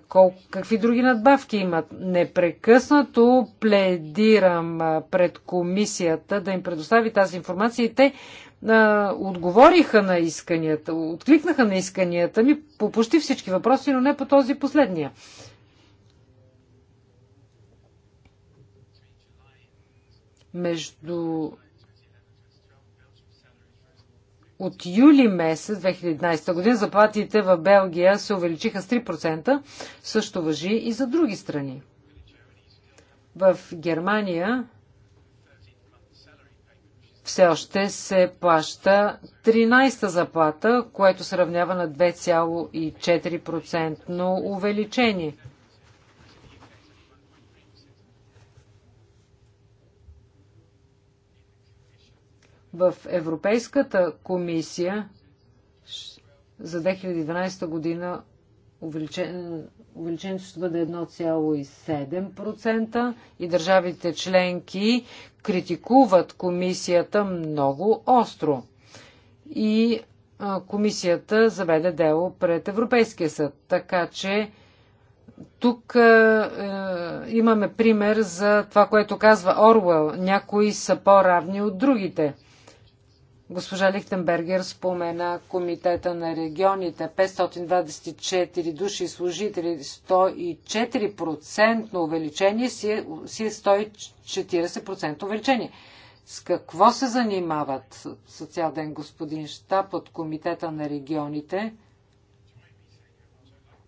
S2: кол, какви други надбавки имат. Непрекъснато пледирам пред комисията да им предостави тази информация и те а, отговориха на исканията, откликнаха на исканията ми по почти всички въпроси, но не по този последния. Между от юли месец 2011 година заплатите в Белгия се увеличиха с 3%. Също въжи и за други страни. В Германия все още се плаща 13-та заплата, което се равнява на 2,4% увеличение – В Европейската комисия за 2012 година увеличението ще бъде 1,7% и държавите членки критикуват комисията много остро. И комисията заведе дело пред Европейския съд. Така че тук е, имаме пример за това, което казва Орвел. Някои са по-равни от другите – Госпожа Лихтенбергер спомена комитета на регионите. 524 души служители, 104% увеличение си е, 140% е увеличение. С какво се занимават с цял ден господин Штаб от комитета на регионите?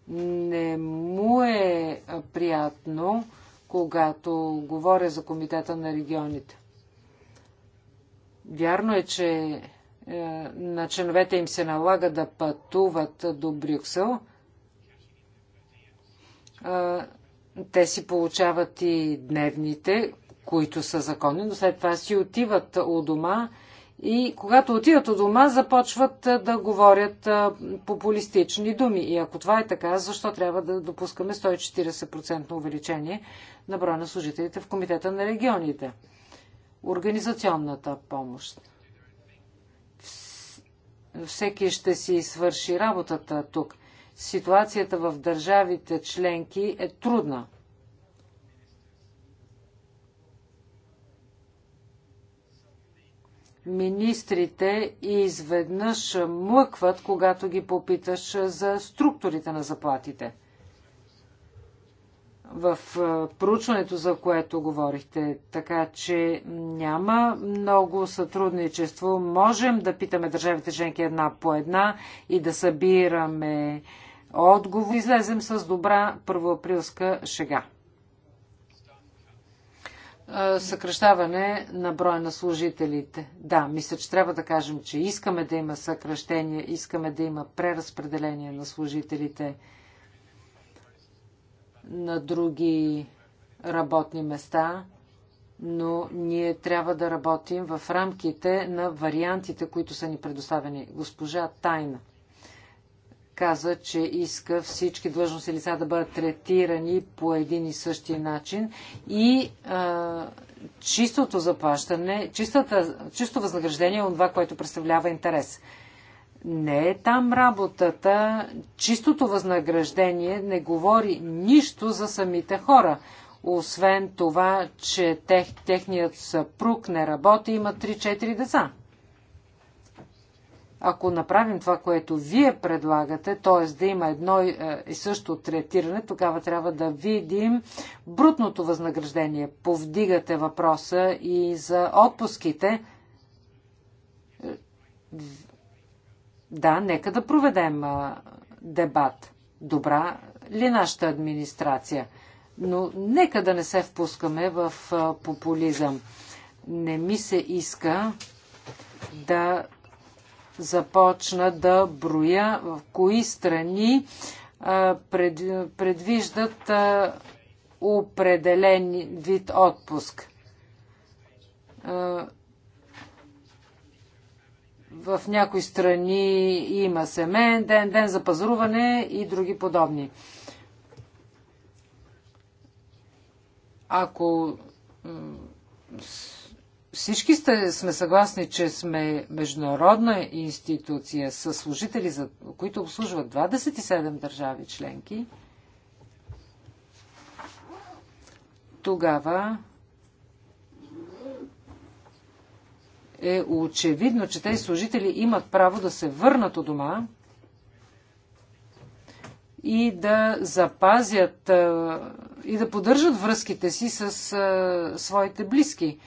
S2: Не му е приятно, когато говоря за комитета на регионите. Вярно е, че е, на членовете им се налага да пътуват до Брюксел. Е, те си получават и дневните, които са законни, но след това си отиват у дома и когато отиват у дома, започват е, да говорят популистични думи. И ако това е така, защо трябва да допускаме 140% увеличение на броя на служителите в Комитета на регионите? организационната помощ. Всеки ще си свърши работата тук. Ситуацията в държавите членки е трудна. Министрите изведнъж млъкват, когато ги попиташ за структурите на заплатите – в проучването, за което говорихте. Така че няма много сътрудничество. Можем да питаме държавите женки една по една и да събираме отговор. Излезем с добра първоаприлска шега. Съкръщаване на броя на служителите. Да, мисля, че трябва да кажем, че искаме да има съкръщение, искаме да има преразпределение на служителите на други работни места, но ние трябва да работим в рамките на вариантите, които са ни предоставени. Госпожа Тайна каза, че иска всички длъжностни лица да бъдат третирани по един и същи начин и а, чистото заплащане, чистата, чисто възнаграждение е това, което представлява интерес. Не е там работата. Чистото възнаграждение не говори нищо за самите хора. Освен това, че тех, техният съпруг не работи, има 3-4 деца. Ако направим това, което вие предлагате, т.е. да има едно е, и също третиране, тогава трябва да видим брутното възнаграждение. Повдигате въпроса и за отпуските е, да, нека да проведем а, дебат. Добра ли нашата администрация? Но нека да не се впускаме в а, популизъм. Не ми се иска да започна да броя в кои страни а, пред, предвиждат а, определен вид отпуск. А, в някои страни има семен, ден, ден за пазаруване и други подобни. Ако всички сте, сме съгласни, че сме международна институция с служители, за, които обслужват 27 държави членки, тогава е очевидно, че тези служители имат право да се върнат у дома и да запазят и да поддържат връзките си с своите близки.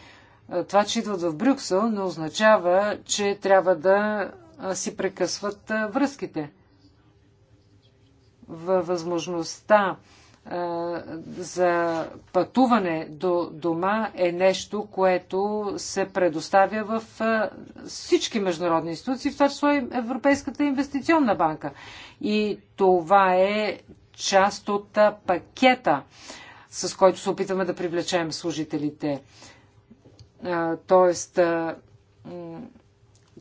S2: Това, че идват в Брюксел, не означава, че трябва да си прекъсват връзките. Във възможността за пътуване до дома е нещо, което се предоставя в всички международни институции, в това число и Европейската инвестиционна банка. И това е част от пакета, с който се опитваме да привлечем служителите. Тоест,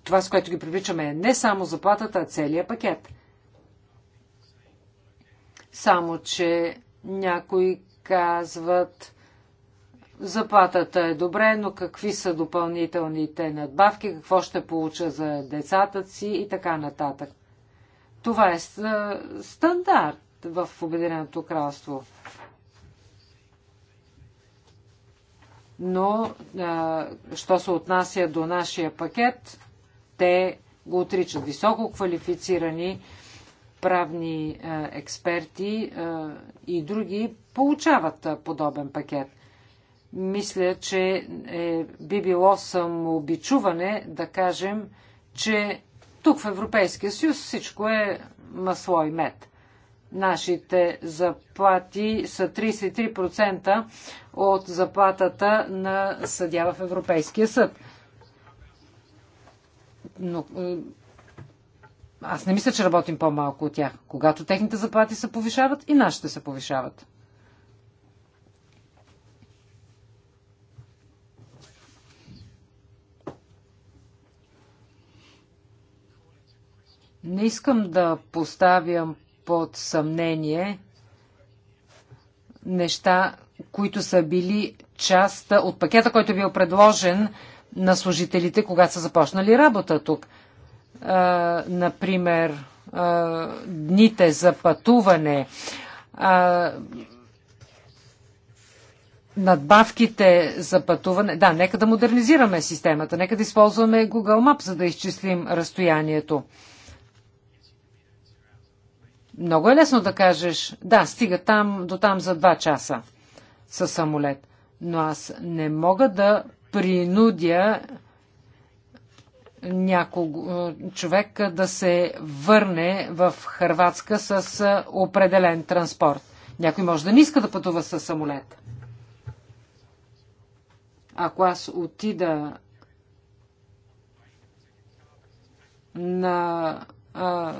S2: това, с което ги привличаме, е не само заплатата, а целият пакет. Само, че някои казват, заплатата е добре, но какви са допълнителните надбавки, какво ще получа за децата си и така нататък. Това е стандарт в Обединеното кралство. Но, а, що се отнася до нашия пакет, те го отричат. Високо квалифицирани правни е, експерти е, и други получават е, подобен пакет. Мисля, че е, би било самообичуване да кажем, че тук в Европейския съюз всичко е масло и мед. Нашите заплати са 33% от заплатата на съдя в Европейския съд. Но аз не мисля, че работим по-малко от тях. Когато техните заплати се повишават, и нашите се повишават. Не искам да поставям под съмнение неща, които са били част от пакета, който бил предложен на служителите, когато са започнали работа тук – а, например, а, дните за пътуване, а, надбавките за пътуване. Да, нека да модернизираме системата, нека да използваме Google Maps, за да изчислим разстоянието. Много е лесно да кажеш, да, стига там, до там за 2 часа със самолет. Но аз не мога да принудя няколко е, човек да се върне в Харватска с е, определен транспорт. Някой може да не иска да пътува с самолет. Ако аз отида на а,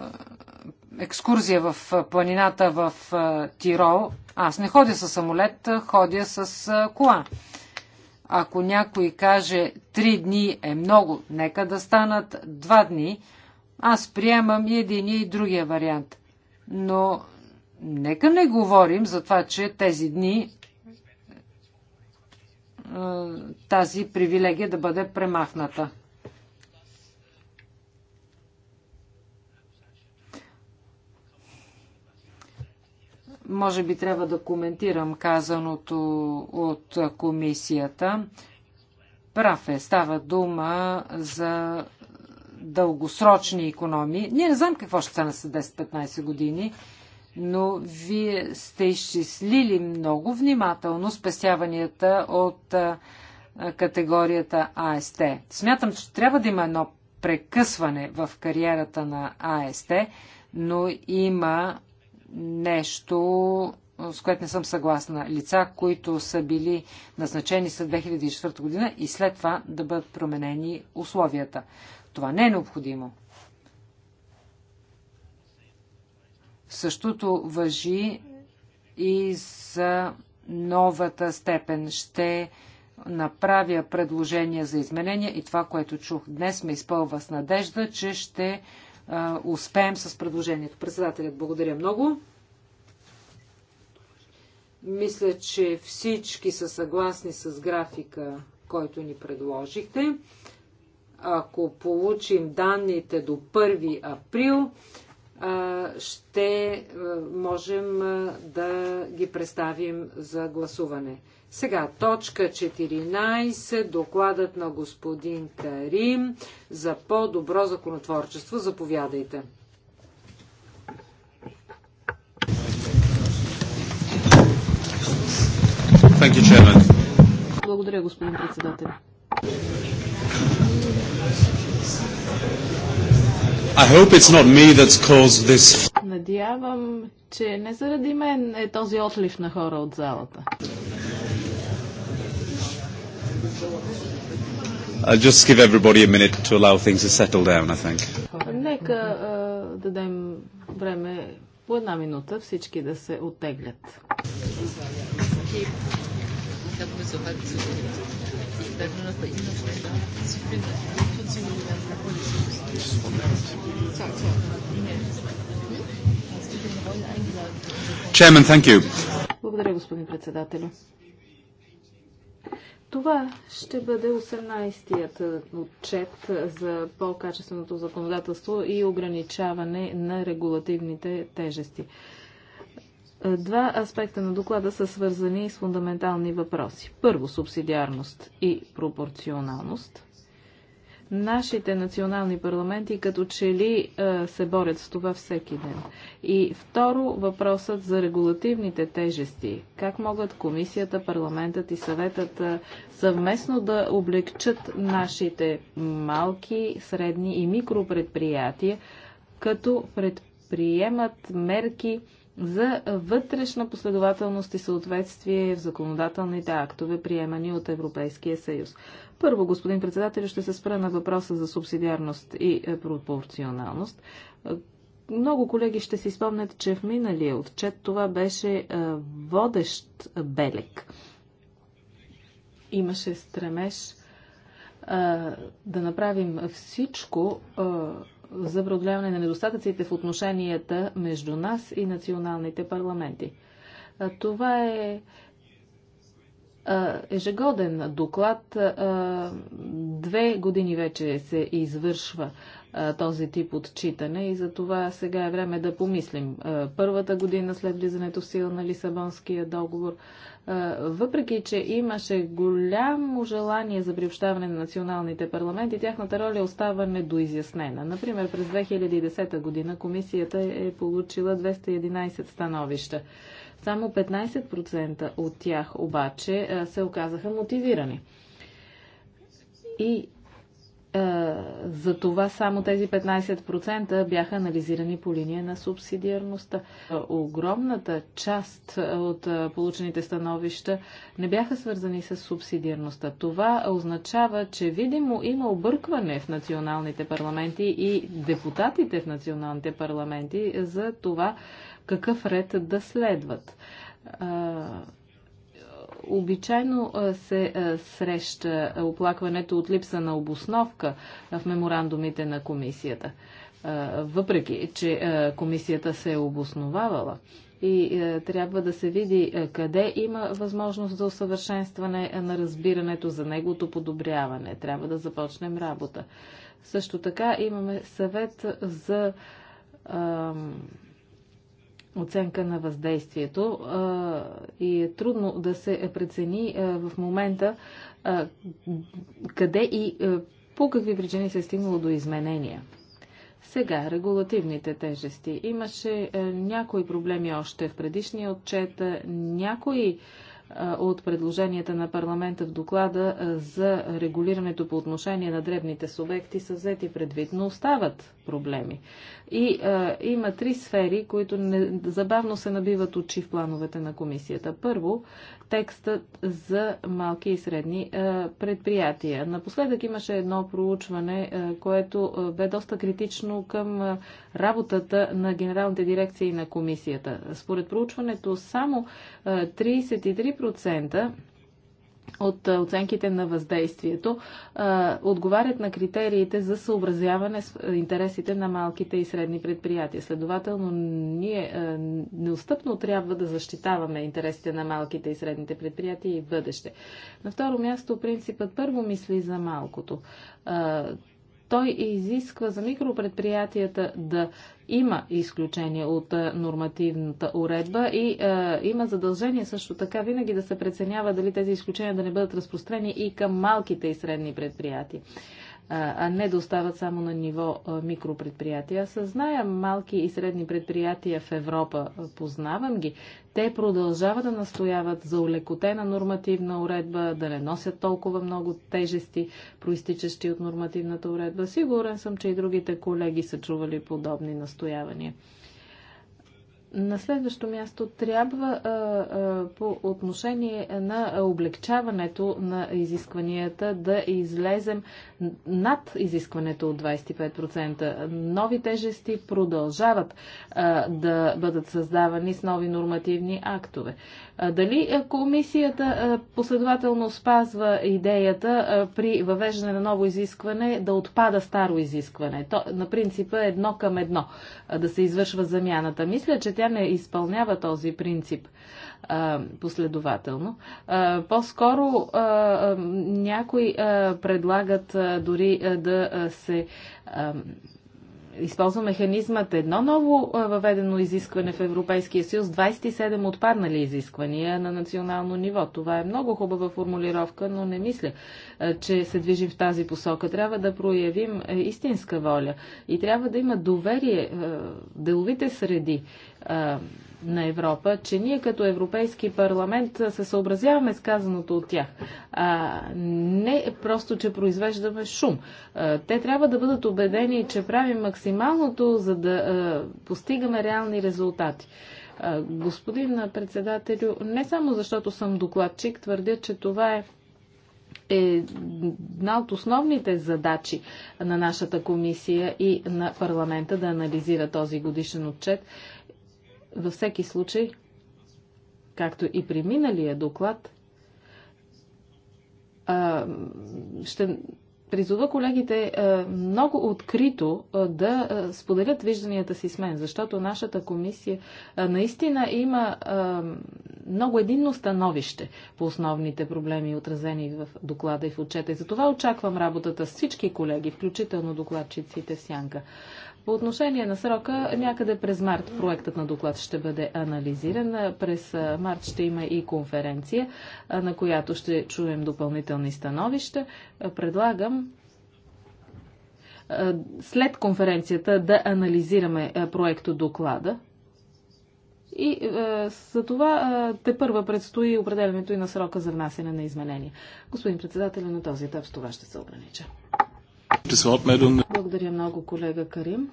S2: е, екскурзия в планината в а, Тирол, аз не ходя с самолет, ходя с а, кола. Ако някой каже три дни е много, нека да станат два дни. Аз приемам и един и другия вариант. Но нека не говорим за това, че тези дни е, тази привилегия да бъде премахната. Може би трябва да коментирам казаното от комисията. Прав е, става дума за дългосрочни економии. Ние не знам какво ще стане след 10-15 години, но вие сте изчислили много внимателно спестяванията от категорията АСТ. Смятам, че трябва да има едно прекъсване в кариерата на АСТ, но има нещо, с което не съм съгласна. Лица, които са били назначени след 2004 година и след това да бъдат променени условията. Това не е необходимо. Същото въжи и за новата степен. Ще направя предложения за изменения и това, което чух днес, ме изпълва с надежда, че ще успеем с предложението. Председателят, благодаря много. Мисля, че всички са съгласни с графика, който ни предложихте. Ако получим данните до 1 април, ще можем да ги представим за гласуване. Сега, точка 14, докладът на господин Карим за по-добро законотворчество. Заповядайте.
S4: Благодаря, господин председател. I hope it's not me
S2: that's caused this.
S4: Надявам, че не заради мен е този отлив на хора от залата.
S2: I'll just give everybody a minute to allow things to settle down, I think.
S4: Нека uh, дадем време по една минута всички да се оттеглят.
S3: Chairman, thank you.
S4: Благодаря, господин председателю. Това ще бъде 18-тият е, отчет за по-качественото законодателство и ограничаване на регулативните тежести. Е, два аспекта на доклада са свързани с фундаментални въпроси. Първо, субсидиарност и пропорционалност. Нашите национални парламенти като че ли е, се борят с това всеки ден. И второ, въпросът за регулативните тежести. Как могат комисията, парламентът и съветът е, съвместно да облегчат нашите малки, средни и микропредприятия, като предприемат мерки, за вътрешна последователност и съответствие в законодателните актове, приемани от Европейския съюз. Първо, господин председател, ще се спра на въпроса за субсидиарност и е, пропорционалност. Е, много колеги ще си спомнят, че в миналия отчет това беше е, водещ белек. Имаше стремеж да направим всичко за преодоляване на недостатъците в отношенията между нас и националните парламенти. Това е ежегоден доклад. Две години вече се извършва този тип отчитане и за това сега е време да помислим. Първата година след влизането в сила на Лисабонския договор, въпреки че имаше голямо желание за приобщаване на националните парламенти, тяхната роля остава недоизяснена. Например, през 2010 година комисията е получила 211 становища. Само 15% от тях обаче се оказаха мотивирани. И за това само тези 15% бяха анализирани по линия на субсидиарността. Огромната част от получените становища не бяха свързани с субсидиарността. Това означава, че видимо има объркване в националните парламенти и депутатите в националните парламенти за това какъв ред да следват. Обичайно се среща оплакването от липса на обосновка в меморандумите на комисията, въпреки че комисията се е обосновавала и трябва да се види къде има възможност за усъвършенстване на разбирането за неговото подобряване. Трябва да започнем работа. Също така имаме съвет за оценка на въздействието и е трудно да се прецени в момента къде и по какви причини се е стигнало до изменения. Сега, регулативните тежести. Имаше някои проблеми още в предишния отчет, някои от предложенията на парламента в доклада за регулирането по отношение на дребните субекти са взети предвид, но остават проблеми. И а, е, има три сфери, които забавно се набиват очи в плановете на комисията. Първо, текстът за малки и средни а, е, предприятия. Напоследък имаше едно проучване, а, е, което а, бе доста критично към а, работата на генералните дирекции на комисията. Според проучването само а, 33% от оценките на въздействието отговарят на критериите за съобразяване с интересите на малките и средни предприятия. Следователно, ние неустъпно трябва да защитаваме интересите на малките и средните предприятия и в бъдеще. На второ място, принципът първо мисли за малкото. Той изисква за микропредприятията да има изключение от нормативната уредба и е, има задължение също така винаги да се преценява дали тези изключения да не бъдат разпространени и към малките и средни предприятия а не да остават само на ниво микропредприятия. Аз зная малки и средни предприятия в Европа, познавам ги. Те продължават да настояват за улекотена нормативна уредба, да не носят толкова много тежести, проистичащи от нормативната уредба. Сигурен съм, че и другите колеги са чували подобни настоявания. На следващо място трябва а, а, по отношение на облегчаването на изискванията да излезем над изискването от 25%. Нови тежести продължават а, да бъдат създавани с нови нормативни актове. А, дали комисията а, последователно спазва идеята а, при въвеждане на ново изискване да отпада старо изискване? То, на принципа едно към едно а, да се извършва замяната. Мисля, че тя тя не изпълнява този принцип последователно. По-скоро някои предлагат дори да се използва механизмът едно ново е, въведено изискване в Европейския съюз, 27 отпаднали изисквания на национално ниво. Това е много хубава формулировка, но не мисля, е, че се движим в тази посока. Трябва да проявим е, истинска воля и трябва да има доверие деловите среди на Европа, че ние като Европейски парламент се съобразяваме с казаното от тях. А, не е просто, че произвеждаме шум. А, те трябва да бъдат убедени, че правим максималното, за да а, постигаме реални резултати. А, господин председателю, не само защото съм докладчик, твърдя, че това е е една от основните задачи на нашата комисия и на парламента да анализира този годишен отчет. Във всеки случай, както и при миналия доклад, ще призова колегите много открито да споделят вижданията си с мен, защото нашата комисия наистина има много единно становище по основните проблеми, отразени в доклада и в отчета. И за това очаквам работата с всички колеги, включително докладчиците в Сянка. По отношение на срока, някъде през март проектът на доклад ще бъде анализиран. През март ще има и конференция, на която ще чуем допълнителни становища. Предлагам след конференцията да анализираме проекто доклада. И е, за това е, те първа предстои определенето и на срока за внасяне на изменения. Господин председател, на този етап с това ще се огранича. Благодаря много, колега Карим.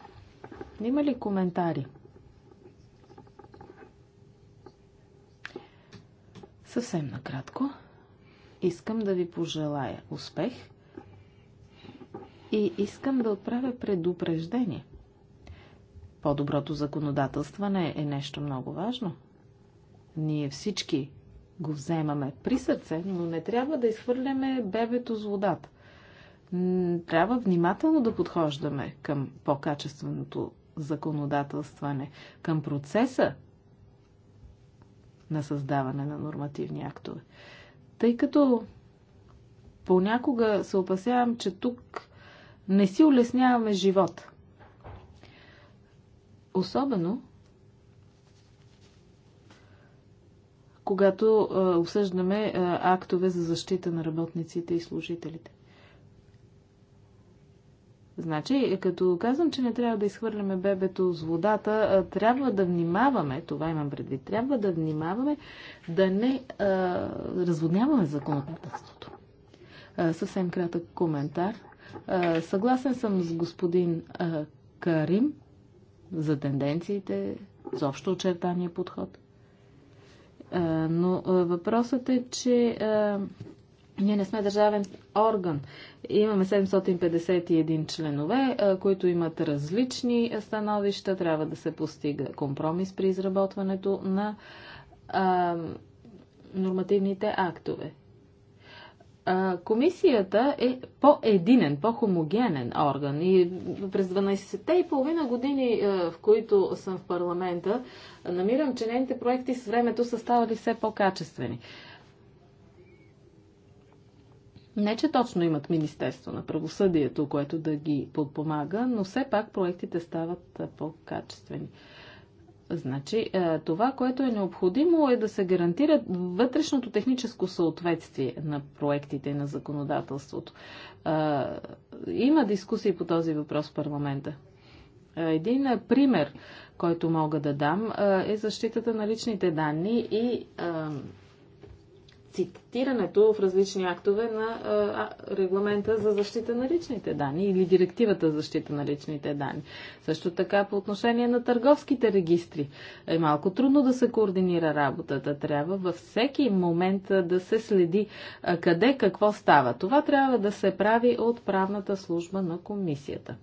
S4: Има ли коментари? Съвсем накратко. Искам да ви пожелая успех и искам да отправя предупреждение. По-доброто законодателстване е нещо много важно. Ние всички го вземаме при сърце, но не трябва да изхвърляме бебето с водата – трябва внимателно да подхождаме към по-качественото законодателстване, към процеса на създаване на нормативни актове. Тъй като понякога се опасявам, че тук не си улесняваме живот. Особено, когато обсъждаме актове за защита на работниците и служителите. Значи, като казвам, че не трябва да изхвърляме бебето с водата, трябва да внимаваме, това имам предвид, трябва да внимаваме да не а, разводняваме законодателството. съвсем кратък коментар. А, съгласен съм с господин а, Карим за тенденциите, за общо очертания подход. А, но а, въпросът е, че а, ние не сме държавен орган. Имаме 751 членове, които имат различни становища. Трябва да се постига компромис при изработването на а, нормативните актове. А, комисията е по-единен, по-хомогенен орган. И през 12-те и половина години, в които съм в парламента, намирам, че нейните проекти с времето са ставали все по-качествени. А, не, че точно имат Министерство на правосъдието, което да ги подпомага, но все пак проектите стават по-качествени. Значи, това, което е необходимо е да се гарантира вътрешното техническо съответствие на проектите и на законодателството. Има дискусии по този въпрос в парламента. Един пример, който мога да дам, е защитата на личните данни и цитирането в различни актове на а, регламента за защита на личните данни или директивата за защита на личните данни. Също така по отношение на търговските регистри е малко трудно да се координира работата. Трябва във всеки момент да се следи къде какво става. Това трябва да се прави от правната служба на комисията.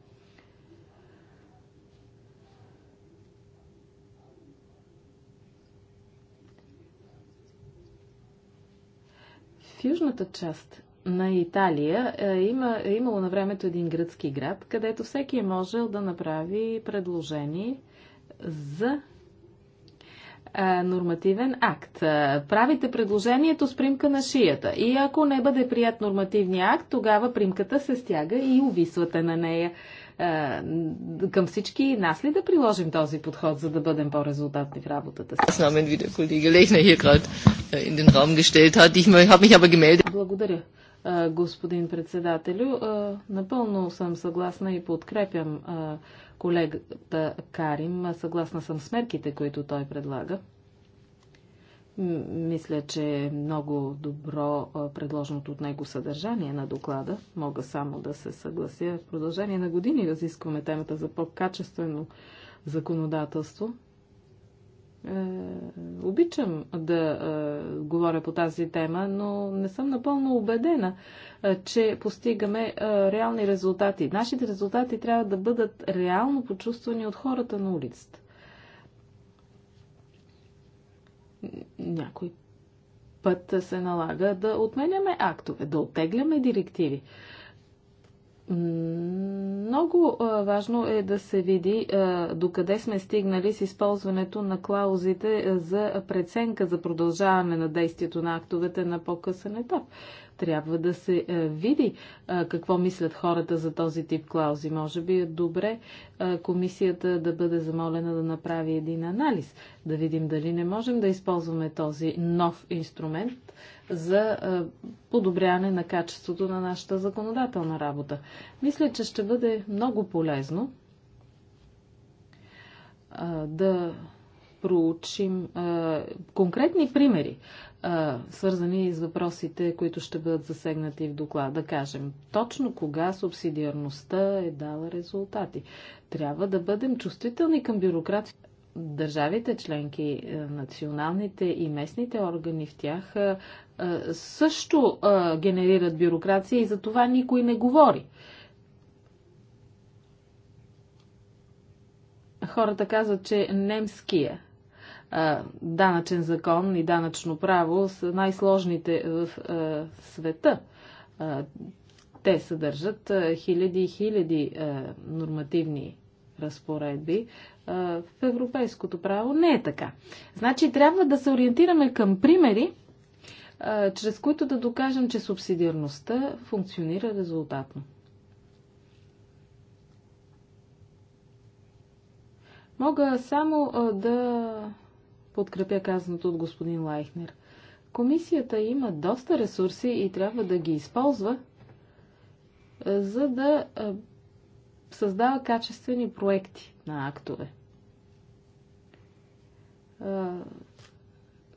S4: В южната част на Италия е, има, е имало на времето един гръцки град, където всеки е можел да направи предложение за е, нормативен акт. Е, правите предложението с примка на шията. И ако не бъде прият нормативния акт, тогава примката се стяга и увисвате на нея. Е, към всички нас ли да приложим този подход, за да бъдем по-резултатни в работата си? Äh, Благодаря, е, господин председателю. Е, напълно съм съгласна и подкрепям колегата Карим. Съгласна съм с мерките, които той предлага. Мисля, че е много добро предложеното от него съдържание на доклада. Мога само да се съглася. В продължение на години разискваме темата за по-качествено законодателство. Е, обичам да е, говоря по тази тема, но не съм напълно убедена, е, че постигаме реални резултати. Нашите резултати трябва да бъдат реално почувствани от хората на улицата. някой път се налага да отменяме актове, да оттегляме директиви. Много важно е да се види докъде сме стигнали с използването на клаузите за преценка за продължаване на действието на актовете на по-късен етап трябва да се е, види е, какво мислят хората за този тип клаузи. Може би е добре е, комисията да бъде замолена да направи един анализ, да видим дали не можем да използваме този нов инструмент за подобряване на качеството на нашата законодателна работа. Мисля, че ще бъде много полезно да проучим конкретни примери а, свързани с въпросите, които ще бъдат засегнати в доклада. Да кажем, точно кога субсидиарността е дала резултати. Трябва да бъдем чувствителни към бюрократи. Държавите членки, е, националните и местните органи в тях е, е, също генерират бюрокрация и за това никой не говори. Хората казват, че немския данъчен закон и данъчно право са най-сложните в света. Те съдържат хиляди и хиляди нормативни разпоредби. В европейското право не е така. Значи трябва да се ориентираме към примери, чрез които да докажем, че субсидиарността функционира резултатно. Мога само да подкрепя казаното от господин Лайхнер. Комисията има доста ресурси и трябва да ги използва, е, за да е, създава качествени проекти на актове. Е,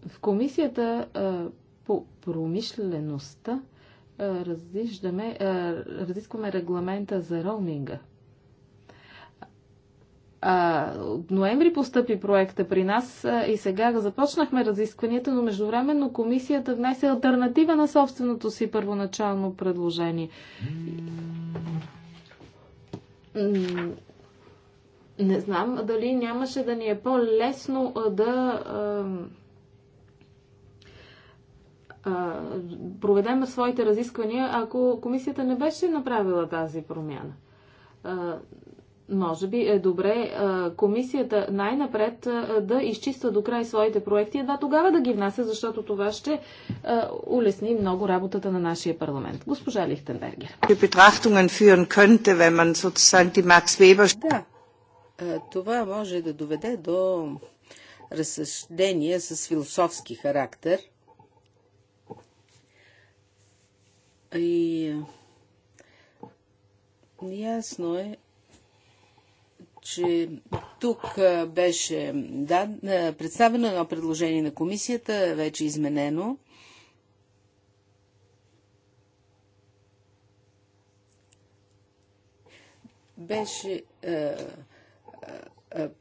S4: в комисията по промишлеността разискваме регламента за роуминга – а, от ноември постъпи проекта при нас а, и сега започнахме разискванията, но междувременно комисията внесе альтернатива на собственото си първоначално предложение. Не знам дали нямаше да ни е по-лесно да а, проведем своите разисквания, ако комисията не беше направила тази промяна може би е добре комисията най-напред да изчиства до край своите проекти, едва тогава да ги внася, защото това ще улесни много работата на нашия парламент. Госпожа Лихтенбергер.
S3: Да, това може да доведе до разсъждения с философски характер. И ясно е, че тук беше да, представено едно предложение на комисията, вече изменено. Беше е, е,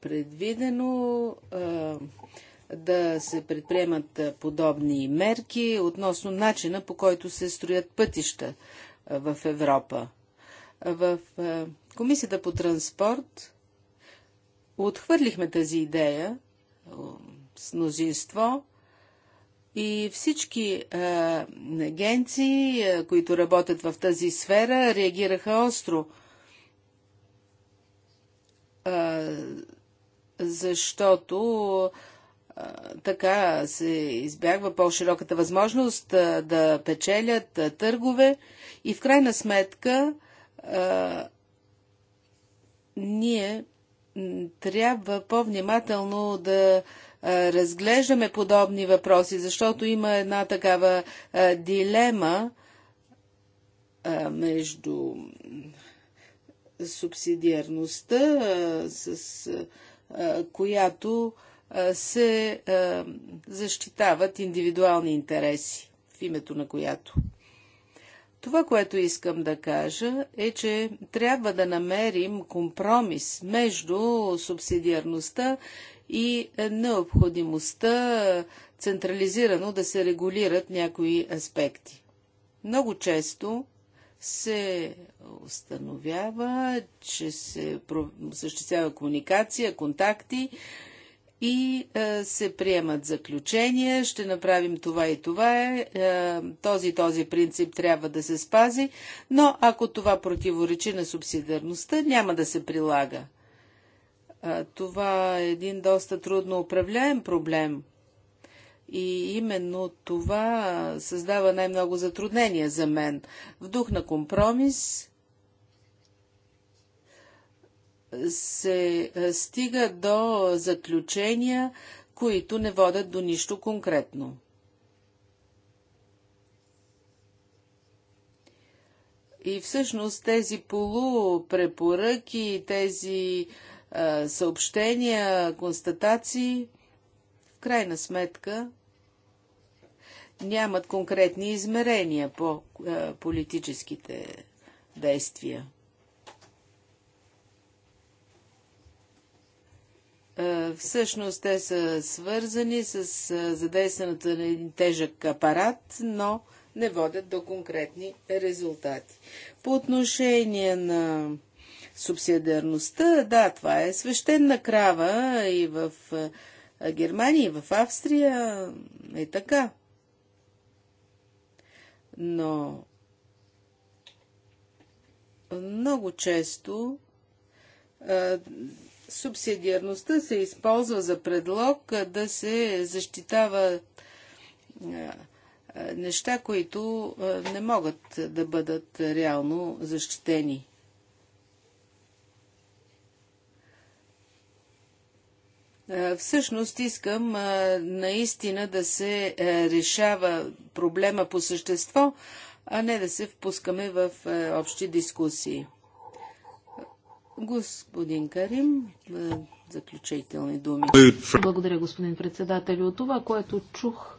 S3: предвидено е, да се предприемат подобни мерки относно начина по който се строят пътища в Европа. В Комисията по транспорт Отхвърлихме тази идея с мнозинство и всички а, агенции, а, които работят в тази сфера, реагираха остро. А, защото а, така се избягва по-широката възможност а, да печелят а, търгове и в крайна сметка а, ние трябва по-внимателно да разглеждаме подобни въпроси, защото има една такава дилема между субсидиарността, с която се защитават индивидуални интереси, в името на която това, което искам да кажа е, че трябва да намерим компромис между субсидиарността и е, необходимостта централизирано да се регулират някои аспекти. Много често се установява, че се осъществява комуникация, контакти и а, е, се приемат заключения, ще направим това и това, а, е, е, този и този принцип трябва да се спази, но ако това противоречи на субсидиарността, няма да се прилага. А, това е един доста трудно управляем проблем. И именно това създава най-много затруднения за мен. В дух на компромис се е, стига до заключения, които не водят до нищо конкретно. И всъщност тези полупрепоръки, тези е, съобщения, констатации, в крайна сметка нямат конкретни измерения по е, политическите действия. Е, всъщност те са свързани с е, задействането на един тежък апарат, но не водят до конкретни резултати. По отношение на субсидиарността, да, това е свещена крава и в е, Германия, и в Австрия е така. Но много често субсидиарността се използва за предлог да се защитава неща, които не могат да бъдат реално защитени. Всъщност искам наистина да се решава проблема по същество, а не да се впускаме в общи дискусии. Господин Карим, е,
S4: заключителни думи. Благодаря, господин председател. от Това, което чух,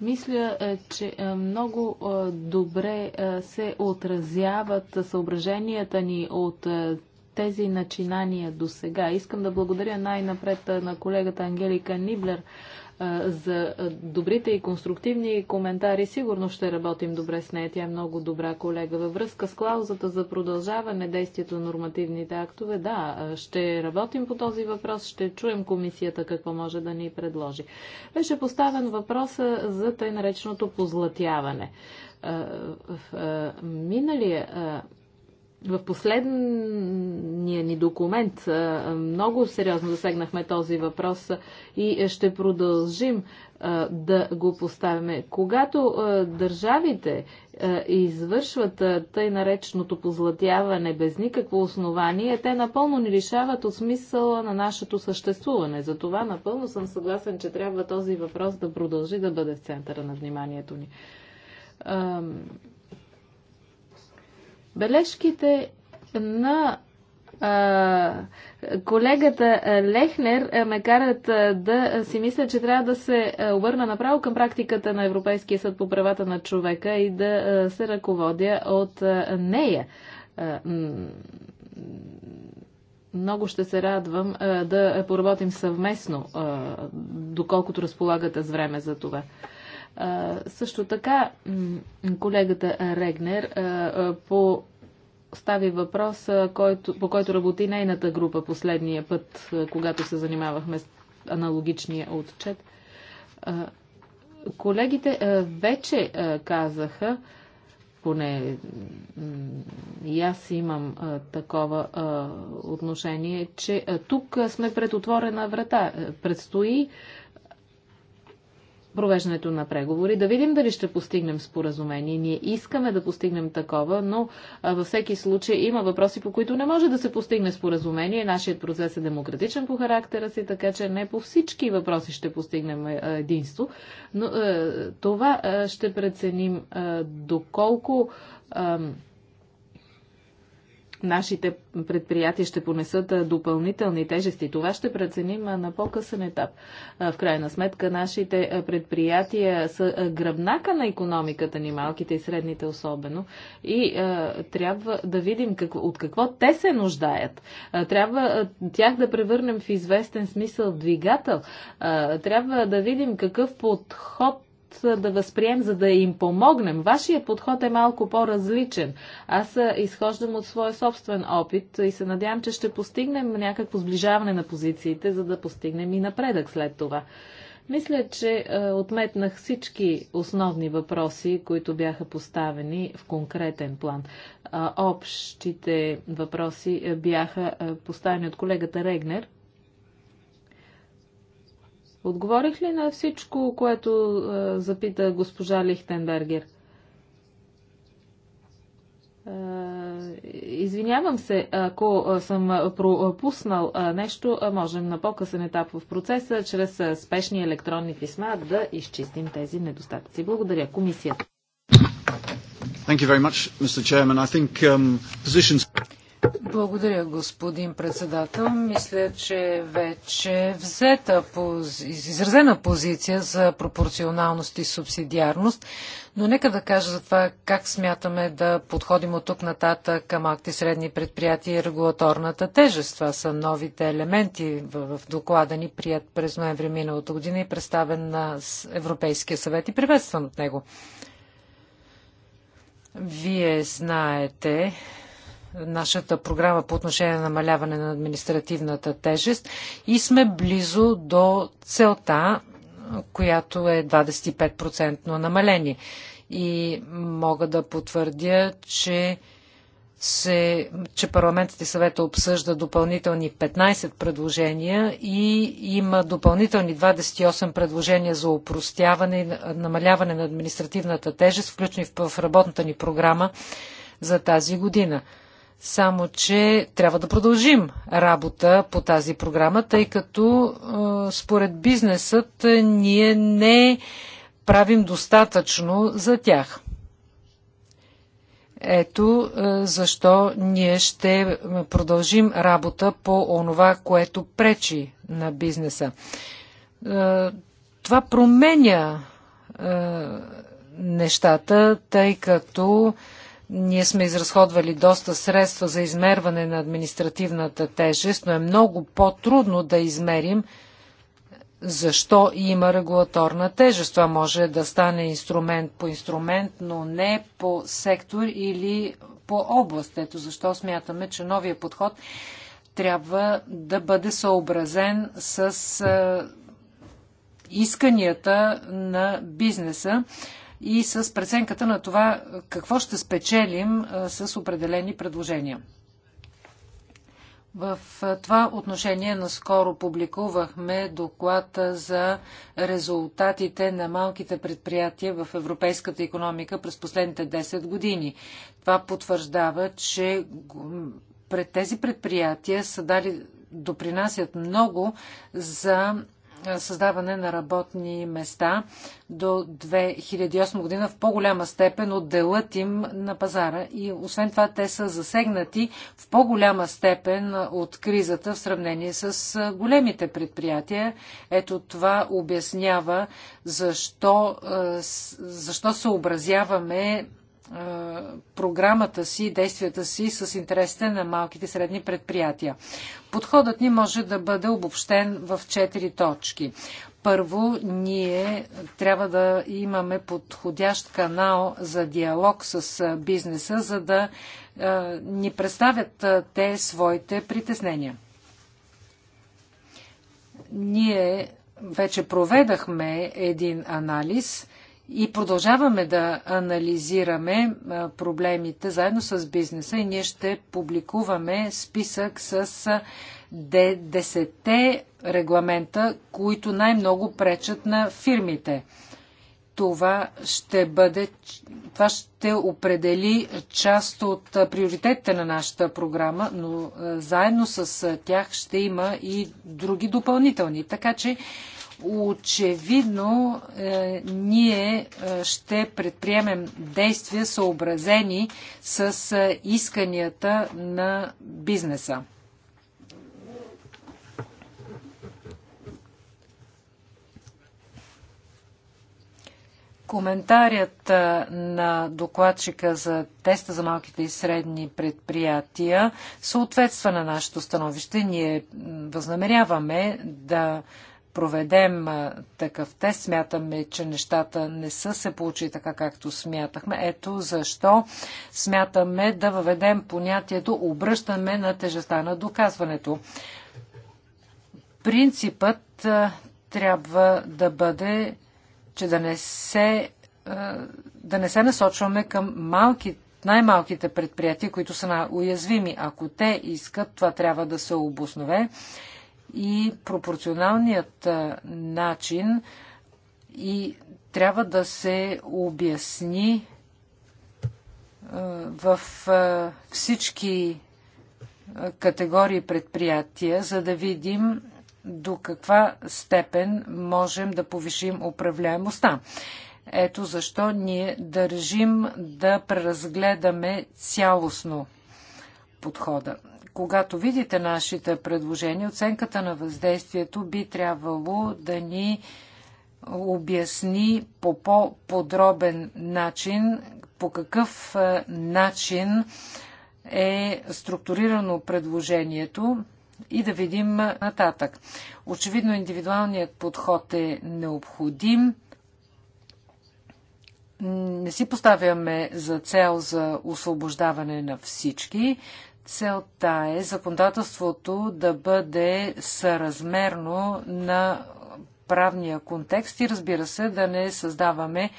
S4: мисля, е, че е, много добре се отразяват съображенията ни от тези начинания до сега. Искам да благодаря най-напред на колегата Ангелика Ниблер за добрите и конструктивни коментари. Сигурно ще работим добре с нея. Тя е много добра колега. Във връзка с клаузата за продължаване действието на нормативните актове, да, ще работим по този въпрос, ще чуем комисията какво може да ни предложи. Беше поставен въпрос за тъй нареченото позлатяване. В миналия в последния ни документ много сериозно засегнахме този въпрос и ще продължим да го поставяме. Когато държавите извършват тъй нареченото позлатяване без никакво основание, те напълно ни лишават от смисъла на нашето съществуване. Затова напълно съм съгласен, че трябва този въпрос да продължи да бъде в центъра на вниманието ни. Бележките на колегата Лехнер ме карат да си мисля, че трябва да се обърна направо към практиката на Европейския съд по правата на човека и да се ръководя от нея. Много ще се радвам да поработим съвместно, доколкото разполагате с време за това. Също така колегата Регнер по стави въпрос, който, по който работи нейната група последния път, когато се занимавахме с аналогичния отчет. Колегите вече казаха, поне и аз имам такова отношение, че тук сме пред отворена врата. Предстои провеждането на преговори, да видим дали ще постигнем споразумение. Ние искаме да постигнем такова, но а, във всеки случай има въпроси, по които не може да се постигне споразумение. Нашият процес е демократичен по характера си, така че не по всички въпроси ще постигнем единство. Но а, това а, ще преценим доколко нашите предприятия ще понесат допълнителни тежести. Това ще преценим на по-късен етап. В крайна сметка, нашите предприятия са гръбнака на економиката ни, малките и средните особено. И трябва да видим от какво те се нуждаят. Трябва тях да превърнем в известен смисъл двигател. Трябва да видим какъв подход да възприем, за да им помогнем. Вашия подход е малко по-различен. Аз изхождам от своя собствен опит и се надявам, че ще постигнем някакво сближаване на позициите, за да постигнем и напредък след това. Мисля, че е, отметнах всички основни въпроси, които бяха поставени в конкретен план. Е, общите въпроси бяха е, поставени от колегата Регнер. Отговорих ли на всичко, което е, запита госпожа Лихтенбергер? Е, извинявам се, ако съм пропуснал е, нещо, е, можем на по-късен етап в процеса, чрез е, спешни електронни писма, да изчистим тези недостатъци. Благодаря. Комисията.
S1: Thank you very much, Mr. Chairman. I think um, positions...
S2: Благодаря, господин председател. Мисля, че вече взета пози... изразена позиция за пропорционалност и субсидиарност, но нека да кажа за това как смятаме да подходим от тук нататък към акти средни предприятия и регулаторната тежест. Това са новите елементи в доклада ни, прият през ноември миналото година и представен на Европейския съвет и приветстван от него. Вие знаете, нашата програма по отношение на намаляване на административната тежест и сме близо до целта, която е 25% намаление. И мога да потвърдя, че се, че парламентът и съвета обсъжда допълнителни 15 предложения и има допълнителни 28 предложения за упростяване и намаляване на административната тежест, включени в работната ни програма за тази година. Само, че трябва да продължим работа по тази програма, тъй като е, според бизнесът е, ние не правим достатъчно за тях. Ето е, защо ние ще продължим работа по онова, което пречи на бизнеса. Това променя нещата, тъй като ние сме изразходвали доста средства за измерване на административната тежест, но е много по-трудно да измерим защо има регулаторна тежест. Това може да стане инструмент по инструмент, но не по сектор или по област. Ето защо смятаме, че новия подход трябва да бъде съобразен с исканията на бизнеса и с преценката на това какво ще спечелим с определени предложения. В това отношение наскоро публикувахме доклад за резултатите на малките предприятия в европейската економика през последните 10 години. Това потвърждава, че пред тези предприятия са дали допринасят много за създаване на работни места до 2008 година в по-голяма степен от делът им на пазара. И освен това те са засегнати в по-голяма степен от кризата в сравнение с големите предприятия. Ето това обяснява защо, защо съобразяваме програмата си, действията си с интересите на малките и средни предприятия. Подходът ни може да бъде обобщен в четири точки. Първо, ние трябва да имаме подходящ канал за диалог с бизнеса, за да ни представят те своите притеснения. Ние вече проведахме един анализ – и продължаваме да анализираме проблемите заедно с бизнеса и ние ще публикуваме списък с 10 регламента, които най-много пречат на фирмите. Това ще бъде, това ще определи част от приоритетите на нашата програма, но заедно с тях ще има и други допълнителни. Така че очевидно е, ние е, ще предприемем действия съобразени с е, исканията на бизнеса. Коментарият е, на докладчика за теста за малките и средни предприятия съответства на нашето становище. Ние възнамеряваме да проведем такъв тест. Смятаме, че нещата не са се получили така, както смятахме. Ето защо смятаме да въведем понятието обръщаме на тежестта на доказването. Принципът трябва да бъде, че да не се, да не се насочваме към малки, най-малките предприятия, които са най-уязвими. Ако те искат, това трябва да се обоснове и пропорционалният начин и трябва да се обясни в всички категории предприятия, за да видим до каква степен можем да повишим управляемостта. Ето защо ние държим да преразгледаме цялостно подхода когато видите нашите предложения, оценката на въздействието би трябвало да ни обясни по по-подробен начин по какъв е, начин е структурирано предложението и да видим нататък. Очевидно индивидуалният подход е необходим. Не си поставяме за цел за освобождаване на всички. Целта е законодателството да бъде съразмерно на правния контекст и разбира се да не създаваме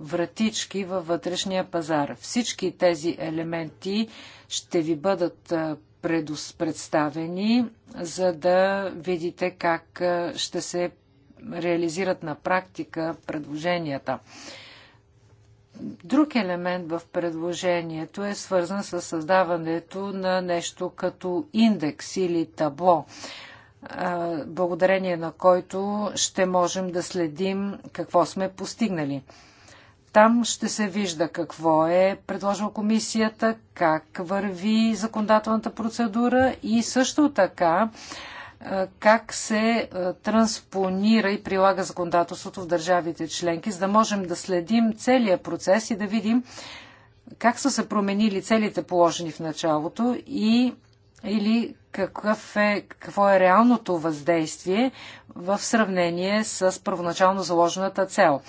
S2: вратички във вътрешния пазар. Всички тези елементи ще ви бъдат предоставени, за да видите как ще се реализират на практика предложенията. Друг елемент в предложението е свързан с създаването на нещо като индекс или табло, благодарение на който ще можем да следим какво сме постигнали. Там ще се вижда какво е предложила комисията, как върви законодателната процедура и също така как се транспонира и прилага законодателството в държавите членки, за да можем да следим целият процес и да видим как са се променили целите положени в началото и или какъв е, какво е реалното въздействие в сравнение с първоначално заложената цел.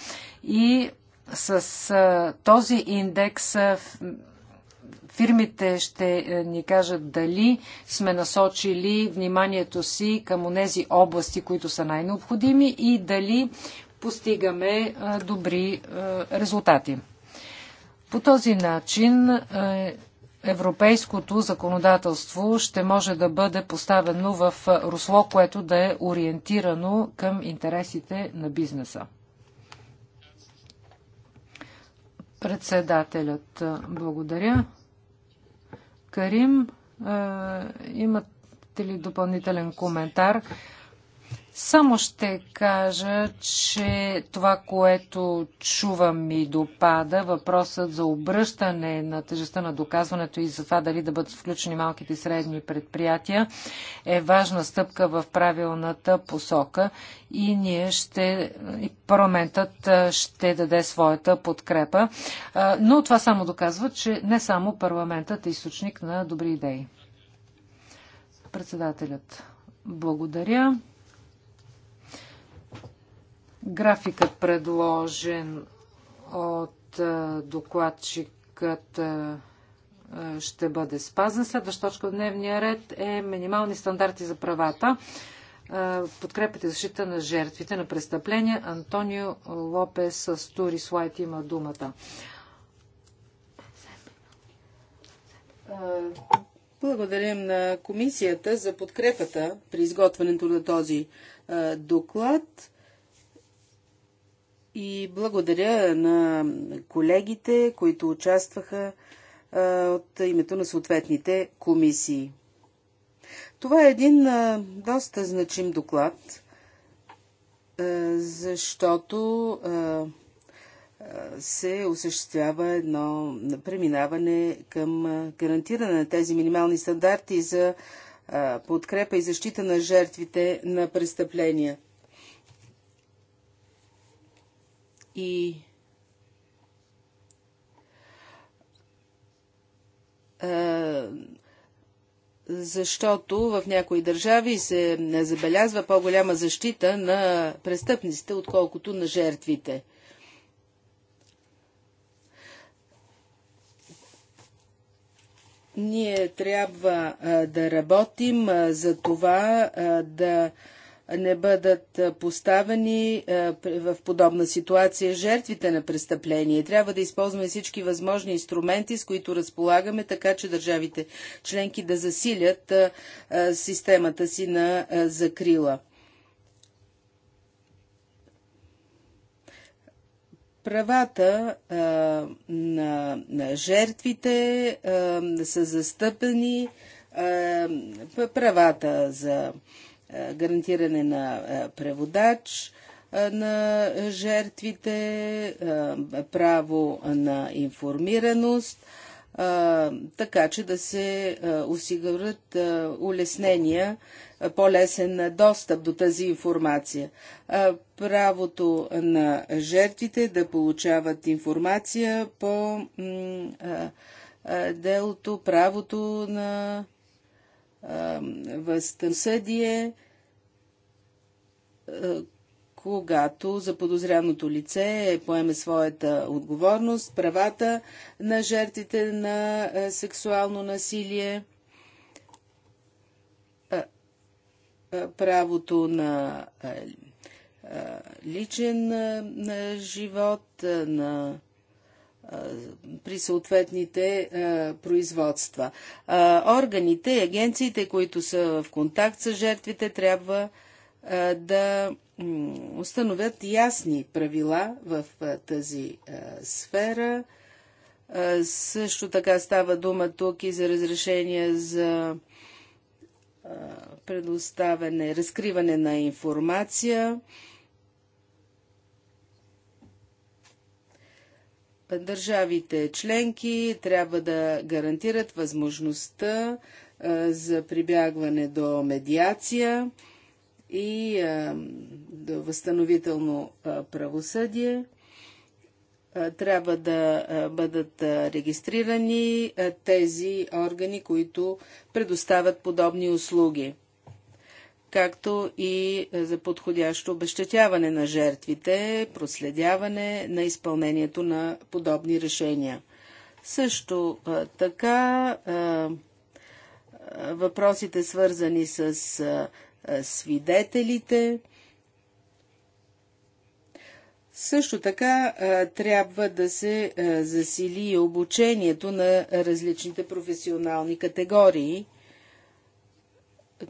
S2: И с този индекс Фирмите ще е, ни кажат дали сме насочили вниманието си към онези области, които са най-необходими и дали постигаме е, добри е, резултати. По този начин европейското законодателство ще може да бъде поставено в русло, което да е ориентирано към интересите на бизнеса. Председателят, благодаря. Карим. Е, имате ли допълнителен коментар? Само ще кажа, че това, което чувам и допада, въпросът за обръщане на тежестта на доказването и за това дали да бъдат включени малките и средни предприятия, е важна стъпка в правилната посока и ние ще, и парламентът ще даде своята подкрепа. Но това само доказва, че не само парламентът е източник на добри идеи. Председателят. Благодаря. Графикът предложен от докладчикът ще бъде спазен. Следваща точка от дневния ред е минимални стандарти за правата. Подкрепите защита на жертвите на престъпления. Антонио Лопес Тури Слайт има думата.
S3: Благодарим на комисията за подкрепата при изготвянето на този доклад. И благодаря на колегите, които участваха а, от името на съответните комисии. Това е един а, доста значим доклад, а, защото се осъществява едно преминаване към гарантиране на тези минимални стандарти за подкрепа и защита на жертвите на престъпления – и е, защото в някои държави се забелязва по-голяма защита на престъпниците, отколкото на жертвите. Ние трябва е, да работим е, за това да не бъдат поставени в подобна ситуация жертвите на престъпление. Трябва да използваме всички възможни инструменти, с които разполагаме, така че държавите членки да засилят системата си на закрила. правата а, на, на жертвите а, са застъпени, а, правата за е, гарантиране на е, преводач е, на жертвите, право на информираност, така че да се осигурят улеснения, по-лесен достъп до тази информация. Правото на жертвите да получават информация по делото, правото на възтърсъдие, когато заподозряното лице е, поеме своята отговорност, правата на жертвите на сексуално насилие, правото на личен живот, на при съответните е, производства. Е, органите и агенциите, които са в контакт с жертвите, трябва е, да установят ясни правила в тази сфера. Също така става дума тук и за разрешение за предоставяне, разкриване на информация. Държавите членки трябва да гарантират възможността за прибягване до медиация и до възстановително правосъдие. Трябва да бъдат регистрирани тези органи, които предоставят подобни услуги както и е, за подходящо обещетяване на жертвите, проследяване на изпълнението на подобни решения. Също е, така е, въпросите свързани с свидетелите. Също така трябва да се засили обучението на различните професионални категории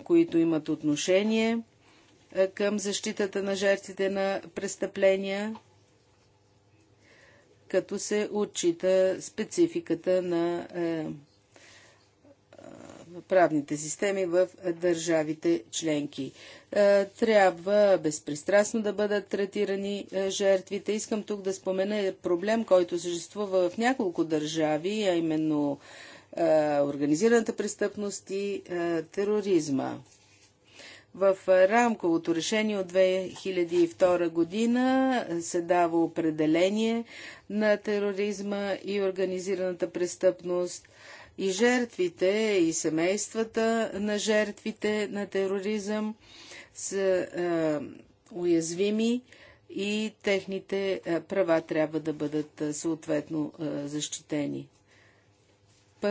S3: които имат отношение е, към защитата на жертвите на престъпления, като се отчита спецификата на е, е, правните системи в държавите членки. Трябва безпристрастно да бъдат третирани жертвите. Искам тук да спомена проблем, който съществува в няколко държави, а именно е, организираната престъпност и е, тероризма. В рамковото решение от 2002 година се дава определение на тероризма и организираната престъпност и жертвите и семействата на жертвите на тероризъм са е, уязвими и техните е, права трябва да бъдат съответно защитени.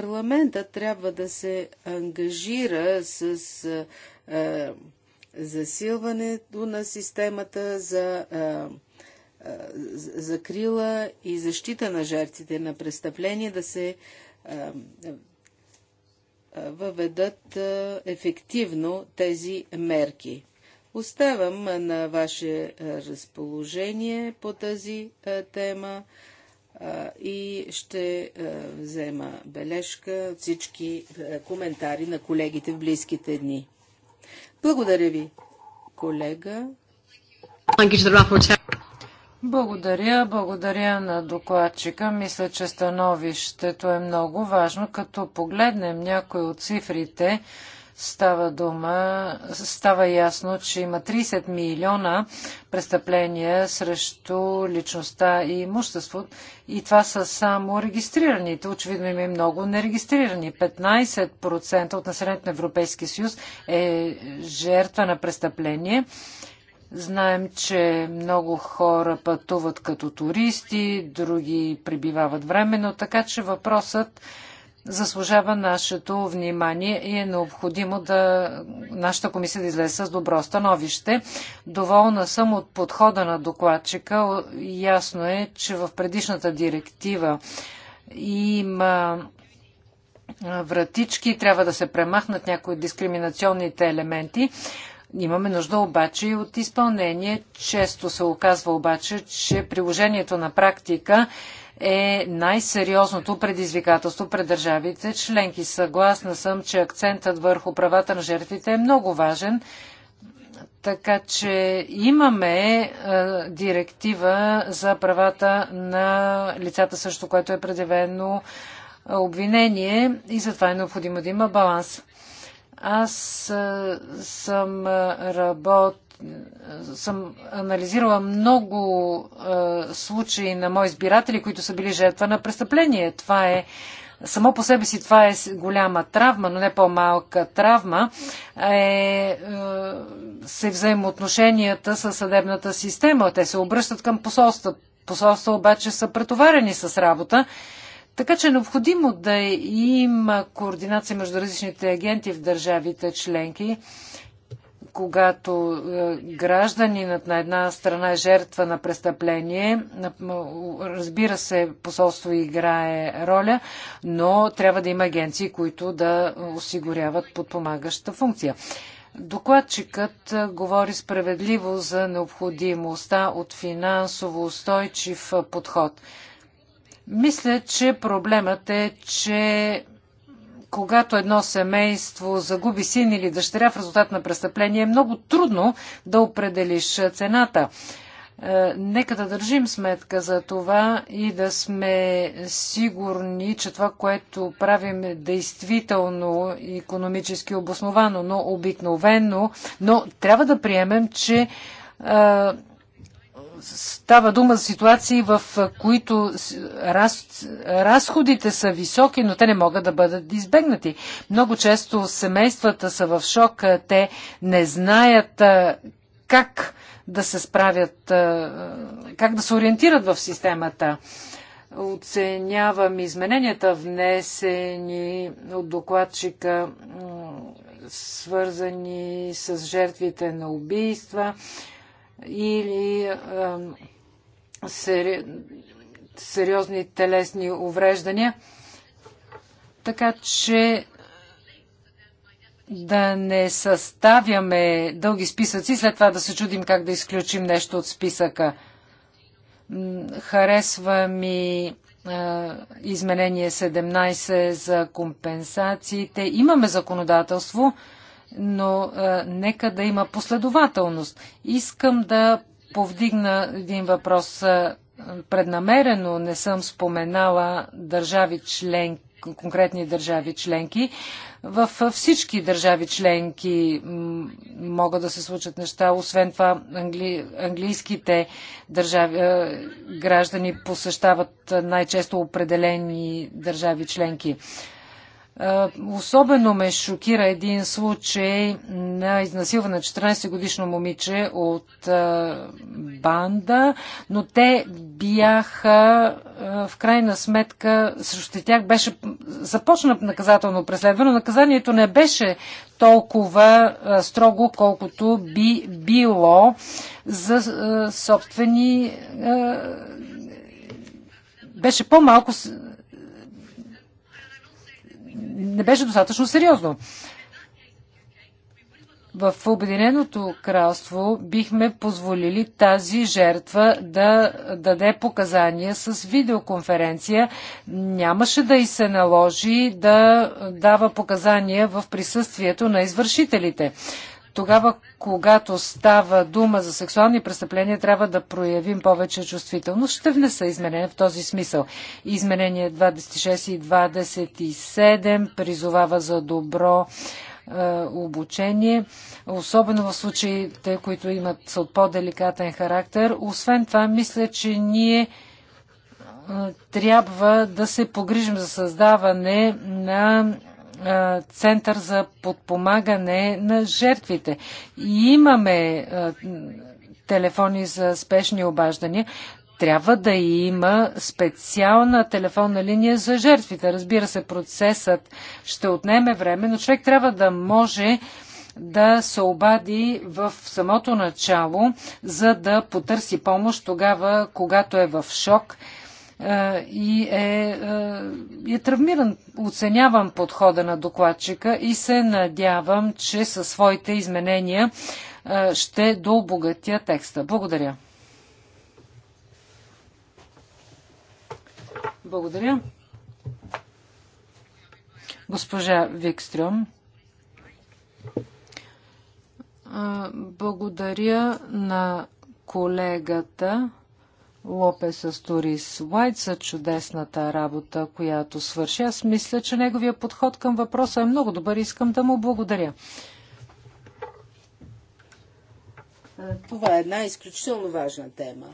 S3: Парламента трябва да се ангажира с е, засилването на системата за е, е, закрила и защита на жертвите на престъпления, да се е, въведат ефективно тези мерки. Оставам на ваше разположение по тази тема и ще взема бележка от всички коментари на колегите в близките дни. Благодаря ви, колега.
S2: Благодаря, благодаря на докладчика. Мисля, че становището е много важно. Като погледнем някои от цифрите, става дума, става ясно, че има 30 милиона престъпления срещу личността и имущество. И това са само регистрираните. Очевидно има и много нерегистрирани. 15% от населението на Европейския съюз е жертва на престъпление. Знаем, че много хора пътуват като туристи, други пребивават временно, така че въпросът заслужава нашето внимание и е необходимо да нашата комисия да излезе с добро становище. Доволна съм от подхода на докладчика. Ясно е, че в предишната директива има вратички, трябва да се премахнат някои дискриминационните елементи. Имаме нужда обаче и от изпълнение. Често се оказва обаче, че приложението на практика е най-сериозното предизвикателство пред държавите членки. Съгласна съм, че акцентът върху правата на жертвите е много важен. Така че имаме е, директива за правата на лицата, също което е предявено е, обвинение и затова е необходимо да има баланс. Аз е, съм работ съм анализирала много е, случаи на мои избиратели, които са били жертва на престъпление. Това е само по себе си това е голяма травма, но не по-малка травма е, е се взаимоотношенията с съдебната система. Те се обръщат към посолства. Посолства обаче са претоварени с работа. Така че е необходимо да има координация между различните агенти в държавите членки когато е, гражданинът на една страна е жертва на престъпление, разбира се, посолство играе роля, но трябва да има агенции, които да осигуряват подпомагаща функция. Докладчикът е, говори справедливо за необходимостта от финансово устойчив подход. Мисля, че проблемът е, че когато едно семейство загуби син или дъщеря в резултат на престъпление, е много трудно да определиш цената. Е, нека да държим сметка за това и да сме сигурни, че това, което правим е действително економически обосновано, но обикновено, но трябва да приемем, че е, става дума за ситуации, в които раз, разходите са високи, но те не могат да бъдат избегнати. Много често семействата са в шок, те не знаят как да се справят, как да се ориентират в системата. Оценявам измененията, внесени от докладчика, свързани с жертвите на убийства или сериозни телесни увреждания. Така че да не съставяме дълги списъци, след това да се чудим как да изключим нещо от списъка. Харесва ми изменение 17 за компенсациите. Имаме законодателство, но а, е, нека да има последователност. Искам да повдигна един въпрос е, преднамерено. Не съм споменала държави членки конкретни държави членки. В е, всички държави членки могат да се случат неща. Освен това, англи... английските държави, граждани посещават най-често определени държави членки. Е, особено ме шокира един случай на изнасилване на 14-годишно момиче от е, банда, но те бяха е, в крайна сметка, срещу тях беше започна наказателно преследване. Наказанието не беше толкова строго, колкото би било за собствени беше по-малко не беше достатъчно сериозно. В Обединеното кралство бихме позволили тази жертва да даде показания с видеоконференция. Нямаше да и се наложи да дава показания в присъствието на извършителите. Тогава, когато става дума за сексуални престъпления, трябва да проявим повече чувствителност. Ще внеса изменения в този смисъл. Изменения 26 и 27 призовава за добро е, обучение, особено в случаите, които имат са от по-деликатен характер. Освен това, мисля, че ние е, трябва да се погрижим за създаване на е, център за подпомагане на жертвите. И имаме е, телефони за спешни обаждания. Трябва да има специална телефонна линия за жертвите. Разбира се, процесът ще отнеме време, но човек трябва да може да се обади в самото начало, за да потърси помощ тогава, когато е в шок е, и е, е, е травмиран. Оценявам подхода на докладчика и се надявам, че със своите изменения е, ще дообогатя текста. Благодаря. Благодаря. Госпожа Викстрюм. Благодаря на колегата. Лопес Асторис Уайт за чудесната работа, която свърши. Аз мисля, че неговия подход към въпроса е много добър. и Искам да му благодаря.
S3: Това е една изключително важна тема.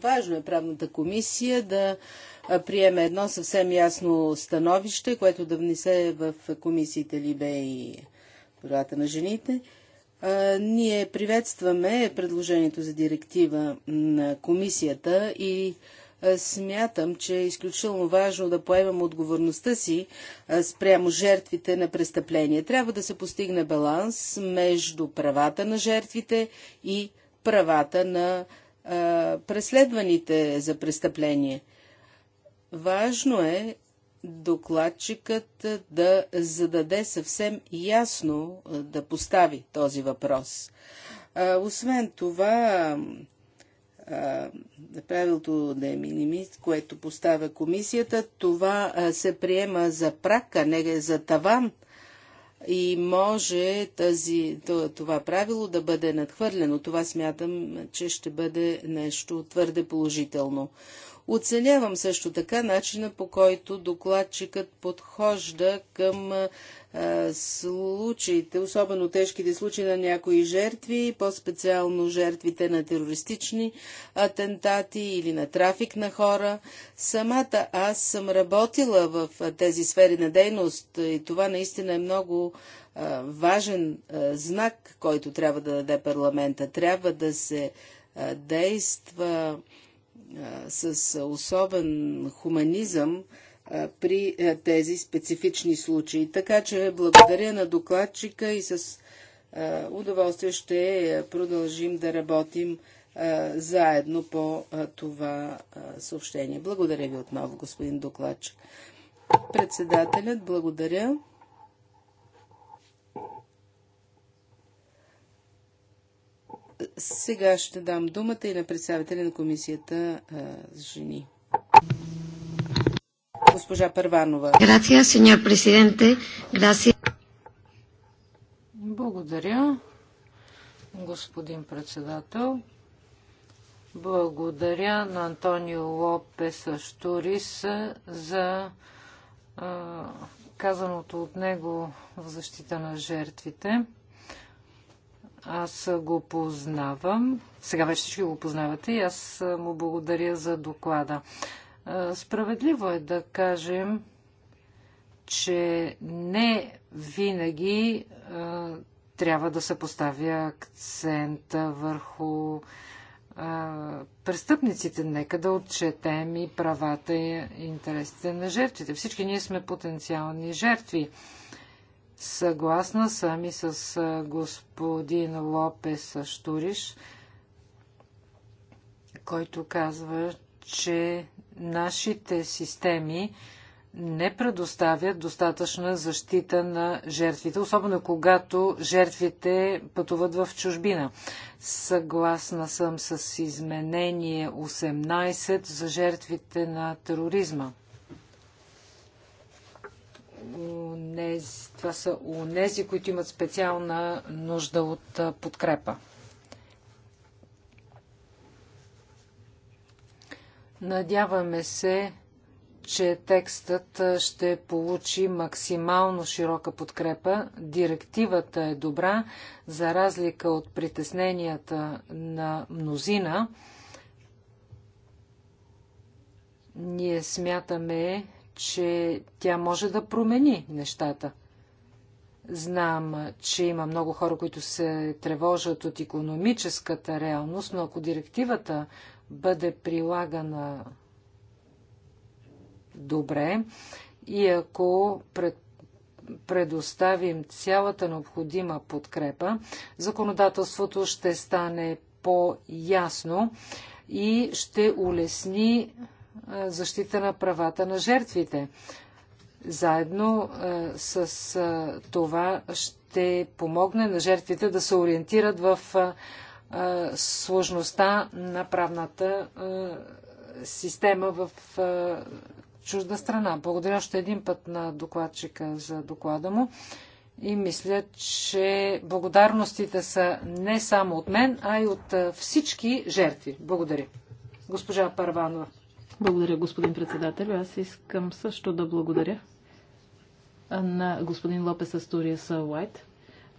S3: Важно е правната комисия да приеме едно съвсем ясно становище, което да внесе в комисиите Либе и Правата на жените – ние приветстваме предложението за директива на комисията и смятам, че е изключително важно да поемем отговорността си спрямо жертвите на престъпления. Трябва да се постигне баланс между правата на жертвите и правата на преследваните за престъпление. Важно е докладчикът да зададе съвсем ясно да постави този въпрос. Освен това, правилото да е минимист, което поставя комисията, това се приема за прак, а не за таван. И може тази, това правило да бъде надхвърлено. Това смятам, че ще бъде нещо твърде положително. Оценявам също така начина по който докладчикът подхожда към а, случаите, особено тежките случаи на някои жертви, по-специално жертвите на терористични атентати или на трафик на хора. Самата аз съм работила в тези сфери на дейност и това наистина е много а, важен а, знак, който трябва да даде парламента. Трябва да се действа с особен хуманизъм при тези специфични случаи. Така че благодаря на докладчика и с удоволствие ще продължим да работим заедно по това съобщение. Благодаря ви отново, господин докладчик. Председателят, благодаря. Сега ще дам думата и на представителя на комисията за с жени.
S2: Госпожа Първанова. Грация, сеньор президенте. Грация. Благодаря, господин председател. Благодаря на Антонио Лопес Штурис за а, казаното от него в защита на жертвите. Аз го познавам. Сега вече всички го познавате и аз му благодаря за доклада. Справедливо е да кажем, че не винаги трябва да се поставя акцента върху престъпниците. Нека да отчетем и правата и интересите на жертвите. Всички ние сме потенциални жертви. Съгласна съм и с господин Лопес Штуриш, който казва, че нашите системи не предоставят достатъчна защита на жертвите, особено когато жертвите пътуват в чужбина. Съгласна съм с изменение 18 за жертвите на тероризма това са унези, които имат специална нужда от подкрепа. Надяваме се, че текстът ще получи максимално широка подкрепа. Директивата е добра, за разлика от притесненията на мнозина. Ние смятаме, че тя може да промени нещата. Знам, че има много хора, които се тревожат от економическата реалност, но ако директивата бъде прилагана добре и ако пред, предоставим цялата необходима подкрепа, законодателството ще стане по-ясно и ще улесни защита на правата на жертвите. Заедно с това ще помогне на жертвите да се ориентират в сложността на правната система в чужда страна. Благодаря още един път на докладчика за доклада му и мисля, че благодарностите са не само от мен, а и от всички жертви. Благодаря.
S4: Госпожа Парванова. Благодаря, господин председател. Аз искам също да благодаря на господин Лопес Астурия Уайт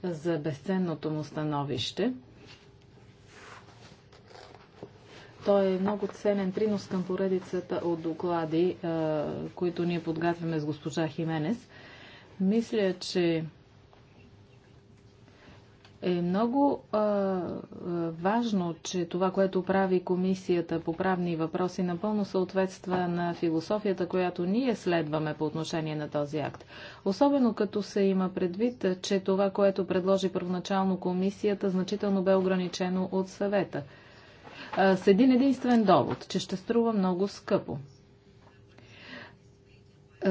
S4: за безценното му становище. Той е много ценен принос към поредицата от доклади, които ние подготвяме с госпожа Хименес. Мисля, че е много а, важно, че това, което прави Комисията по правни въпроси, напълно съответства на философията, която ние следваме по отношение на този акт. Особено като се има предвид, че това, което предложи първоначално Комисията, значително бе ограничено от съвета. А, с един единствен довод, че ще струва много скъпо.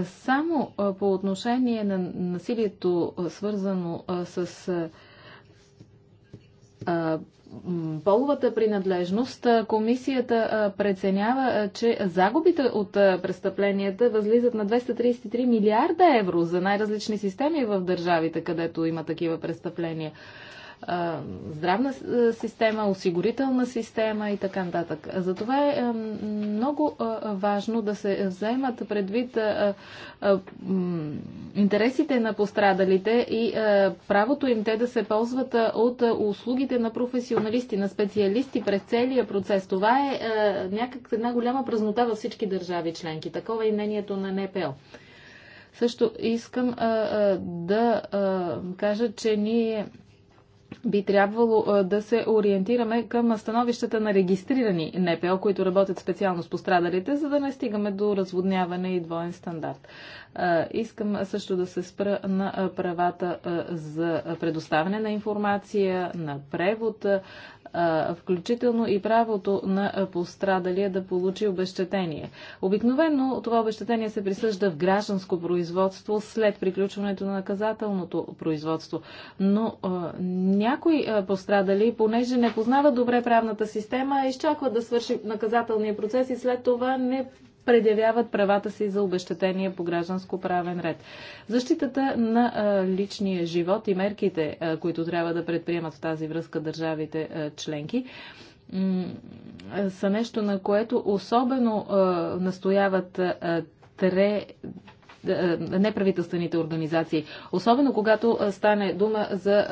S4: Само по отношение на насилието, свързано с половата принадлежност, комисията преценява, че загубите от престъпленията възлизат на 233 милиарда евро за най-различни системи в държавите, където има такива престъпления здравна система, осигурителна система и така нататък. Затова е много важно да се вземат предвид интересите на пострадалите и правото им те да се ползват от услугите на професионалисти, на специалисти през целия процес. Това е някак една голяма празнота във всички държави членки. Такова е и мнението на НПО. Също искам а, а, да а, кажа, че ние би трябвало да се ориентираме към становищата на регистрирани НПО, които работят специално с пострадалите, за да не стигаме до разводняване и двоен стандарт. Искам също да се спра на правата за предоставяне на информация, на превод, включително и правото на пострадалия да получи обещетение. Обикновено това обещетение се присъжда в гражданско производство след приключването на наказателното производство. Но някои пострадали, понеже не познават добре правната система, изчакват да свърши наказателния процес и след това не предявяват правата си за обещатение по гражданско правен ред. Защитата на личния живот и мерките, които трябва да предприемат в тази връзка държавите членки, са нещо, на което особено настояват е, неправителствените организации. Особено когато е, стане дума за е,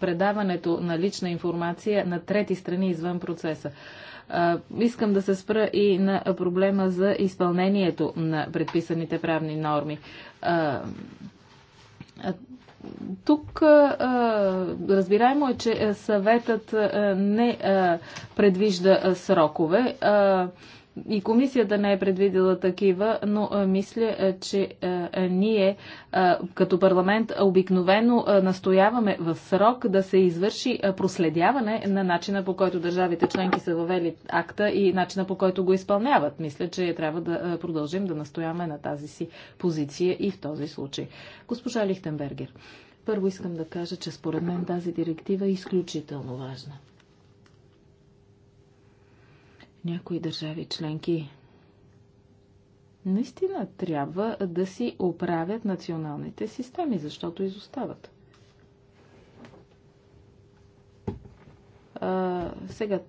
S4: предаването на лична информация на трети страни извън процеса. Искам да се спра и на проблема за изпълнението на предписаните правни норми. Тук разбираемо е, че съветът не предвижда срокове и комисията не е предвидила такива, но мисля, че ние като парламент обикновено настояваме в срок да се извърши проследяване на начина по който държавите членки са въвели акта и начина по който го изпълняват. Мисля, че трябва да продължим да настояваме на тази си позиция и в този случай. Госпожа Лихтенбергер, първо искам да кажа, че според мен тази директива е изключително важна някои държави членки наистина трябва да си оправят националните системи, защото изостават. А, сега,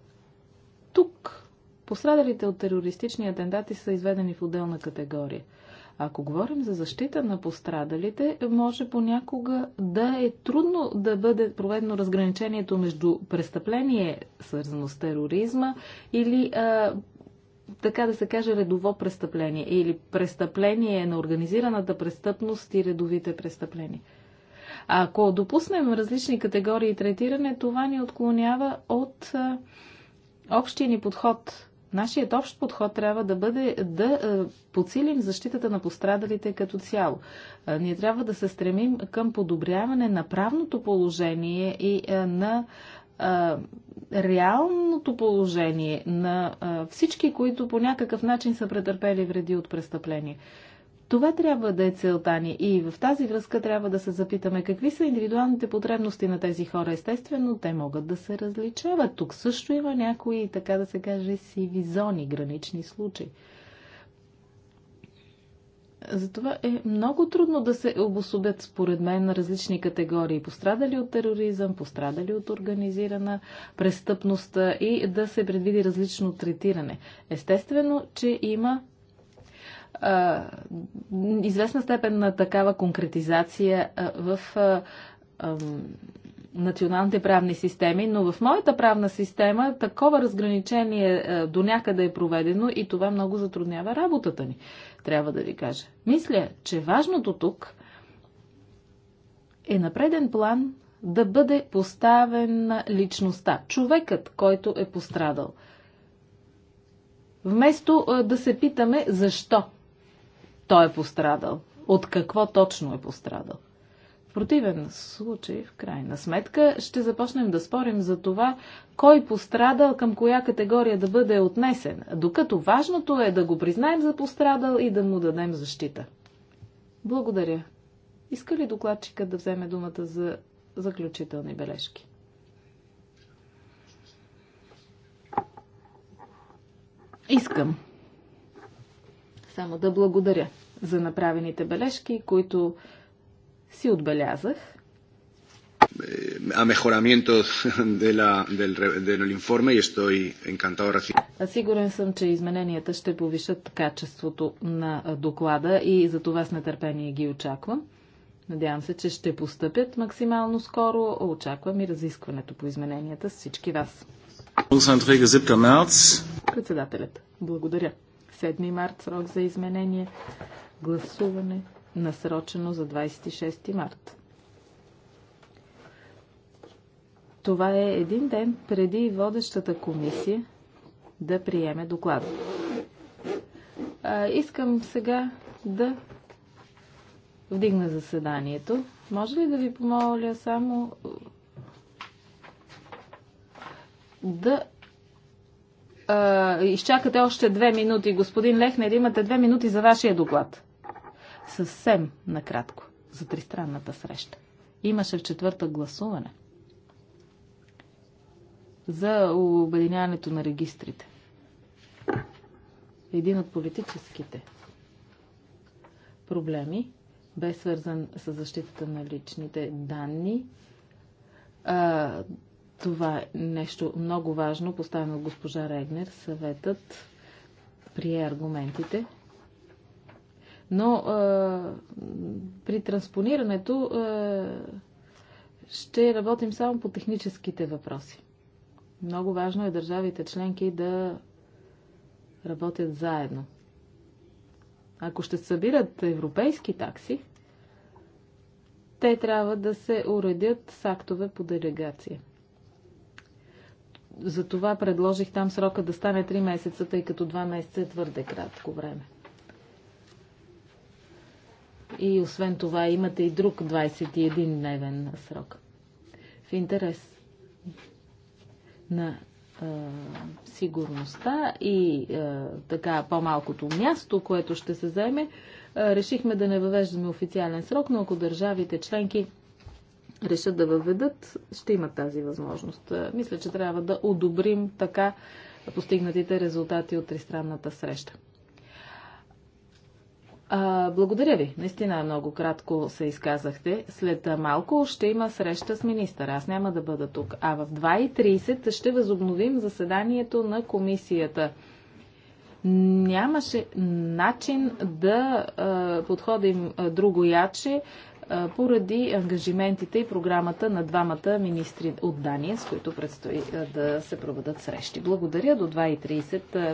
S4: тук пострадалите от терористични атентати са изведени в отделна категория – ако говорим за защита на пострадалите, може понякога да е трудно да бъде проведено разграничението между престъпление, свързано с тероризма, или а, така да се каже, редово престъпление или престъпление на организираната престъпност и редовите престъпления. А ако допуснем различни категории третиране, това ни отклонява от а, общия ни подход Нашият общ подход трябва да бъде да е, подсилим защитата на пострадалите като цяло. Е, ние трябва да се стремим към подобряване на правното положение и е, на реалното положение на всички, които по някакъв начин са претърпели вреди от престъпление. Това трябва да е целта ни и в тази връзка трябва да се запитаме какви са индивидуалните потребности на тези хора. Естествено, те могат да се различават. Тук също има някои, така да се каже, сиви зони, гранични случаи. Затова е много трудно да се обособят, според мен, на различни категории. Пострадали от тероризъм, пострадали от организирана престъпност и да се предвиди различно третиране. Естествено, че има известна степен на такава конкретизация в националните правни системи, но в моята правна система такова разграничение до някъде е проведено и това много затруднява работата ни, трябва да ви кажа. Мисля, че важното тук е на преден план да бъде поставен личността, човекът, който е пострадал. Вместо да се питаме защо той е пострадал. От какво точно е пострадал. В противен случай, в крайна сметка, ще започнем да спорим за това, кой пострадал към коя категория да бъде отнесен, докато важното е да го признаем за пострадал и да му дадем защита. Благодаря. Иска ли докладчика да вземе думата за заключителни бележки? Искам. Само да благодаря за направените бележки, които си отбелязах.
S1: A mejoramientos de la, del, del informe y estoy encantado
S4: de Сигурен съм, че измененията ще повишат качеството на доклада и за това с нетърпение ги очаквам. Надявам се, че ще постъпят максимално скоро. Очаквам и разискването по измененията с всички вас. Председателят. Благодаря. 7 март срок за изменение. Гласуване насрочено за 26 март. Това е един ден преди водещата комисия да приеме доклада. А, искам сега да вдигна заседанието. Може ли да ви помоля само да а, изчакате още две минути. Господин Лехнер, имате две минути за вашия доклад съвсем накратко за тристранната среща. Имаше в четвърта гласуване за обединяването на регистрите. Един от политическите проблеми бе свързан с защитата на личните данни. А, това е нещо много важно, поставено от госпожа Регнер. Съветът прие аргументите но а, при транспонирането а, ще работим само по техническите въпроси. Много важно е държавите членки да работят заедно. Ако ще събират европейски такси, те трябва да се уредят с актове по делегация. Затова предложих там срока да стане 3 месеца, тъй като 2 месеца е твърде кратко време. И освен това имате и друг 21-дневен срок. В интерес на е, сигурността и е, така по-малкото място, което ще се заеме, е, решихме да не въвеждаме официален срок, но ако държавите членки решат да въведат, ще имат тази възможност. Мисля, че трябва да одобрим така постигнатите резултати от тристранната среща. А, благодаря ви. Наистина много кратко се изказахте. След малко ще има среща с министър. Аз няма да бъда тук. А в 2.30 ще възобновим заседанието на комисията. Нямаше начин да а, подходим а, яче а, поради ангажиментите и програмата на двамата министри от Дания, с които предстои а, да се проведат срещи. Благодаря. До 2.30.